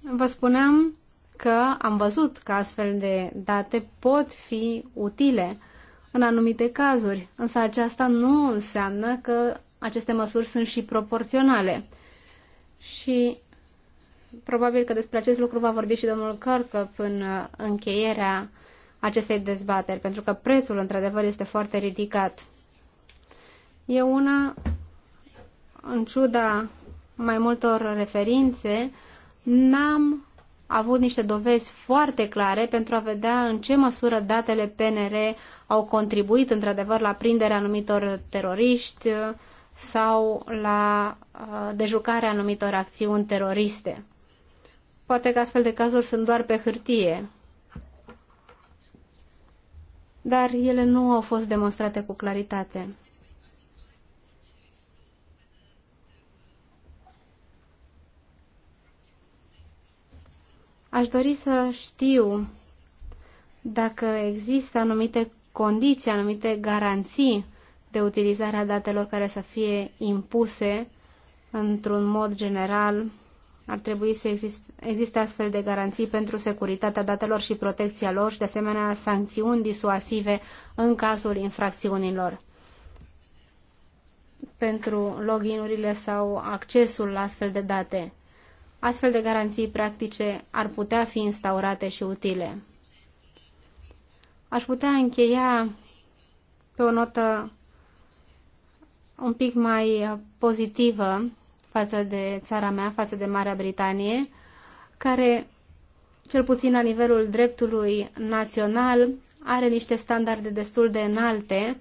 Vă spuneam că am văzut că astfel de date pot fi utile în anumite cazuri, însă aceasta nu înseamnă că aceste măsuri sunt și proporționale. Și probabil că despre acest lucru va vorbi și domnul Cărcă până uh, încheierea acestei dezbateri, pentru că prețul, într-adevăr, este foarte ridicat. E una, în ciuda mai multor referințe, n-am avut niște dovezi foarte clare pentru a vedea în ce măsură datele PNR au contribuit într-adevăr la prinderea anumitor teroriști sau la uh, dejucarea anumitor acțiuni teroriste. Poate că astfel de cazuri sunt doar pe hârtie, dar ele nu au fost demonstrate cu claritate. Aș dori să știu dacă există anumite condiții, anumite garanții de utilizarea datelor care să fie impuse într-un mod general. Ar trebui să existe astfel de garanții pentru securitatea datelor și protecția lor și, de asemenea, sancțiuni disuasive în cazul infracțiunilor pentru login-urile sau accesul la astfel de date. Astfel de garanții practice ar putea fi instaurate și utile. Aș putea încheia pe o notă un pic mai pozitivă față de țara mea, față de Marea Britanie, care, cel puțin la nivelul dreptului național, are niște standarde destul de înalte,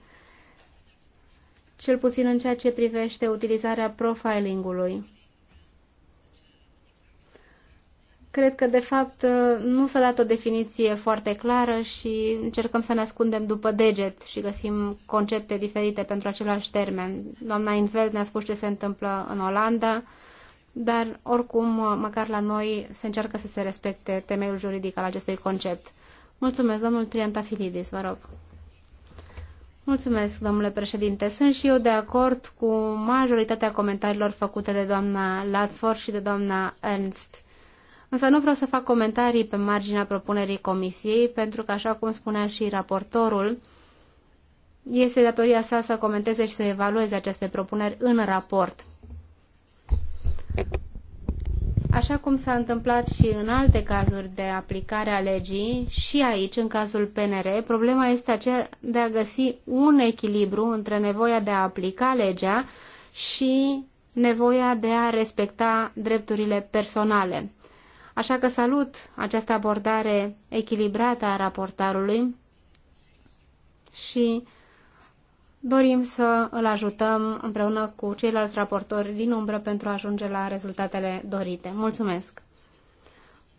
cel puțin în ceea ce privește utilizarea profilingului. Cred că, de fapt, uh, nu s-a dat o definiție foarte clară și încercăm să ne ascundem după deget și găsim concepte diferite pentru același termen. Doamna Inveld ne-a spus ce se întâmplă în Olanda, dar, oricum, uh, măcar la noi se încearcă să se respecte temeiul juridic al acestui concept. Mulțumesc, domnul Triantafilidis, vă rog. Mulțumesc, domnule președinte. Sunt și eu de acord cu majoritatea comentariilor făcute de doamna Latford și de doamna Ernst. Însă nu vreau să fac comentarii pe marginea propunerii comisiei, pentru că, așa cum spunea și raportorul, este datoria sa să comenteze și să evalueze aceste propuneri în raport. Așa cum s-a întâmplat și în alte cazuri de aplicare a legii, și aici, în cazul PNR, problema este aceea de a găsi un echilibru între nevoia de a aplica legea și nevoia de a respecta drepturile personale. Așa că salut această abordare echilibrată a raportarului și dorim să îl ajutăm împreună cu ceilalți raportori din umbră pentru a ajunge la rezultatele dorite. Mulțumesc!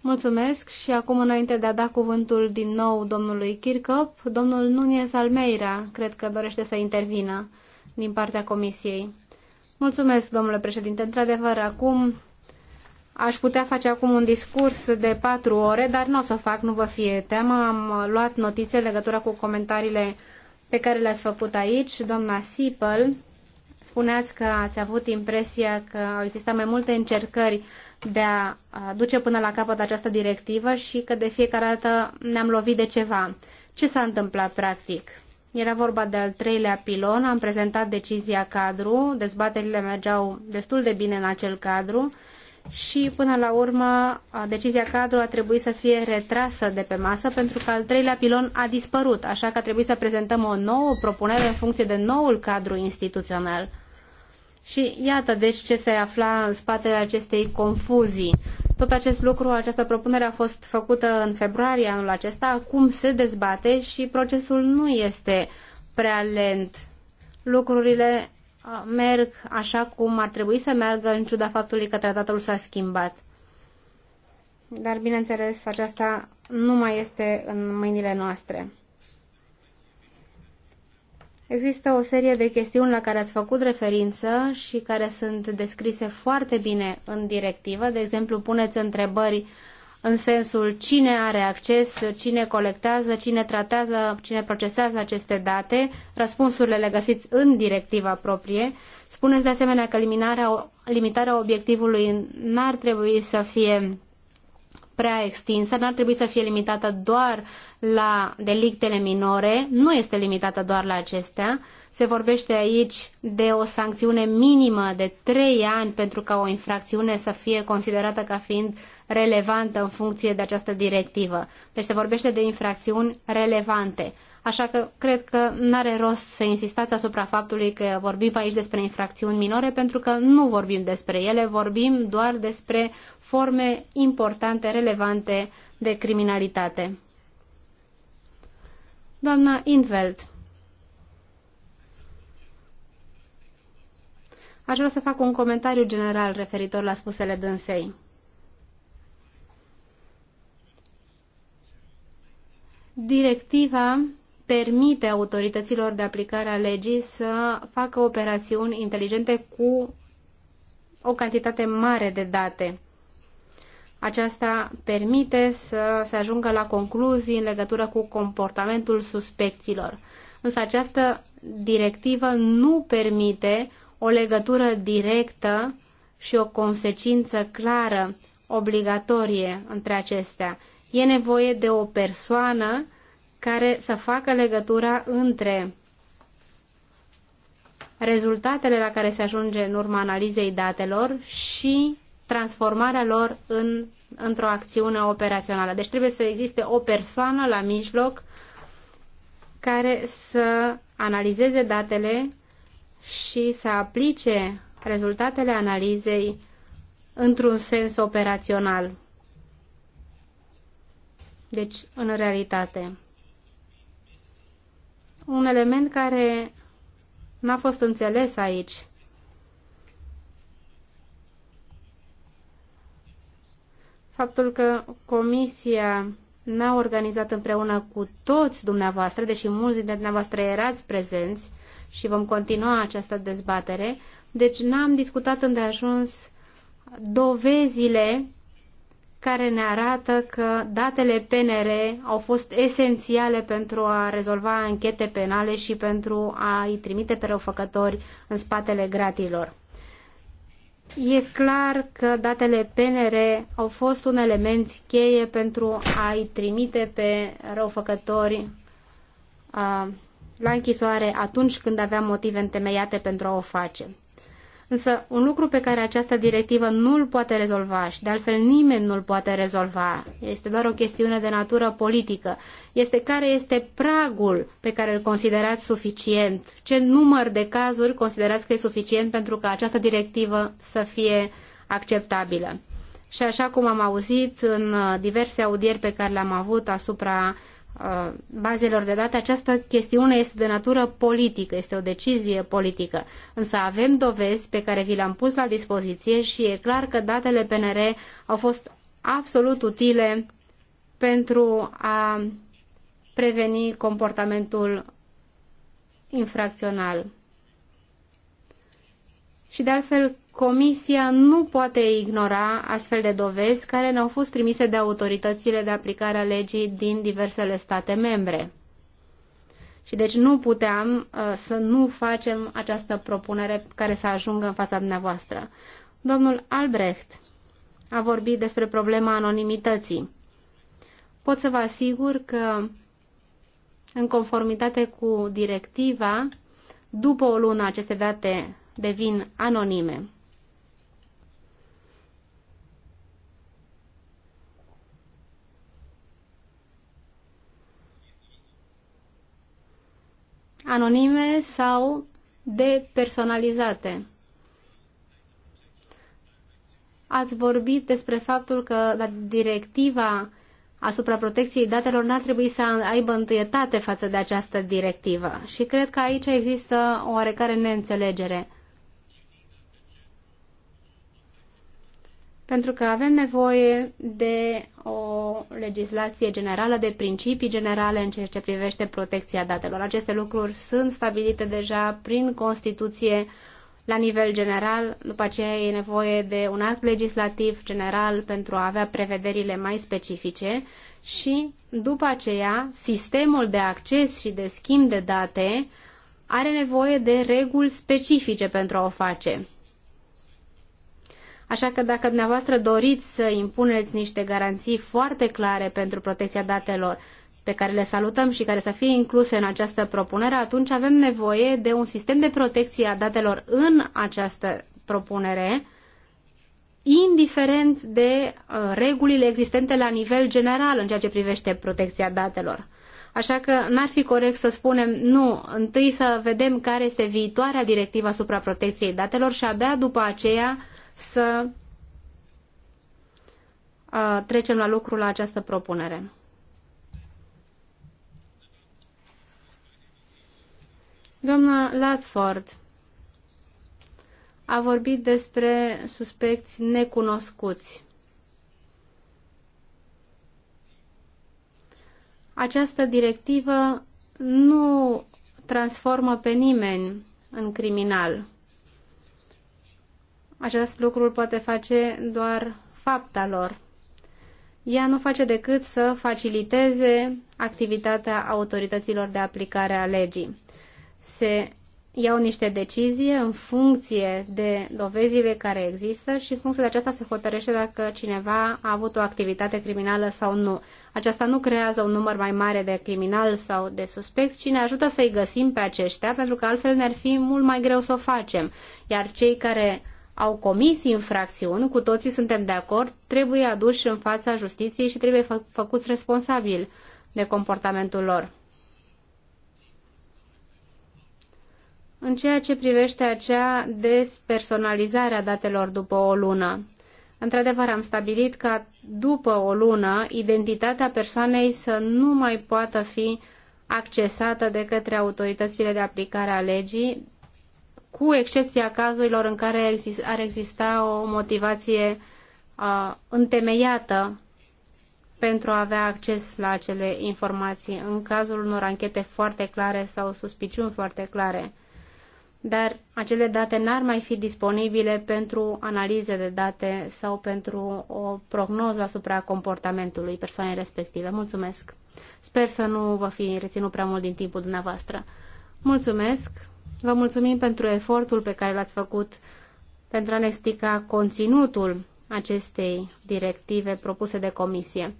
Mulțumesc și acum înainte de a da cuvântul din nou domnului Kirkop, domnul Nunez Almeira cred că dorește să intervină din partea comisiei. Mulțumesc, domnule președinte. Într-adevăr, acum Aș putea face acum un discurs de patru ore, dar nu o să fac, nu vă fie teamă. Am luat notițe în legătură cu comentariile pe care le-ați făcut aici. Doamna Sipel, spuneați că ați avut impresia că au existat mai multe încercări de a duce până la capăt această directivă și că de fiecare dată ne-am lovit de ceva. Ce s-a întâmplat practic? Era vorba de al treilea pilon, am prezentat decizia cadru, dezbaterile mergeau destul de bine în acel cadru și până la urmă decizia cadru a trebuit să fie retrasă de pe masă pentru că al treilea pilon a dispărut, așa că a trebuit să prezentăm o nouă propunere în funcție de noul cadru instituțional. Și iată deci ce se afla în spatele acestei confuzii. Tot acest lucru, această propunere a fost făcută în februarie anul acesta, acum se dezbate și procesul nu este prea lent. Lucrurile merg așa cum ar trebui să meargă, în ciuda faptului că tratatul s-a schimbat. Dar, bineînțeles, aceasta nu mai este în mâinile noastre. Există o serie de chestiuni la care ați făcut referință și care sunt descrise foarte bine în directivă. De exemplu, puneți întrebări uh, în sensul cine are acces, cine colectează, cine tratează, cine procesează aceste date. Răspunsurile le găsiți în directiva proprie. Spuneți de asemenea că limitarea obiectivului n-ar trebui să fie prea extinsă, n-ar trebui să fie limitată doar la delictele minore, nu este limitată doar la acestea. Se vorbește aici de o sancțiune minimă de trei ani pentru ca o infracțiune să fie considerată ca fiind relevantă în funcție de această directivă. Deci se vorbește de infracțiuni relevante. Așa că cred că nu are rost să insistați asupra faptului că vorbim aici despre infracțiuni minore, pentru că nu vorbim despre ele, vorbim doar despre forme importante, relevante de criminalitate. Doamna Inveld. Aș vrea să fac un comentariu general referitor la spusele dânsei. Directiva permite autorităților de aplicare a legii să facă operațiuni inteligente cu o cantitate mare de date. Aceasta permite să se ajungă la concluzii în legătură cu comportamentul suspecților. Însă această directivă nu permite o legătură directă și o consecință clară, obligatorie între acestea E nevoie de o persoană care să facă legătura între rezultatele la care se ajunge în urma analizei datelor și transformarea lor în, într-o acțiune operațională. Deci trebuie să existe o persoană la mijloc care să analizeze datele și să aplice rezultatele analizei într-un sens operațional. Deci, în realitate, un element care n-a fost înțeles aici. Faptul că Comisia n-a organizat împreună cu toți dumneavoastră, deși mulți dintre dumneavoastră erați prezenți și vom continua această dezbatere, deci n-am discutat îndeajuns dovezile care ne arată că datele PNR au fost esențiale pentru a rezolva anchete penale și pentru a-i trimite pe răufăcători în spatele gratilor. E clar că datele PNR au fost un element cheie pentru a-i trimite pe răufăcători uh, la închisoare atunci când aveam motive întemeiate pentru a o face. Însă un lucru pe care această directivă nu îl poate rezolva și de altfel nimeni nu îl poate rezolva, este doar o chestiune de natură politică, este care este pragul pe care îl considerați suficient, ce număr de cazuri considerați că e suficient pentru ca această directivă să fie acceptabilă. Și așa cum am auzit în diverse audieri pe care le-am avut asupra Uh, bazelor de date, această chestiune este de natură politică, este o decizie politică. Însă avem dovezi pe care vi le-am pus la dispoziție și e clar că datele PNR au fost absolut utile pentru a preveni comportamentul infracțional. Și de altfel, Comisia nu poate ignora astfel de dovezi care ne-au fost trimise de autoritățile de aplicare a legii din diversele state membre. Și deci nu puteam uh, să nu facem această propunere care să ajungă în fața dumneavoastră. Domnul Albrecht a vorbit despre problema anonimității. Pot să vă asigur că, în conformitate cu directiva, după o lună aceste date devin anonime. anonime sau depersonalizate. Ați vorbit despre faptul că la directiva asupra protecției datelor n-ar trebui să aibă întâietate față de această directivă. Și cred că aici există o oarecare neînțelegere. pentru că avem nevoie de o legislație generală, de principii generale în ceea ce privește protecția datelor. Aceste lucruri sunt stabilite deja prin Constituție la nivel general, după aceea e nevoie de un act legislativ general pentru a avea prevederile mai specifice și după aceea sistemul de acces și de schimb de date are nevoie de reguli specifice pentru a o face. Așa că dacă dumneavoastră doriți să impuneți niște garanții foarte clare pentru protecția datelor, pe care le salutăm și care să fie incluse în această propunere, atunci avem nevoie de un sistem de protecție a datelor în această propunere, indiferent de uh, regulile existente la nivel general în ceea ce privește protecția datelor. Așa că n-ar fi corect să spunem, nu, întâi să vedem care este viitoarea directivă asupra protecției datelor și abia după aceea să trecem la lucru la această propunere. Doamna Latford a vorbit despre suspecți necunoscuți. Această directivă nu transformă pe nimeni în criminal. Acest lucru îl poate face doar fapta lor. Ea nu face decât să faciliteze activitatea autorităților de aplicare a legii. Se iau niște decizii în funcție de dovezile care există și în funcție de aceasta se hotărăște dacă cineva a avut o activitate criminală sau nu. Aceasta nu creează un număr mai mare de criminali sau de suspecți, ci ne ajută să-i găsim pe aceștia, pentru că altfel ne-ar fi mult mai greu să o facem. Iar cei care au comis infracțiuni, cu toții suntem de acord, trebuie aduși în fața justiției și trebuie fă- făcuți responsabili de comportamentul lor. În ceea ce privește acea despersonalizare a datelor după o lună, într-adevăr am stabilit că după o lună identitatea persoanei să nu mai poată fi accesată de către autoritățile de aplicare a legii cu excepția cazurilor în care ar exista o motivație uh, întemeiată pentru a avea acces la acele informații, în cazul unor anchete foarte clare sau suspiciuni foarte clare. Dar acele date n-ar mai fi disponibile pentru analize de date sau pentru o prognoză asupra comportamentului persoanei respective. Mulțumesc! Sper să nu vă fi reținut prea mult din timpul dumneavoastră. Mulțumesc! Vă mulțumim pentru efortul pe care l-ați făcut pentru a ne explica conținutul acestei directive propuse de comisie.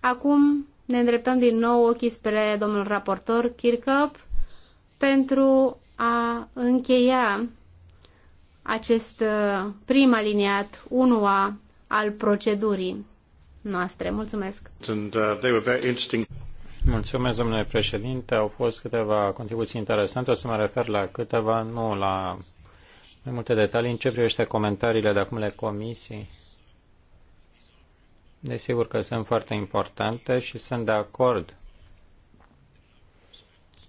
Acum ne îndreptăm din nou ochii spre domnul raportor Kirkup pentru a încheia acest uh, prim aliniat 1A al procedurii noastre. Mulțumesc! And, uh, Mulțumesc, domnule președinte. Au fost câteva contribuții interesante. O să mă refer la câteva, nu la mai multe detalii. În ce privește comentariile de acum le comisii? Desigur că sunt foarte importante și sunt de acord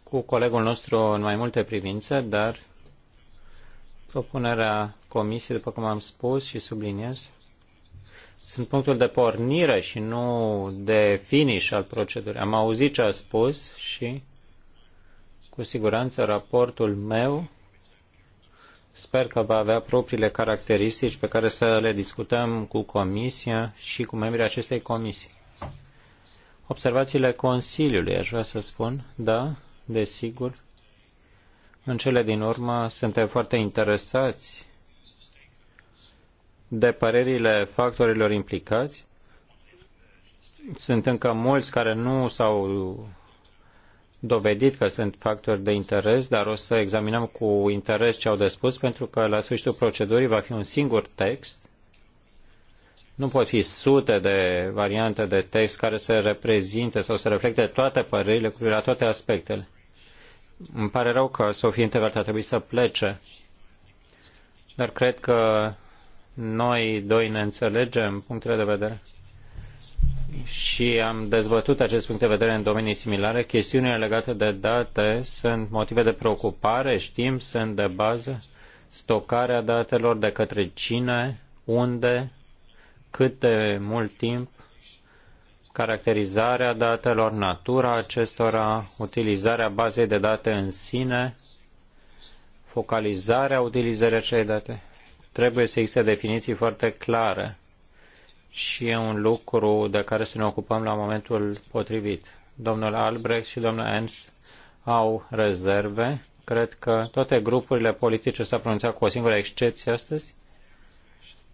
cu colegul nostru în mai multe privințe, dar propunerea comisiei, după cum am spus și subliniez, sunt punctul de pornire și nu de finish al procedurii. Am auzit ce a spus și cu siguranță raportul meu sper că va avea propriile caracteristici pe care să le discutăm cu comisia și cu membrii acestei comisii. Observațiile Consiliului, aș vrea să spun, da, desigur. În cele din urmă suntem foarte interesați de părerile factorilor implicați. Sunt încă mulți care nu s-au dovedit că sunt factori de interes, dar o să examinăm cu interes ce au de spus, pentru că la sfârșitul procedurii va fi un singur text. Nu pot fi sute de variante de text care să reprezinte sau să reflecte toate părerile cu la toate aspectele. Îmi pare rău că Sofie Intervert a trebuit să plece, dar cred că noi doi ne înțelegem punctele de vedere și am dezbătut acest punct de vedere în domenii similare. Chestiunile legate de date sunt motive de preocupare, știm, sunt de bază. Stocarea datelor de către cine, unde, cât de mult timp, caracterizarea datelor, natura acestora, utilizarea bazei de date în sine, focalizarea utilizării acelei date trebuie să existe definiții foarte clare și e un lucru de care să ne ocupăm la momentul potrivit. Domnul Albrecht și domnul Ernst au rezerve. Cred că toate grupurile politice s-au pronunțat cu o singură excepție astăzi,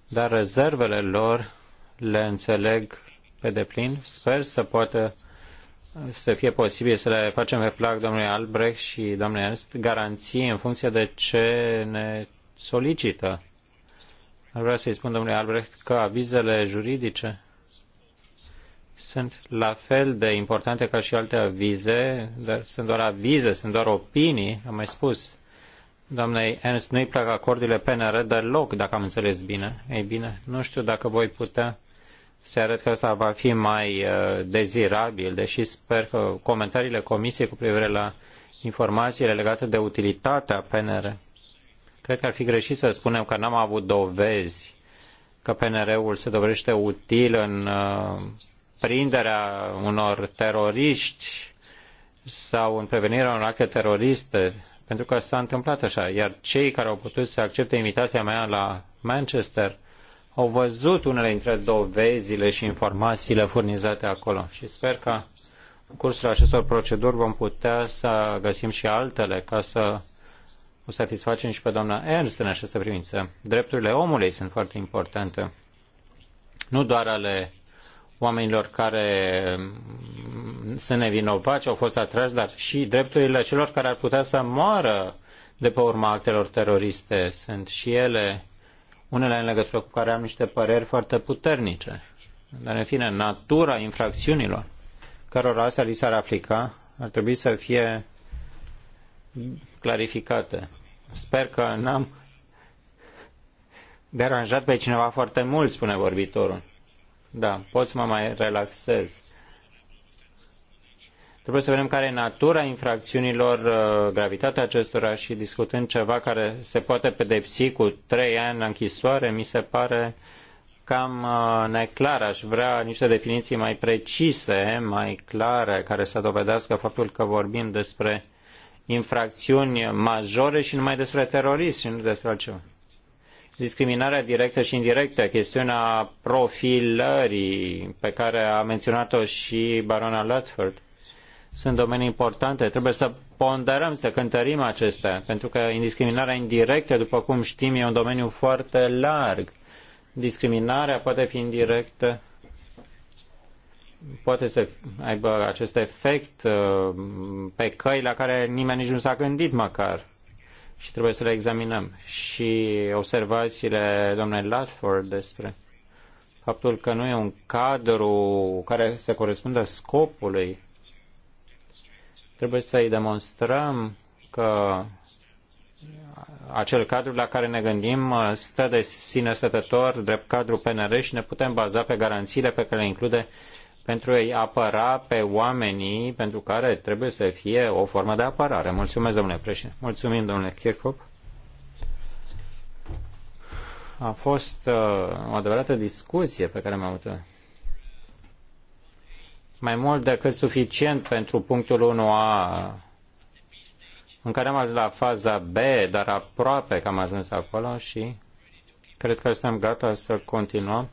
dar rezervele lor le înțeleg pe deplin. Sper să poată să fie posibil să le facem pe plac domnului Albrecht și domnului Ernst garanții în funcție de ce ne solicită vrea să-i spun domnului Albrecht că avizele juridice sunt la fel de importante ca și alte avize, dar sunt doar avize, sunt doar opinii, am mai spus. Doamnei Ernst, nu-i plac acordurile PNR deloc, dacă am înțeles bine. Ei bine, nu știu dacă voi putea să arăt că asta va fi mai uh, dezirabil, deși sper că comentariile comisiei cu privire la informațiile legate de utilitatea PNR Cred că ar fi greșit să spunem că n-am avut dovezi că PNR-ul se dovedește util în uh, prinderea unor teroriști sau în prevenirea unor acte teroriste, pentru că s-a întâmplat așa. Iar cei care au putut să accepte invitația mea la Manchester au văzut unele dintre dovezile și informațiile furnizate acolo și sper că în cursul acestor proceduri vom putea să găsim și altele ca să o satisfacem și pe doamna Ernst în această privință. Drepturile omului sunt foarte importante, nu doar ale oamenilor care mm, sunt nevinovați, au fost atrași, dar și drepturile celor care ar putea să moară de pe urma actelor teroriste. Sunt și ele unele în legătură cu care am niște păreri foarte puternice. Dar, în fine, natura infracțiunilor cărora astea li s-ar aplica ar trebui să fie clarificate. Sper că n-am deranjat pe cineva foarte mult, spune vorbitorul. Da, pot să mă mai relaxez. Trebuie să vedem care e natura infracțiunilor, uh, gravitatea acestora și discutând ceva care se poate pedepsi cu trei ani la închisoare, mi se pare cam uh, neclar. Aș vrea niște definiții mai precise, mai clare, care să dovedească faptul că vorbim despre infracțiuni majore și numai despre terorism și nu despre altceva. Discriminarea directă și indirectă, chestiunea profilării pe care a menționat-o și barona Ludford, sunt domenii importante. Trebuie să ponderăm, să cântărim acestea, pentru că discriminarea indirectă, după cum știm, e un domeniu foarte larg. Discriminarea poate fi indirectă poate să aibă acest efect uh, pe căi la care nimeni nici nu s-a gândit măcar și trebuie să le examinăm. Și observațiile domnului Latford despre faptul că nu e un cadru care să corespundă scopului. Trebuie să-i demonstrăm că acel cadru la care ne gândim uh, stă de sine stătător drept cadru PNR și ne putem baza pe garanțiile pe care le include uh, pentru a-i apăra pe oamenii pentru care trebuie să fie o formă de apărare. Mulțumesc, domnule președinte. Mulțumim, domnule Kirchhoff. A fost uh, o adevărată discuție pe care am avut-o. Mai mult decât suficient pentru punctul 1A, în care am ajuns la faza B, dar aproape că am ajuns acolo și cred că suntem gata să continuăm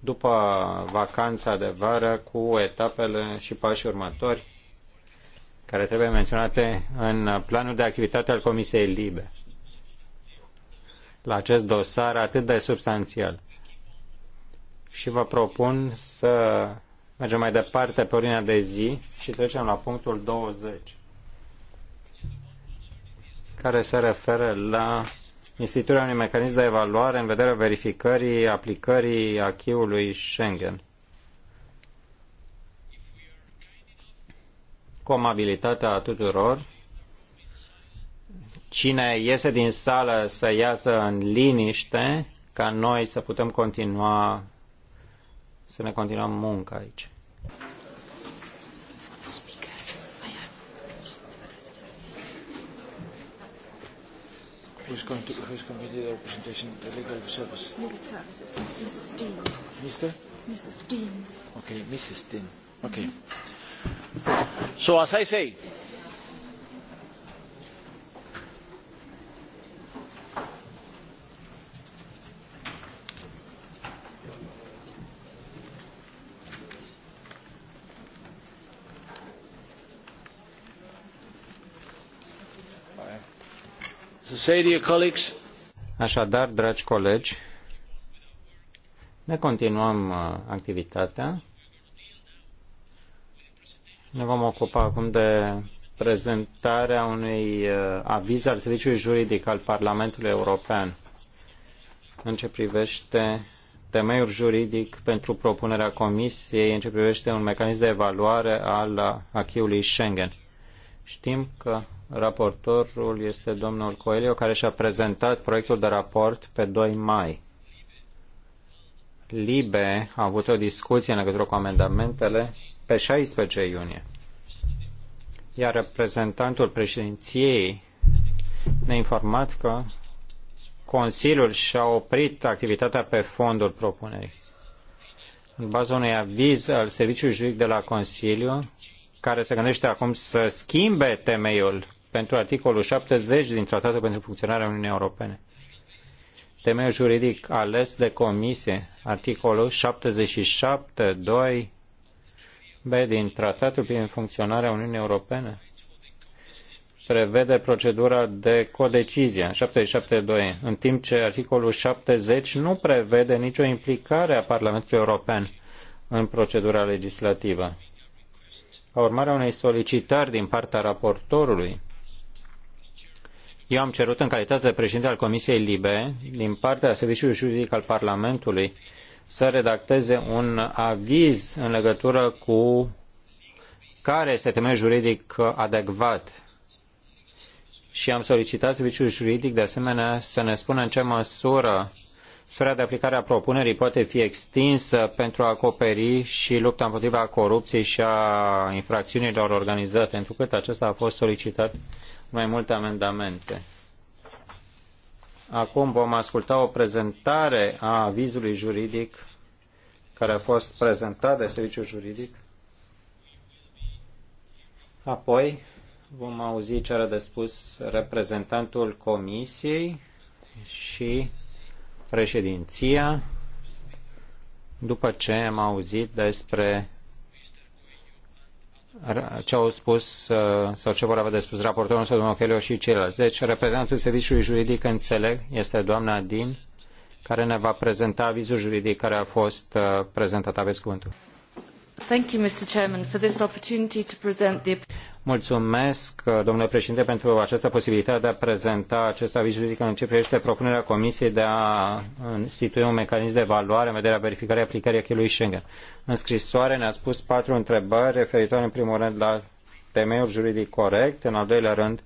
după vacanța de vară cu etapele și pașii următori care trebuie menționate în planul de activitate al Comisiei Libe la acest dosar atât de substanțial. Și vă propun să mergem mai departe pe ordinea de zi și trecem la punctul 20 care se referă la instituirea unui mecanism de evaluare în vederea verificării aplicării achiului Schengen. Cu amabilitatea tuturor, cine iese din sală să iasă în liniște, ca noi să putem continua, să ne continuăm munca aici. Who's going to who's going to do the presentation? The legal service. Legal services. Mrs. Dean. Mr. Mrs. Dean. Okay, Mrs. Dean. Okay. Mm-hmm. So as I say. Așadar, dragi colegi, ne continuăm uh, activitatea. Ne vom ocupa acum de prezentarea unui uh, aviz al Serviciului Juridic al Parlamentului European în ce privește temeiul juridic pentru propunerea Comisiei în ce privește un mecanism de evaluare al acquis Schengen. Știm că Raportorul este domnul Coelho, care și-a prezentat proiectul de raport pe 2 mai. Libe a avut o discuție în legătură cu amendamentele pe 16 iunie. Iar reprezentantul președinției ne-a informat că Consiliul și-a oprit activitatea pe fondul propunerii. În baza unui aviz al Serviciului Juridic de la Consiliu, care se gândește acum să schimbe temeiul pentru articolul 70 din Tratatul pentru funcționarea Uniunii Europene. Temeiul juridic ales de comisie, articolul 77.2 B din Tratatul prin funcționarea Uniunii Europene prevede procedura de codecizie 772, în timp ce articolul 70 nu prevede nicio implicare a Parlamentului European în procedura legislativă. Ca urmare a unei solicitări din partea raportorului, eu am cerut în calitate de președinte al Comisiei Libe, din partea Serviciului Juridic al Parlamentului, să redacteze un aviz în legătură cu care este temeiul juridic adecvat. Și am solicitat Serviciul Juridic, de asemenea, să ne spună în ce măsură sfera de aplicare a propunerii poate fi extinsă pentru a acoperi și lupta împotriva corupției și a infracțiunilor organizate, întrucât acesta a fost solicitat mai multe amendamente. Acum vom asculta o prezentare a avizului juridic care a fost prezentat de serviciul juridic. Apoi vom auzi ce are de spus reprezentantul comisiei și președinția după ce am auzit despre ce au spus uh, sau ce vor avea de spus raportorul nostru, domnul Chelio și ceilalți. Deci, reprezentantul serviciului juridic, înțeleg, este doamna Din, care ne va prezenta avizul juridic care a fost uh, prezentat. Aveți cuvântul. Thank you, Mr. Chairman, for this opportunity to present the... Mulțumesc, domnule președinte, pentru această posibilitate de a prezenta acest aviz juridic în ce privește propunerea Comisiei de a institui un mecanism de evaluare în vederea verificării aplicării achelui Schengen. În scrisoare ne-a spus patru întrebări referitoare în primul rând la temeiul juridic corect, în al doilea rând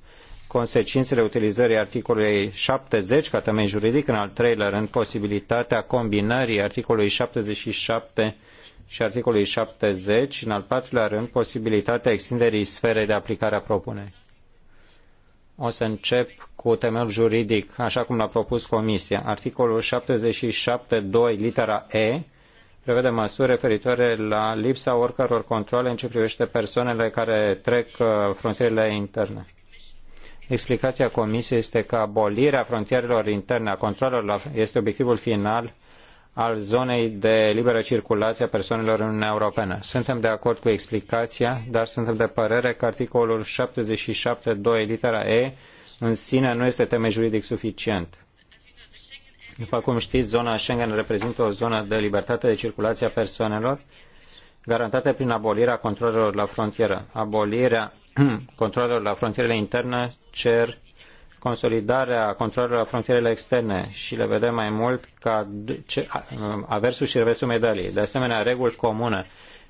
consecințele utilizării articolului 70 ca temei juridic, în al treilea rând posibilitatea combinării articolului 77 și articolului 70 și, în al patrulea rând, posibilitatea extinderii sferei de aplicare a propunerii. O să încep cu temel juridic, așa cum l-a propus Comisia. Articolul 77.2, litera E, prevede măsuri referitoare la lipsa oricăror controle în ce privește persoanele care trec uh, frontierele interne. Explicația Comisiei este că abolirea frontierelor interne a controlelor este obiectivul final al zonei de liberă circulație a persoanelor în Uniunea Europeană. Suntem de acord cu explicația, dar suntem de părere că articolul 77.2 litera E în sine nu este temei juridic suficient. După cum știți, zona Schengen reprezintă o zonă de libertate de circulație a persoanelor, garantate prin abolirea controlelor la frontieră. Abolirea controlelor la frontierele interne cer consolidarea controlelor la frontierele externe și le vedem mai mult ca aversul și reversul medaliei. De asemenea, reguli comune.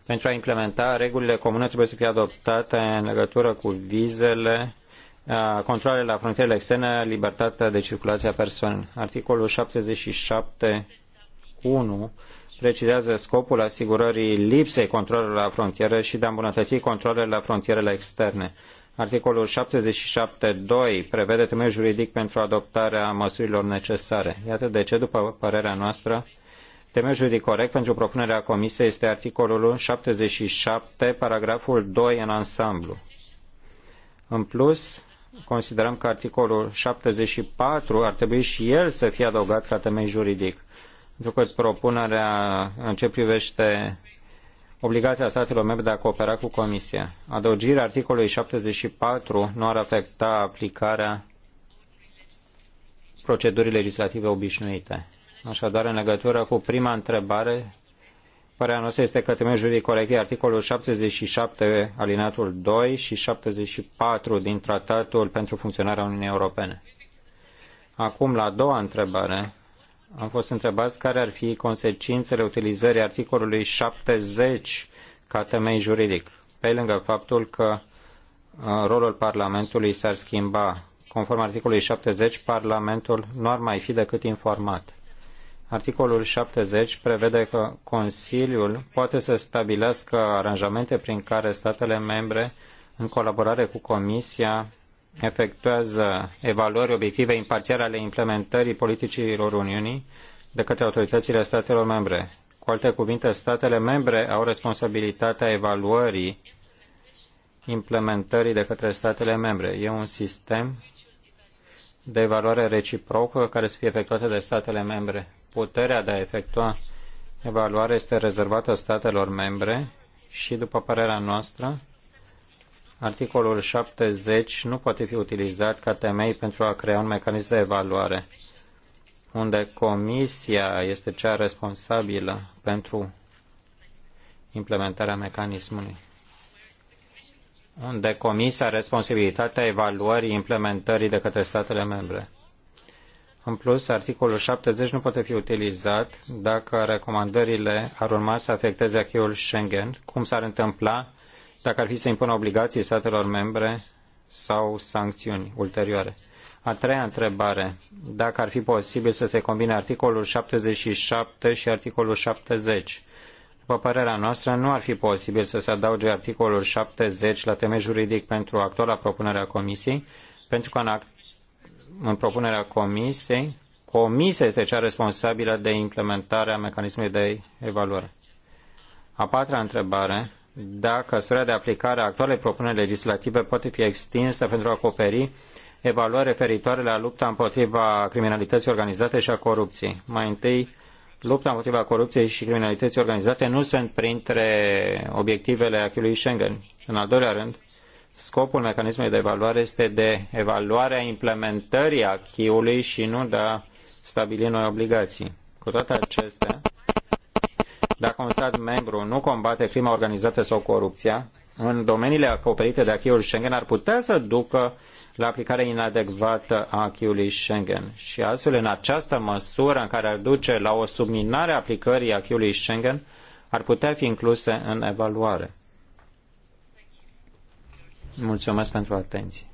Pentru a implementa regulile comune trebuie să fie adoptate în legătură cu vizele, controlele la frontierele externe, libertatea de circulație a persoanelor. Articolul 77 1 precizează scopul asigurării lipsei controlelor la frontieră și de a îmbunătăți controlele la frontierele externe. Articolul 77.2 prevede temei juridic pentru adoptarea măsurilor necesare. Iată de ce, după părerea noastră, temeiul juridic corect pentru propunerea Comisiei este articolul 77, paragraful 2 în ansamblu. În plus, considerăm că articolul 74 ar trebui și el să fie adăugat ca temei juridic, pentru că propunerea în ce privește obligația statelor membre de a coopera cu Comisia. Adăugirea articolului 74 nu ar afecta aplicarea procedurii legislative obișnuite. Așadar, în legătură cu prima întrebare, părerea noastră este că temeiul juridic corect e articolul 77 alinatul 2 și 74 din Tratatul pentru funcționarea Uniunii Europene. Acum, la a doua întrebare, am fost întrebați care ar fi consecințele utilizării articolului 70 ca temei juridic, pe lângă faptul că uh, rolul Parlamentului s-ar schimba. Conform articolului 70, Parlamentul nu ar mai fi decât informat. Articolul 70 prevede că Consiliul poate să stabilească aranjamente prin care statele membre, în colaborare cu Comisia, efectuează evaluări obiective imparțiale ale implementării politicilor Uniunii de către autoritățile statelor membre. Cu alte cuvinte, statele membre au responsabilitatea evaluării implementării de către statele membre. E un sistem de evaluare reciprocă care să fie efectuată de statele membre. Puterea de a efectua evaluare este rezervată statelor membre și, după părerea noastră, Articolul 70 nu poate fi utilizat ca temei pentru a crea un mecanism de evaluare, unde comisia este cea responsabilă pentru implementarea mecanismului unde Comisia are responsabilitatea evaluării implementării de către statele membre. În plus, articolul 70 nu poate fi utilizat dacă recomandările ar urma să afecteze acquis Schengen, cum s-ar întâmpla dacă ar fi să impună obligații statelor membre sau sancțiuni ulterioare. A treia întrebare, dacă ar fi posibil să se combine articolul 77 și articolul 70. După părerea noastră, nu ar fi posibil să se adauge articolul 70 la temei juridic pentru actuala propunere a Comisiei, pentru că în, în propunerea Comisiei, Comisia este cea responsabilă de implementarea mecanismului de evaluare. A patra întrebare, dacă sfera de aplicare a actualei propuneri legislative poate fi extinsă pentru a acoperi evaluări referitoare la lupta împotriva criminalității organizate și a corupției. Mai întâi, lupta împotriva corupției și criminalității organizate nu sunt printre obiectivele acquis Schengen. În al doilea rând, scopul mecanismului de evaluare este de evaluarea implementării acquis și nu de a stabili noi obligații. Cu toate acestea, dacă un stat membru nu combate crima organizată sau corupția, în domeniile acoperite de acquis Schengen ar putea să ducă la aplicarea inadecvată a acquis Schengen. Și astfel, în această măsură în care ar duce la o subminare a aplicării acquis Schengen, ar putea fi incluse în evaluare. Mulțumesc pentru atenție.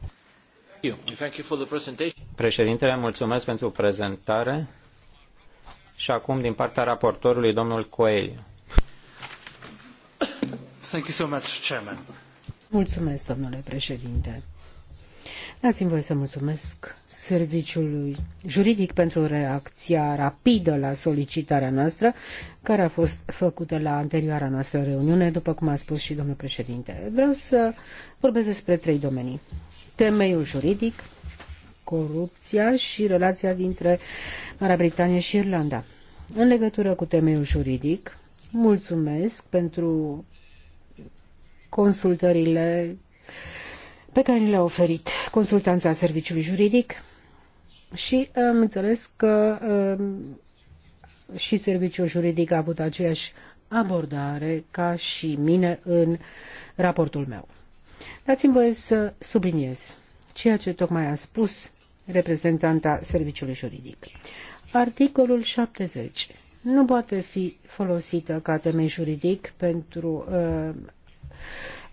Președintele, mulțumesc pentru prezentare. Și acum, din partea raportorului, domnul Coelho. Thank you so much, Chairman. Mulțumesc, domnule președinte. Dați-mi voie să mulțumesc serviciului juridic pentru reacția rapidă la solicitarea noastră, care a fost făcută la anterioara noastră reuniune, după cum a spus și domnul președinte. Vreau să vorbesc despre trei domenii. Temeiul juridic, corupția și relația dintre Marea Britanie și Irlanda. În legătură cu temeiul juridic, mulțumesc pentru consultările pe care le-a oferit consultanța serviciului juridic și am înțeles că um, și serviciul juridic a avut aceeași abordare ca și mine în raportul meu. Dați-mi voie să subliniez ceea ce tocmai a spus reprezentanta serviciului juridic. Articolul 70 nu poate fi folosită ca temei juridic pentru uh,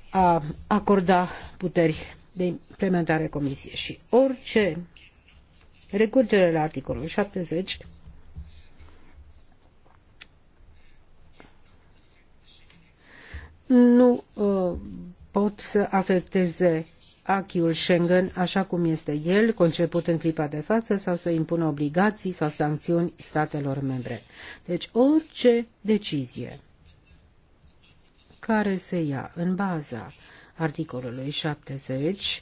a acorda puteri de implementare comisie și orice recurgere la articolul 70 nu uh, pot să afecteze achiul Schengen așa cum este el, conceput în clipa de față, sau să impună obligații sau sancțiuni statelor membre. Deci orice decizie care se ia în baza articolului 70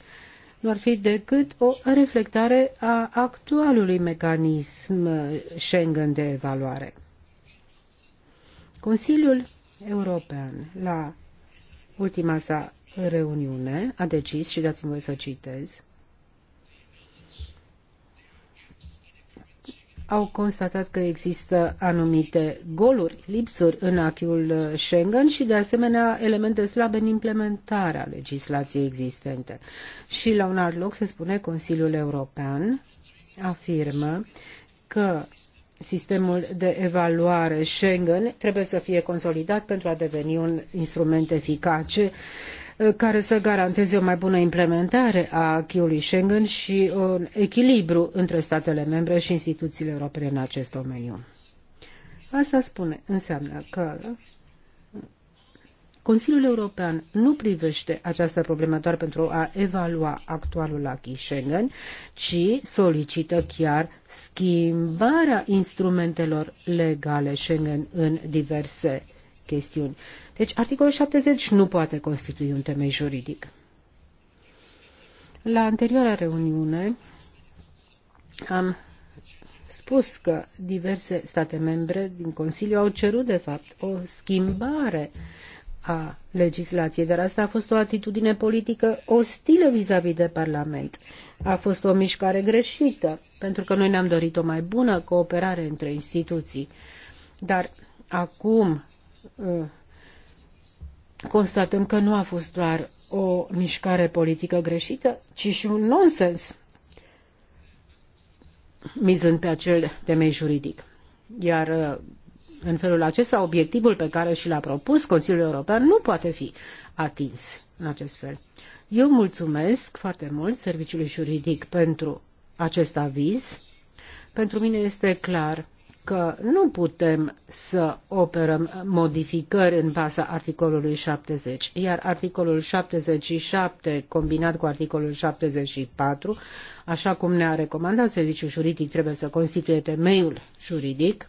nu ar fi decât o reflectare a actualului mecanism Schengen de evaluare. Consiliul European, la ultima sa reuniune a decis, și dați-mi voi să citez, au constatat că există anumite goluri, lipsuri în achiul Schengen și, de asemenea, elemente slabe în implementarea legislației existente. Și, la un alt loc, se spune Consiliul European afirmă că sistemul de evaluare Schengen trebuie să fie consolidat pentru a deveni un instrument eficace Uh, care să garanteze o mai bună implementare a acquis-ului Schengen și un echilibru între statele membre și instituțiile europene în acest domeniu. Asta spune, înseamnă că Consiliul European nu privește această problemă doar pentru a evalua actualul acquis Schengen, ci solicită chiar schimbarea instrumentelor legale Schengen în diverse chestiuni. Deci articolul 70 nu poate constitui un temei juridic. La anterioara reuniune am spus că diverse state membre din Consiliu au cerut, de fapt, o schimbare a legislației, dar asta a fost o atitudine politică ostilă vis-a-vis -vis de Parlament. A fost o mișcare greșită, pentru că noi ne-am dorit o mai bună cooperare între instituții. Dar acum Uh, constatăm că nu a fost doar o mișcare politică greșită, ci și un nonsens mizând pe acel temei juridic. Iar uh, în felul acesta, obiectivul pe care și l-a propus Consiliul European nu poate fi atins în acest fel. Eu mulțumesc foarte mult Serviciului Juridic pentru acest aviz. Pentru mine este clar că nu putem să operăm modificări în baza articolului 70, iar articolul 77 combinat cu articolul 74, așa cum ne-a recomandat serviciul juridic, trebuie să constituie temeiul juridic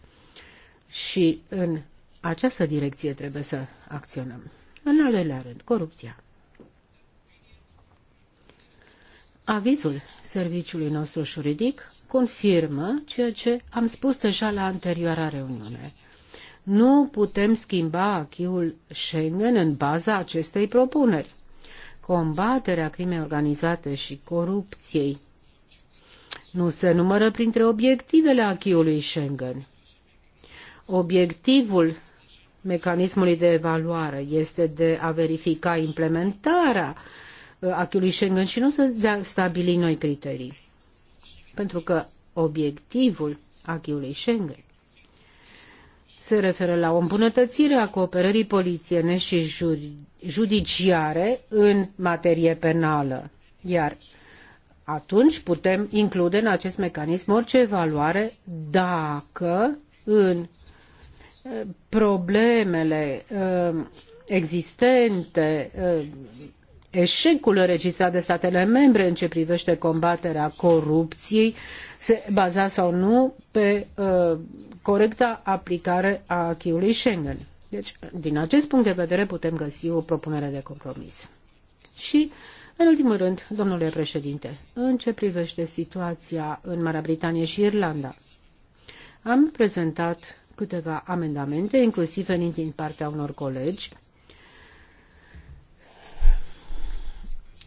și în această direcție trebuie să acționăm. În al doilea rând, corupția. Avizul serviciului nostru juridic confirmă ceea ce am spus deja la anterioara reuniune. Nu putem schimba achiul Schengen în baza acestei propuneri. Combaterea crimei organizate și corupției nu se numără printre obiectivele achiului Schengen. Obiectivul mecanismului de evaluare este de a verifica implementarea uh, Uh, actului Schengen și nu să stabili noi criterii. Pentru că obiectivul actului Schengen se referă la o îmbunătățire a cooperării polițiene și judiciare în materie penală, iar atunci putem include în acest mecanism orice evaluare dacă în uh, problemele uh, existente eșecul înregistrat de statele membre în ce privește combaterea corupției se baza sau nu pe uh, corecta aplicare a acquis Schengen. Deci, din acest punct de vedere, putem găsi o propunere de compromis. Și, în ultimul rând, domnule președinte, în ce privește situația în Marea Britanie și Irlanda, am prezentat câteva amendamente, inclusiv venind din partea unor colegi,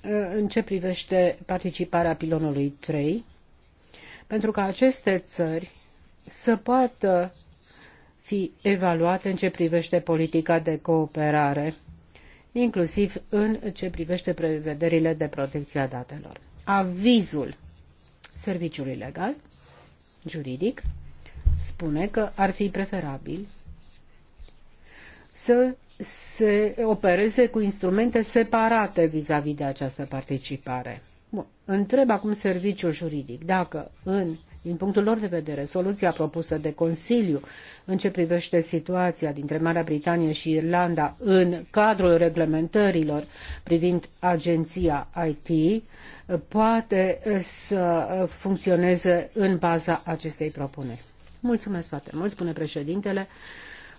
Uh, în ce privește participarea pilonului trei, pentru ca aceste țări să poată fi evaluate în ce privește politica de cooperare, inclusiv în ce privește prevederile de protecție a datelor. Avizul serviciului legal, juridic, spune că ar fi preferabil să se opereze cu instrumente separate vis-a-vis -vis de această participare. Bun. Întreb acum serviciul juridic dacă, în, din punctul lor de vedere, soluția propusă de Consiliu în ce privește situația dintre Marea Britanie și Irlanda în cadrul reglementărilor privind agenția IT poate să funcționeze în baza acestei propuneri. Mulțumesc foarte mult, spune președintele.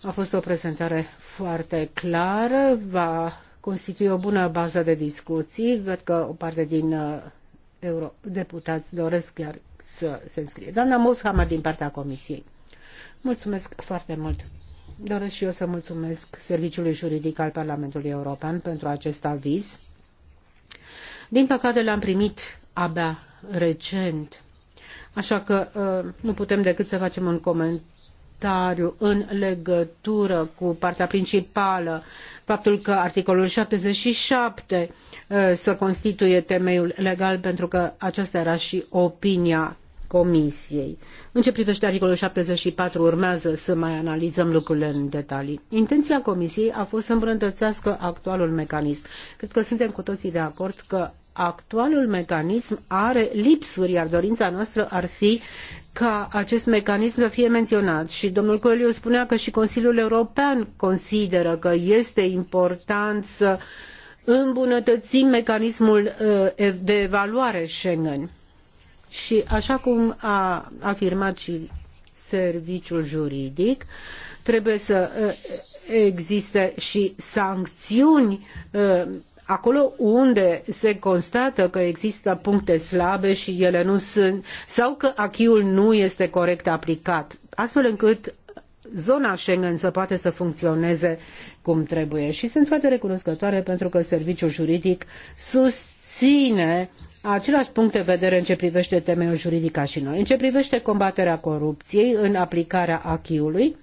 A fost o prezentare foarte clară, va constitui o bună bază de discuții. Văd că o parte din uh, eurodeputați doresc chiar să se înscrie. Doamna Moshammer din partea Comisiei. Mulțumesc foarte mult. Doresc și eu să mulțumesc Serviciului Juridic al Parlamentului European pentru acest aviz. Din păcate l-am primit abia recent, așa că uh, nu putem decât să facem un coment comunitariu în legătură cu partea principală, faptul că articolul 77 uh, să constituie temeiul legal, pentru că aceasta era și opinia Comisiei. În ce privește articolul 74, urmează să mai analizăm lucrurile în detalii. Intenția Comisiei a fost să îmbrătățească actualul mecanism. Cred că suntem cu toții de acord că actualul mecanism are lipsuri, iar dorința noastră ar fi ca acest mecanism să fie menționat și domnul Coeliu spunea că și Consiliul European consideră că este important să îmbunătățim mecanismul uh, de evaluare Schengen. Și așa cum a afirmat și serviciul juridic, trebuie să uh, existe și sancțiuni uh, acolo unde se constată că există puncte slabe și ele nu sunt, sau că achiul nu este corect aplicat, astfel încât zona Schengen să poate să funcționeze cum trebuie. Și sunt foarte recunoscătoare pentru că serviciul juridic susține același punct de vedere în ce privește temeiul juridic ca și noi. În ce privește combaterea corupției în aplicarea achiului,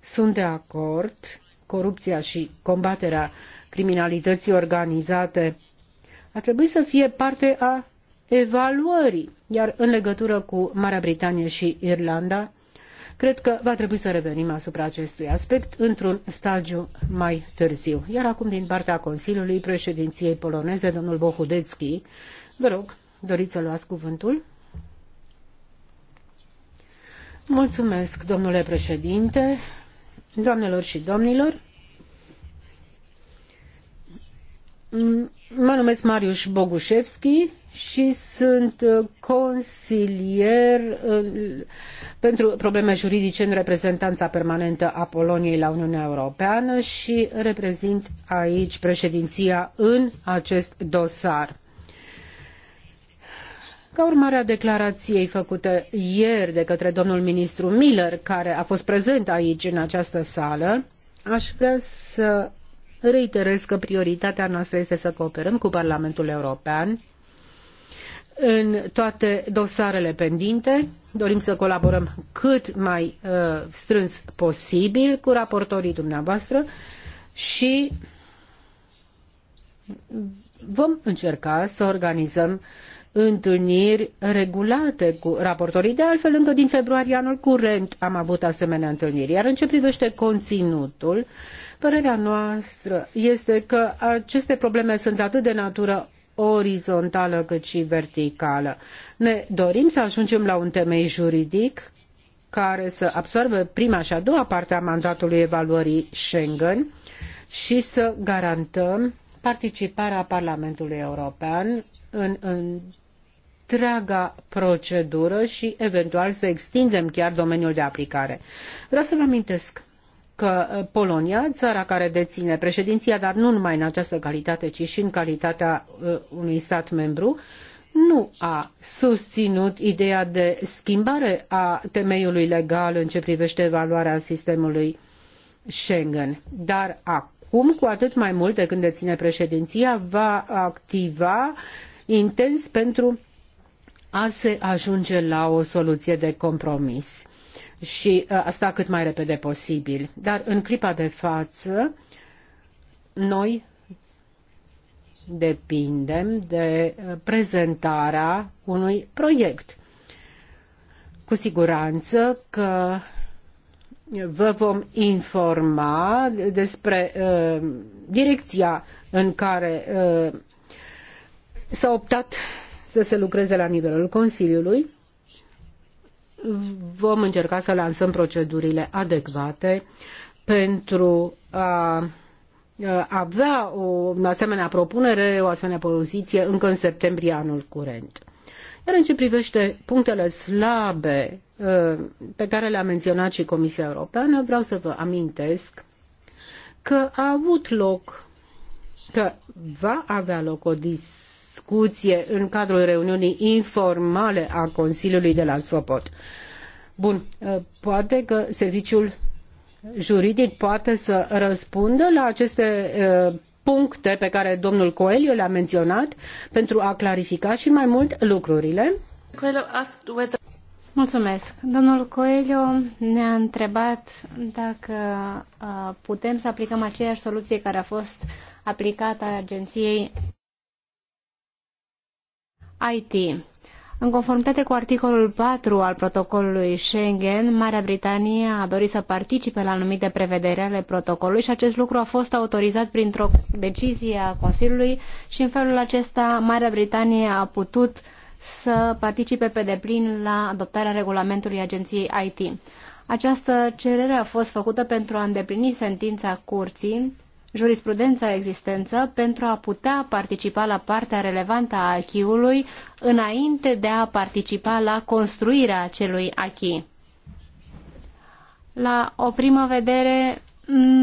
sunt de acord. Corupția și combaterea criminalității organizate ar trebui să fie parte a evaluării. Iar în legătură cu Marea Britanie și Irlanda, cred că va trebui să revenim asupra acestui aspect într-un stagiu mai târziu. Iar acum, din partea Consiliului Președinției Poloneze, domnul Bohudetski, vă rog, doriți să luați cuvântul? Mulțumesc, domnule președinte, doamnelor și domnilor. Mm, mă numesc Marius Bogușevski și sunt uh, consilier uh, pentru probleme juridice în reprezentanța permanentă a Poloniei la Uniunea Europeană și reprezint aici președinția în acest dosar. Ca urmare a declarației făcute ieri de către domnul ministru Miller, care a fost prezent aici în această sală, aș vrea să reiterez că prioritatea noastră este să cooperăm cu Parlamentul European în toate dosarele pendinte. Dorim să colaborăm cât mai uh, strâns posibil cu raportorii dumneavoastră și vom încerca să organizăm întâlniri regulate cu raportorii. De altfel, încă din februarie anul curent am avut asemenea întâlniri. Iar în ce privește conținutul, uh, Părerea noastră este că aceste probleme sunt atât de natură orizontală cât și verticală. Ne dorim să ajungem la un temei juridic care să absorbe prima și a doua parte a mandatului evaluării Schengen și să garantăm participarea Parlamentului European în, în întreaga procedură și eventual să extindem chiar domeniul de aplicare. Vreau să vă amintesc că uh, Polonia, țara care deține președinția, dar nu numai în această calitate, ci și în calitatea uh, unui stat membru, nu a susținut ideea de schimbare a temeiului legal în ce privește evaluarea sistemului Schengen. Dar acum, cu atât mai mult de când deține președinția, va activa intens pentru a se ajunge la o soluție de compromis și uh, asta cât mai repede posibil. Dar în clipa de față, noi depindem de uh, prezentarea unui proiect. Cu siguranță că vă vom informa despre uh, direcția în care uh, s-a optat să se lucreze la nivelul Consiliului vom încerca să lansăm procedurile adecvate pentru a avea o asemenea propunere, o asemenea poziție încă în septembrie anul curent. Iar în ce privește punctele slabe pe care le-a menționat și Comisia Europeană, vreau să vă amintesc că a avut loc, că va avea loc o dis discuție în cadrul reuniunii informale a Consiliului de la Sopot. Bun, uh, poate că serviciul juridic poate să răspundă la aceste uh, puncte pe care domnul Coelho le-a menționat pentru a clarifica și mai mult lucrurile. Mulțumesc. Domnul Coelho ne-a întrebat dacă uh, putem să aplicăm aceeași soluție care a fost aplicată a agenției IT. În conformitate cu articolul 4 al protocolului Schengen, Marea Britanie a dorit să participe la anumite prevederi ale protocolului și acest lucru a fost autorizat printr-o decizie a Consiliului și în felul acesta Marea Britanie a putut să participe pe deplin la adoptarea regulamentului agenției IT. Această cerere a fost făcută pentru a îndeplini sentința curții jurisprudența existență pentru a putea participa la partea relevantă a achiului înainte de a participa la construirea acelui achi. La o primă vedere,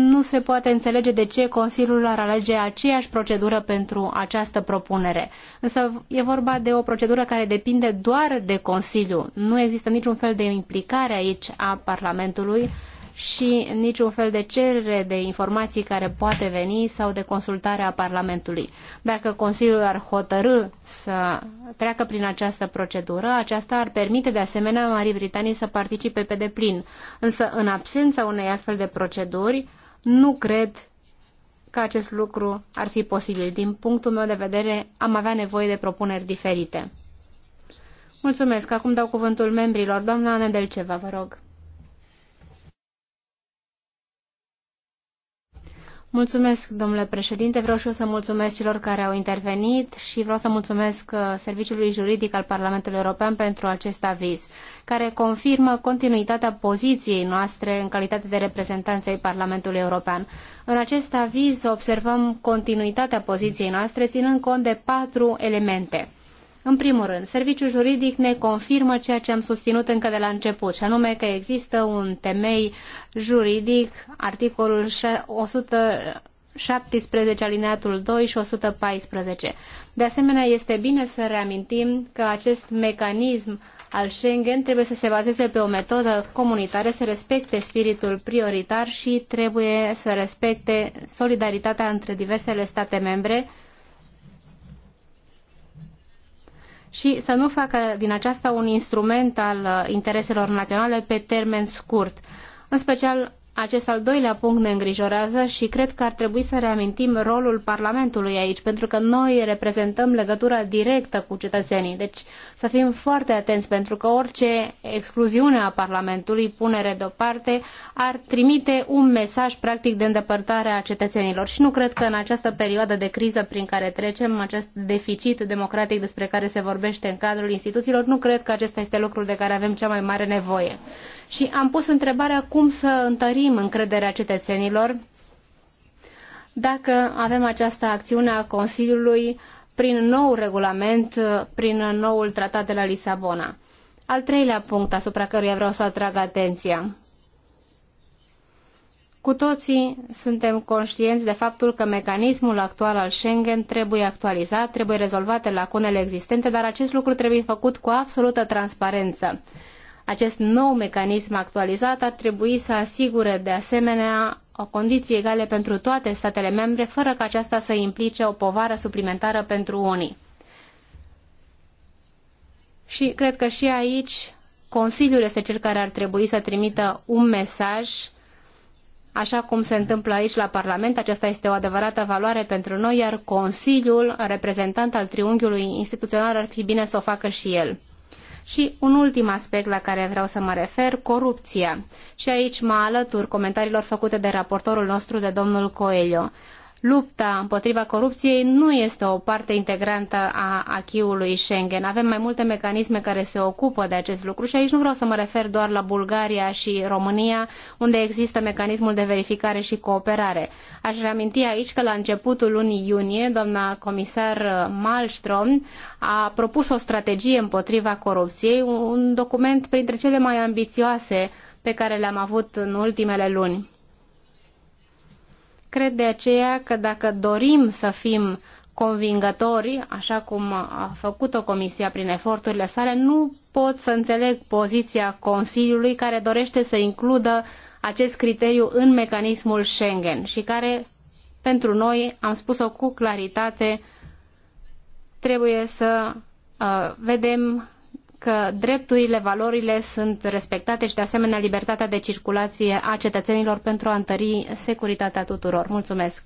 nu se poate înțelege de ce Consiliul ar alege aceeași procedură pentru această propunere. Însă e vorba de o procedură care depinde doar de Consiliu. Nu există niciun fel de implicare aici a Parlamentului și niciun fel de cerere de informații care poate veni sau de consultare a Parlamentului. Dacă Consiliul ar hotărâ să treacă prin această procedură, aceasta ar permite de asemenea Marii Britanii să participe pe deplin. Însă, în absența unei astfel de proceduri, nu cred că acest lucru ar fi posibil. Din punctul meu de vedere, am avea nevoie de propuneri diferite. Mulțumesc. Acum dau cuvântul membrilor. Doamna Nedelceva, vă rog. Mulțumesc, domnule președinte. Vreau și eu să mulțumesc celor care au intervenit și vreau să mulțumesc uh, Serviciului Juridic al Parlamentului European pentru acest aviz, care confirmă continuitatea poziției noastre în calitate de reprezentanță ai Parlamentului European. În acest aviz observăm continuitatea poziției noastre, ținând cont de patru elemente. În primul rând, serviciul juridic ne confirmă ceea ce am susținut încă de la început, și anume că există un temei juridic, articolul 100 17 alineatul 2 și 114. De asemenea, este bine să reamintim că acest mecanism al Schengen trebuie să se bazeze pe o metodă comunitară, să respecte spiritul prioritar și trebuie să respecte solidaritatea între diversele state membre, și să nu facă din aceasta un instrument al intereselor naționale pe termen scurt, în special acest al doilea punct ne îngrijorează și cred că ar trebui să reamintim rolul Parlamentului aici, pentru că noi reprezentăm legătura directă cu cetățenii. Deci să fim foarte atenți, pentru că orice excluziune a Parlamentului, punere deoparte, ar trimite un mesaj practic de îndepărtare a cetățenilor. Și nu cred că în această perioadă de criză prin care trecem, acest deficit democratic despre care se vorbește în cadrul instituțiilor, nu cred că acesta este lucrul de care avem cea mai mare nevoie și am pus întrebarea cum să întărim încrederea cetățenilor dacă avem această acțiune a Consiliului prin nou regulament, prin noul tratat de la Lisabona. Al treilea punct asupra căruia vreau să atrag atenția. Cu toții suntem conștienți de faptul că mecanismul actual al Schengen trebuie actualizat, trebuie rezolvate lacunele existente, dar acest lucru trebuie făcut cu absolută transparență. Acest nou mecanism actualizat ar trebui să asigure de asemenea o condiție egale pentru toate statele membre, fără ca aceasta să implice o povară suplimentară pentru unii. Și cred că și aici Consiliul este cel care ar trebui să trimită un mesaj Așa cum se întâmplă aici la Parlament, aceasta este o adevărată valoare pentru noi, iar Consiliul, reprezentant al triunghiului instituțional, ar fi bine să o facă și el. Și un ultim aspect la care vreau să mă refer, corupția. Și aici mă alătur comentariilor făcute de raportorul nostru, de domnul Coelho lupta împotriva corupției nu este o parte integrantă a achiului Schengen. Avem mai multe mecanisme care se ocupă de acest lucru și aici nu vreau să mă refer doar la Bulgaria și România, unde există mecanismul de verificare și cooperare. Aș reaminti aici că la începutul lunii iunie, doamna comisar Malmström a propus o strategie împotriva corupției, un document printre cele mai ambițioase pe care le-am avut în ultimele luni. Cred de aceea că dacă dorim să fim convingători, așa cum a făcut-o Comisia prin eforturile sale, nu pot să înțeleg poziția Consiliului care dorește să includă acest criteriu în mecanismul Schengen și care, pentru noi, am spus-o cu claritate, trebuie să uh, vedem că drepturile, valorile sunt respectate și de asemenea libertatea de circulație a cetățenilor pentru a întări securitatea tuturor. Mulțumesc!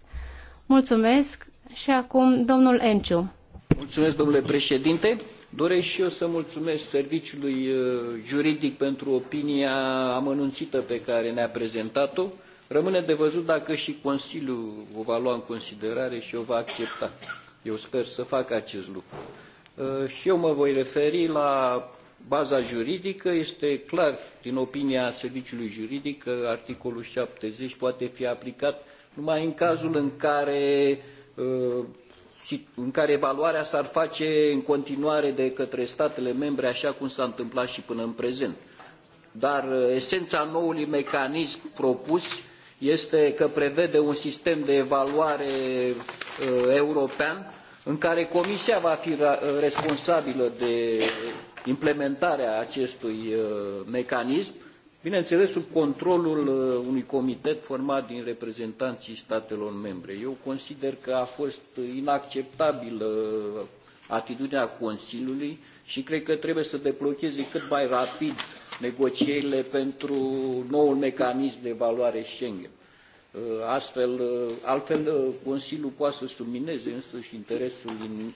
Mulțumesc și acum domnul Enciu. Mulțumesc, domnule președinte. Doresc și eu să mulțumesc serviciului uh, juridic pentru opinia amănunțită pe care ne-a prezentat-o. Rămâne de văzut dacă și Consiliul o va lua în considerare și o va accepta. Eu sper să facă acest lucru. Uh, și eu mă voi referi la baza juridică. Este clar, din opinia serviciului juridic, că articolul 70 poate fi aplicat numai în cazul în care, uh, în care evaluarea s-ar face în continuare de către statele membre, așa cum s-a întâmplat și până în prezent. Dar uh, esența noului mecanism propus este că prevede un sistem de evaluare european în care Comisia va fi responsabilă de implementarea acestui uh, mecanism, bineînțeles sub controlul uh, unui comitet format din reprezentanții statelor membre. Eu consider că a fost inacceptabilă atitudinea Consiliului și cred că trebuie să deblocheze cât mai rapid negocierile pentru noul mecanism de evaluare Schengen. Uh, astfel, uh, altfel, uh, Consiliul poate să submineze însuși interesul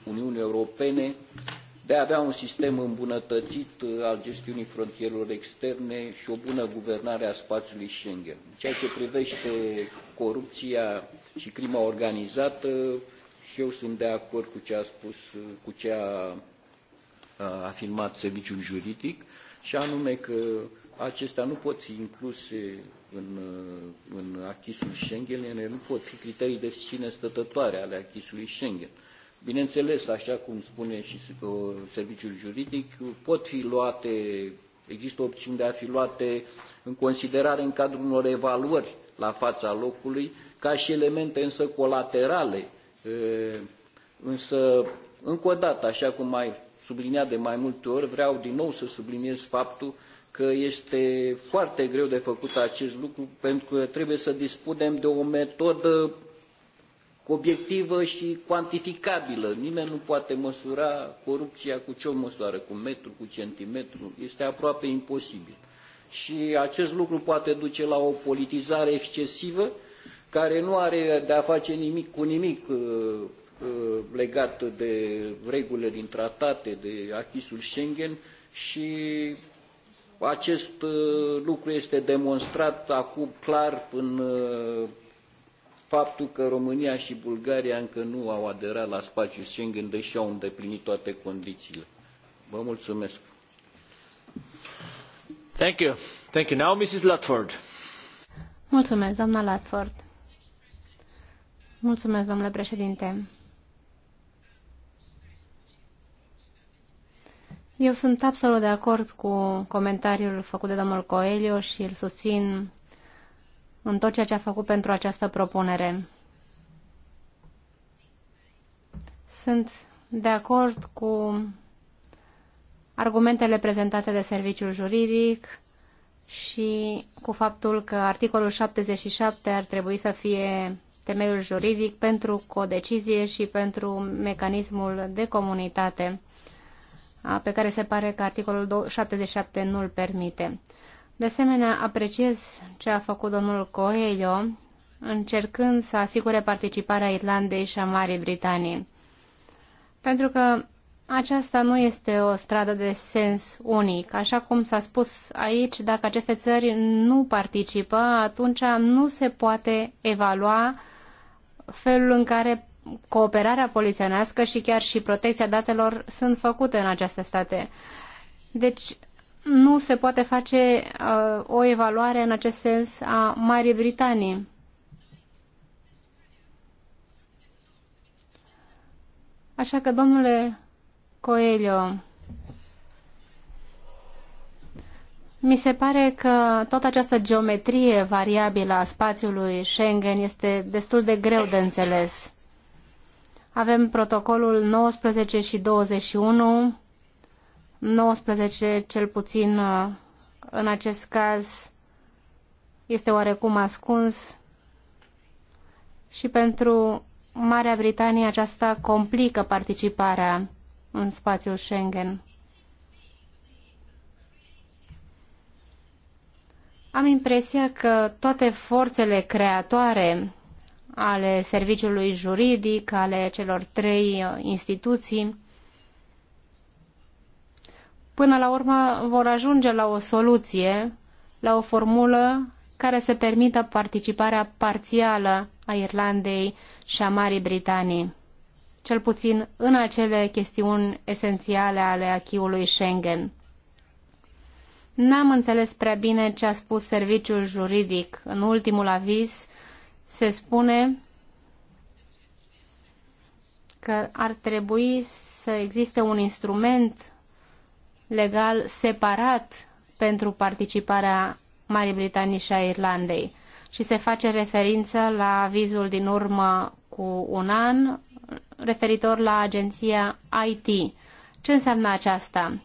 Uniunii Europene de a avea un sistem îmbunătățit al gestiunii frontierelor externe și o bună guvernare a spațiului Schengen. În ceea ce privește corupția și crima organizată, și eu sunt de acord cu ce a spus, cu ce a afirmat serviciul juridic, și anume că acestea nu pot fi incluse în, uh, în achisul Schengen, ele nu pot fi criterii de sine stătătoare ale achisului Schengen. Bineînțeles, așa cum spune și serviciul juridic, pot fi luate, există opțiuni de a fi luate în considerare în cadrul unor evaluări la fața locului, ca și elemente însă colaterale. Însă, încă o dată, așa cum mai subliniat de mai multe ori, vreau din nou să subliniez faptul că este foarte greu de făcut acest lucru pentru că trebuie să dispunem de o metodă obiectivă și cuantificabilă. Nimeni nu poate măsura corupția cu ce o măsoară, cu metru, cu centimetru. Este aproape imposibil. Și acest lucru poate duce la o politizare excesivă care nu are de a face nimic cu nimic uh, uh, legat de regulile din tratate, de achisul Schengen și acest uh, lucru este demonstrat acum clar în uh, faptul că România și Bulgaria încă nu au aderat la spațiul Schengen, deși au îndeplinit toate condițiile. Vă mulțumesc. Thank you. Thank you. Now, Mrs. Latford. Mulțumesc, doamna Latford. Mulțumesc, domnule președinte. Eu sunt absolut de acord cu comentariul făcut de domnul Coelho și îl susțin în tot ceea ce a făcut pentru această propunere. Sunt de acord cu argumentele prezentate de serviciul juridic și cu faptul că articolul 77 ar trebui să fie temeiul juridic pentru codecizie și pentru mecanismul de comunitate pe care se pare că articolul 77 nu îl permite. De asemenea, apreciez ce a făcut domnul Coelho încercând să asigure participarea Irlandei și a Marii Britanii. Pentru că aceasta nu este o stradă de sens unic. Așa cum s-a spus aici, dacă aceste țări nu participă, atunci nu se poate evalua felul în care cooperarea poliționească și chiar și protecția datelor sunt făcute în aceste state. Deci nu se poate face uh, o evaluare în acest sens a Marii Britanii. Așa că, domnule Coelho, mi se pare că toată această geometrie variabilă a spațiului Schengen este destul de greu de înțeles. Avem protocolul 19 și 21, 19 cel puțin uh, în acest caz este oarecum ascuns și pentru Marea Britanie aceasta complică participarea în spațiul Schengen. Am impresia că toate forțele creatoare ale serviciului juridic, ale celor trei uh, instituții. Până la urmă vor ajunge la o soluție, la o formulă care să permită participarea parțială a Irlandei și a Marii Britanii, cel puțin în acele chestiuni esențiale ale achiului Schengen. N-am înțeles prea bine ce a spus serviciul juridic în ultimul aviz se spune că ar trebui să existe un instrument legal separat pentru participarea Marii Britanii și a Irlandei și se face referință la avizul din urmă cu un an referitor la agenția IT. Ce înseamnă aceasta?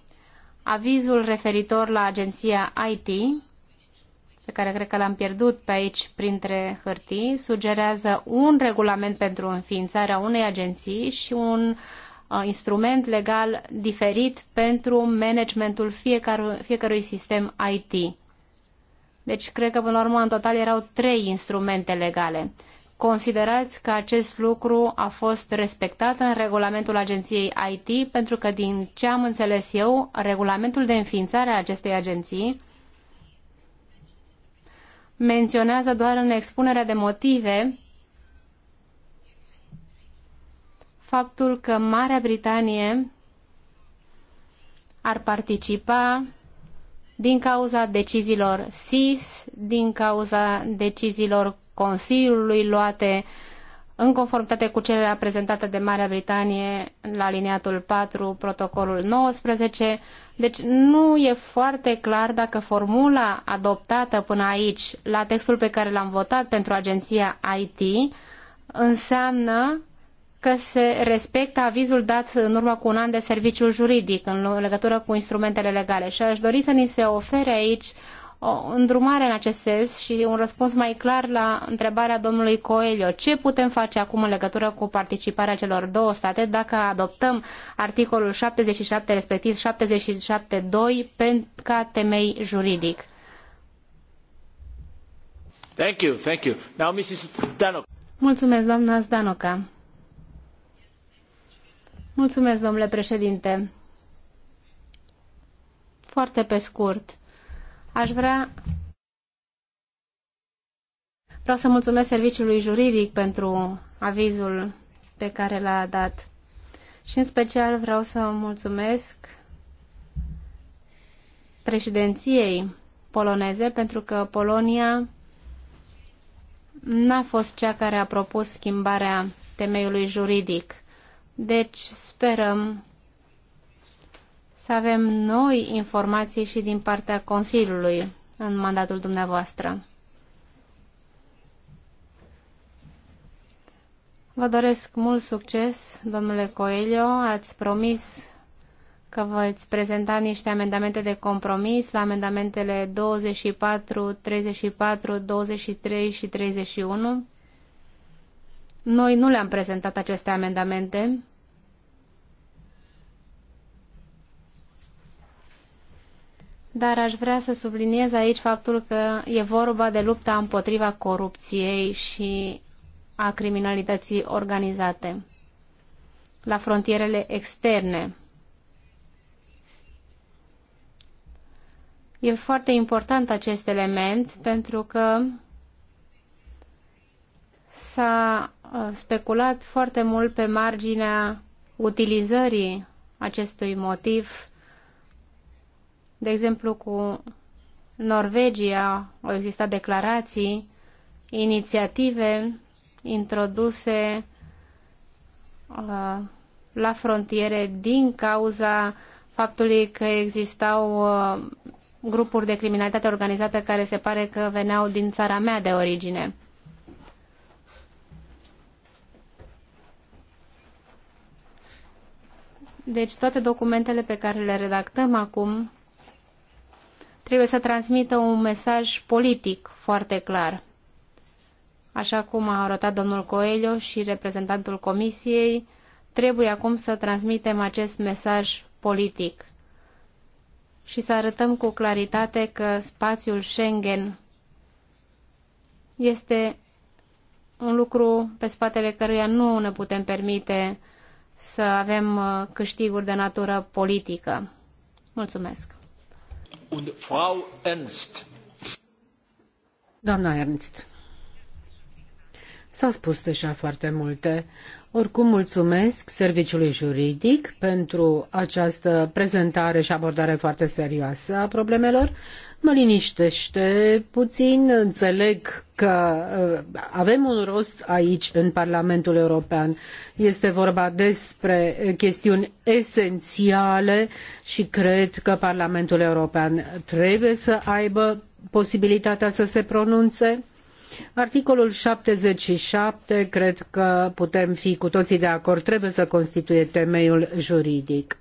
Avizul referitor la agenția IT pe care cred că l-am pierdut pe aici printre hârtii, sugerează un regulament pentru înființarea unei agenții și un uh, instrument legal diferit pentru managementul fiecărui sistem IT. Deci, cred că, până la urmă, în total erau trei instrumente legale. Considerați că acest lucru a fost respectat în regulamentul agenției IT, pentru că, din ce am înțeles eu, regulamentul de înființare a acestei agenții menționează doar în expunerea de motive faptul că Marea Britanie ar participa din cauza deciziilor SIS, din cauza deciziilor Consiliului luate în conformitate cu cele prezentate de Marea Britanie la liniatul 4, protocolul 19, deci nu e foarte clar dacă formula adoptată până aici la textul pe care l-am votat pentru agenția IT înseamnă că se respectă avizul dat în urmă cu un an de serviciu juridic în legătură cu instrumentele legale și aș dori să ni se ofere aici o îndrumare în acest sens și un răspuns mai clar la întrebarea domnului Coelho. Ce putem face acum în legătură cu participarea celor două state dacă adoptăm articolul 77, respectiv 77.2, pentru ca temei juridic? Thank you, thank you. Now, Mrs. Danoka. Mulțumesc, doamna Zdanoca. Mulțumesc, domnule președinte. Foarte pe scurt. Aș vrea Vreau să mulțumesc serviciului juridic pentru avizul pe care l-a dat. Și în special vreau să mulțumesc președinției poloneze pentru că Polonia n-a fost cea care a propus schimbarea temeiului juridic. Deci sperăm să avem noi informații și din partea Consiliului în mandatul dumneavoastră. Vă doresc mult succes, domnule Coelho. Ați promis că veți prezenta niște amendamente de compromis la amendamentele 24, 34, 23 și 31. Noi nu le-am prezentat aceste amendamente dar aș vrea să subliniez aici faptul că e vorba de lupta împotriva corupției și a criminalității organizate la frontierele externe. E foarte important acest element pentru că s-a uh, speculat foarte mult pe marginea utilizării acestui motiv de exemplu, cu Norvegia au existat declarații, inițiative introduse uh, la frontiere din cauza faptului că existau uh, grupuri de criminalitate organizată care se pare că veneau din țara mea de origine. Deci toate documentele pe care le redactăm acum trebuie să transmită un mesaj politic foarte clar. Așa cum a arătat domnul Coelho și reprezentantul Comisiei, trebuie acum să transmitem acest mesaj politic și să arătăm cu claritate că spațiul Schengen este un lucru pe spatele căruia nu ne putem permite să avem uh, câștiguri de natură politică. Mulțumesc! doamnă Ernst. Ernst, s-au spus deja foarte multe. Oricum mulțumesc serviciului juridic pentru această prezentare și abordare foarte serioasă a problemelor. Mă liniștește puțin, înțeleg că uh, avem un rost aici în Parlamentul European. Este vorba despre chestiuni esențiale și cred că Parlamentul European trebuie să aibă posibilitatea să se pronunțe. Articolul 77, cred că putem fi cu toții de acord, trebuie să constituie temeiul juridic.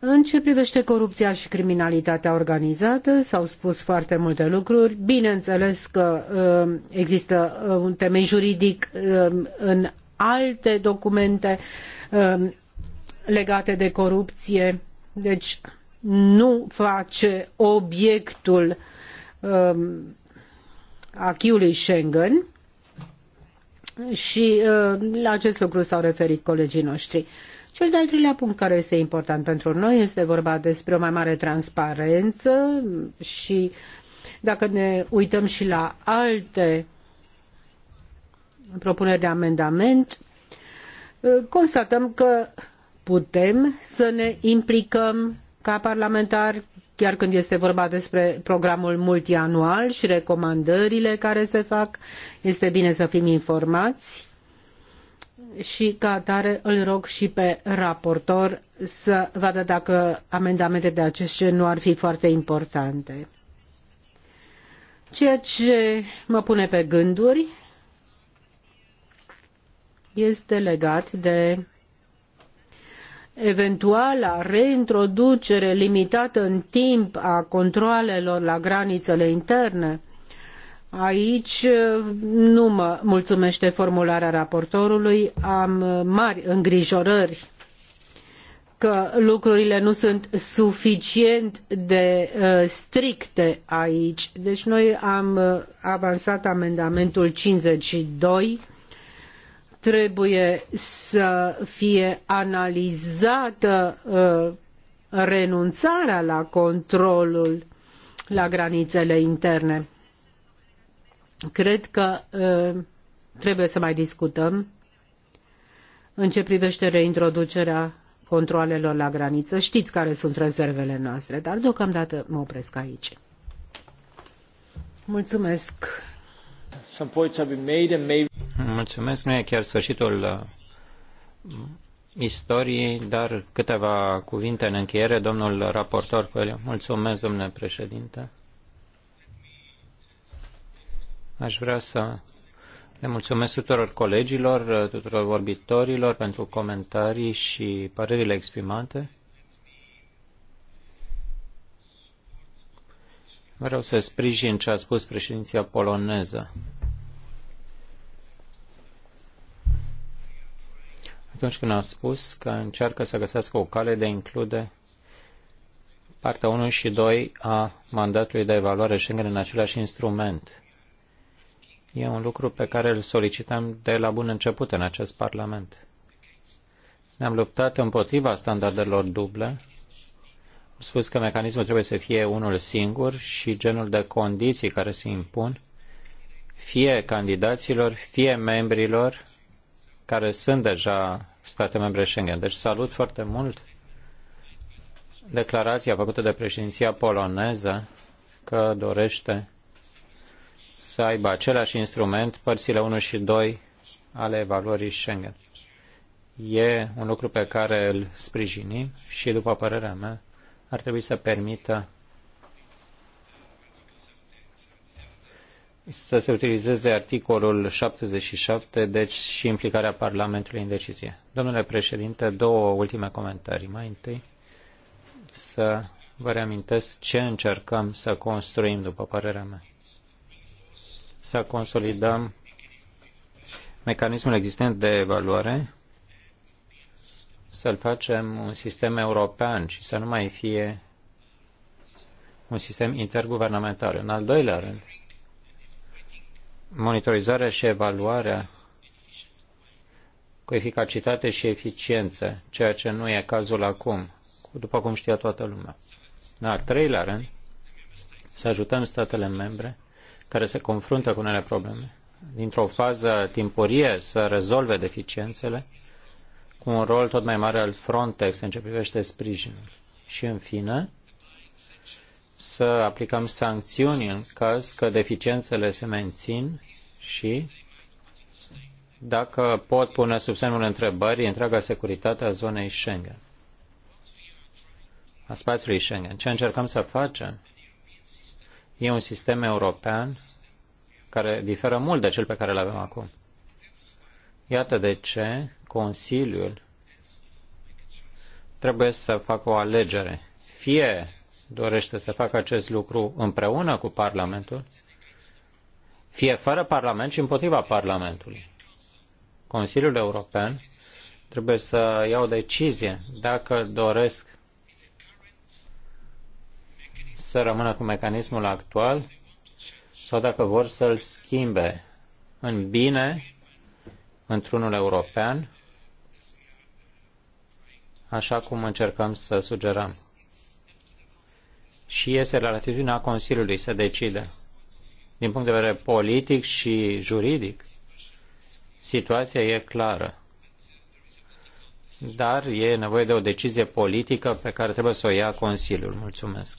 În ce privește corupția și criminalitatea organizată, s-au spus foarte multe lucruri. Bineînțeles că um, există uh, un temei juridic um, în alte documente um, legate de corupție, deci nu face obiectul acquis-ului Schengen și uh, la acest lucru s-au referit colegii noștri. Cel de-al treilea punct care este important pentru noi este vorba despre o mai mare transparență și dacă ne uităm și la alte propuneri de amendament, uh, constatăm că putem să ne implicăm ca parlamentari, chiar când este vorba despre programul multianual și recomandările care se fac, este bine să fim informați și ca atare îl rog și pe raportor să vadă dacă amendamente de acest gen nu ar fi foarte importante. Ceea ce mă pune pe gânduri este legat de eventuala reintroducere limitată în timp a controalelor la granițele interne. Aici uh, nu mă mulțumește formularea raportorului, am uh, mari îngrijorări că lucrurile nu sunt suficient de uh, stricte aici. Deci noi am avansat amendamentul 52 trebuie să fie analizată uh, renunțarea la controlul la granițele interne. Cred că uh, trebuie să mai discutăm în ce privește reintroducerea controalelor la graniță. Știți care sunt rezervele noastre, dar deocamdată mă opresc aici. Mulțumesc. Some points have been made and made. Mulțumesc. Nu e chiar sfârșitul uh, istoriei, dar câteva cuvinte în încheiere, domnul raportor Coelho. Mulțumesc, domnule președinte. Aș vrea să le mulțumesc tuturor colegilor, uh, tuturor vorbitorilor pentru comentarii și părerile exprimate. Vreau să sprijin ce a spus președinția poloneză. atunci când a spus că încearcă să găsească o cale de a include partea 1 și 2 a mandatului de evaluare Schengen în același instrument. E un lucru pe care îl solicităm de la bun început în acest Parlament. Ne-am luptat împotriva standardelor duble. Am spus că mecanismul trebuie să fie unul singur și genul de condiții care se impun fie candidaților, fie membrilor care sunt deja state membre Schengen. Deci salut foarte mult declarația făcută de președinția poloneză că dorește să aibă același instrument părțile 1 și 2 ale evaluării Schengen. E un lucru pe care îl sprijinim și, după părerea mea, ar trebui să permită să se utilizeze articolul 77, deci și implicarea Parlamentului în decizie. Domnule președinte, două ultime comentarii. Mai întâi, să vă reamintesc ce încercăm să construim, după părerea mea. Să consolidăm mecanismul existent de evaluare, să-l facem un sistem european și să nu mai fie un sistem interguvernamental. În al doilea rând, monitorizarea și evaluarea cu eficacitate și eficiență, ceea ce nu e cazul acum, după cum știa toată lumea. În al treilea rând, să ajutăm statele membre care se confruntă cu unele probleme, dintr-o fază timpurie să rezolve deficiențele, cu un rol tot mai mare al Frontex în ce privește sprijinul. Și în fine, să aplicăm sancțiuni în caz că deficiențele se mențin și dacă pot pune sub semnul întrebării întreaga securitate a zonei Schengen, a spațiului Schengen. Ce încercăm să facem e un sistem european care diferă mult de cel pe care îl avem acum. Iată de ce Consiliul trebuie să facă o alegere. Fie dorește să facă acest lucru împreună cu Parlamentul, fie fără Parlament și împotriva Parlamentului. Consiliul European trebuie să ia o decizie dacă doresc să rămână cu mecanismul actual sau dacă vor să-l schimbe în bine într-unul european, așa cum încercăm să sugerăm și este la latitudinea Consiliului să decide. Din punct de vedere politic și juridic, situația e clară. Dar e nevoie de o decizie politică pe care trebuie să o ia Consiliul. Mulțumesc.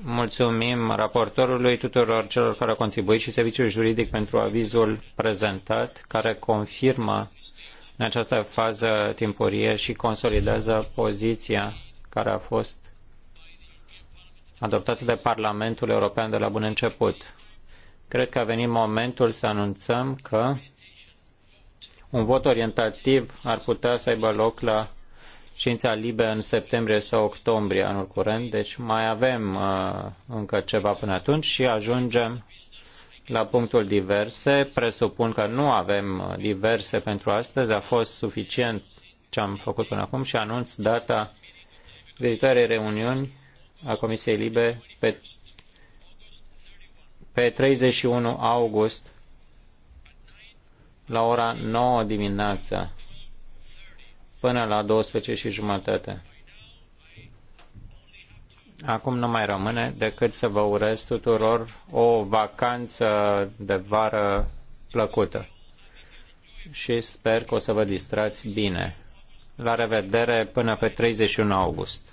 Mulțumim raportorului tuturor celor care au contribuit și serviciul juridic pentru avizul prezentat, care confirmă în această fază timpurie și consolidează poziția care a fost adoptată de Parlamentul European de la bun început. Cred că a venit momentul să anunțăm că un vot orientativ ar putea să aibă loc la știința libe în septembrie sau octombrie anul curent, deci mai avem uh, încă ceva până atunci și ajungem la punctul diverse. Presupun că nu avem uh, diverse pentru astăzi, a fost suficient ce am făcut până acum și anunț data viitoare reuniuni a Comisiei Libe pe, pe 31 august la ora 9 dimineața până la 12 și jumătate. Acum nu mai rămâne decât să vă urez tuturor o vacanță de vară plăcută și sper că o să vă distrați bine. La revedere până pe 31 august.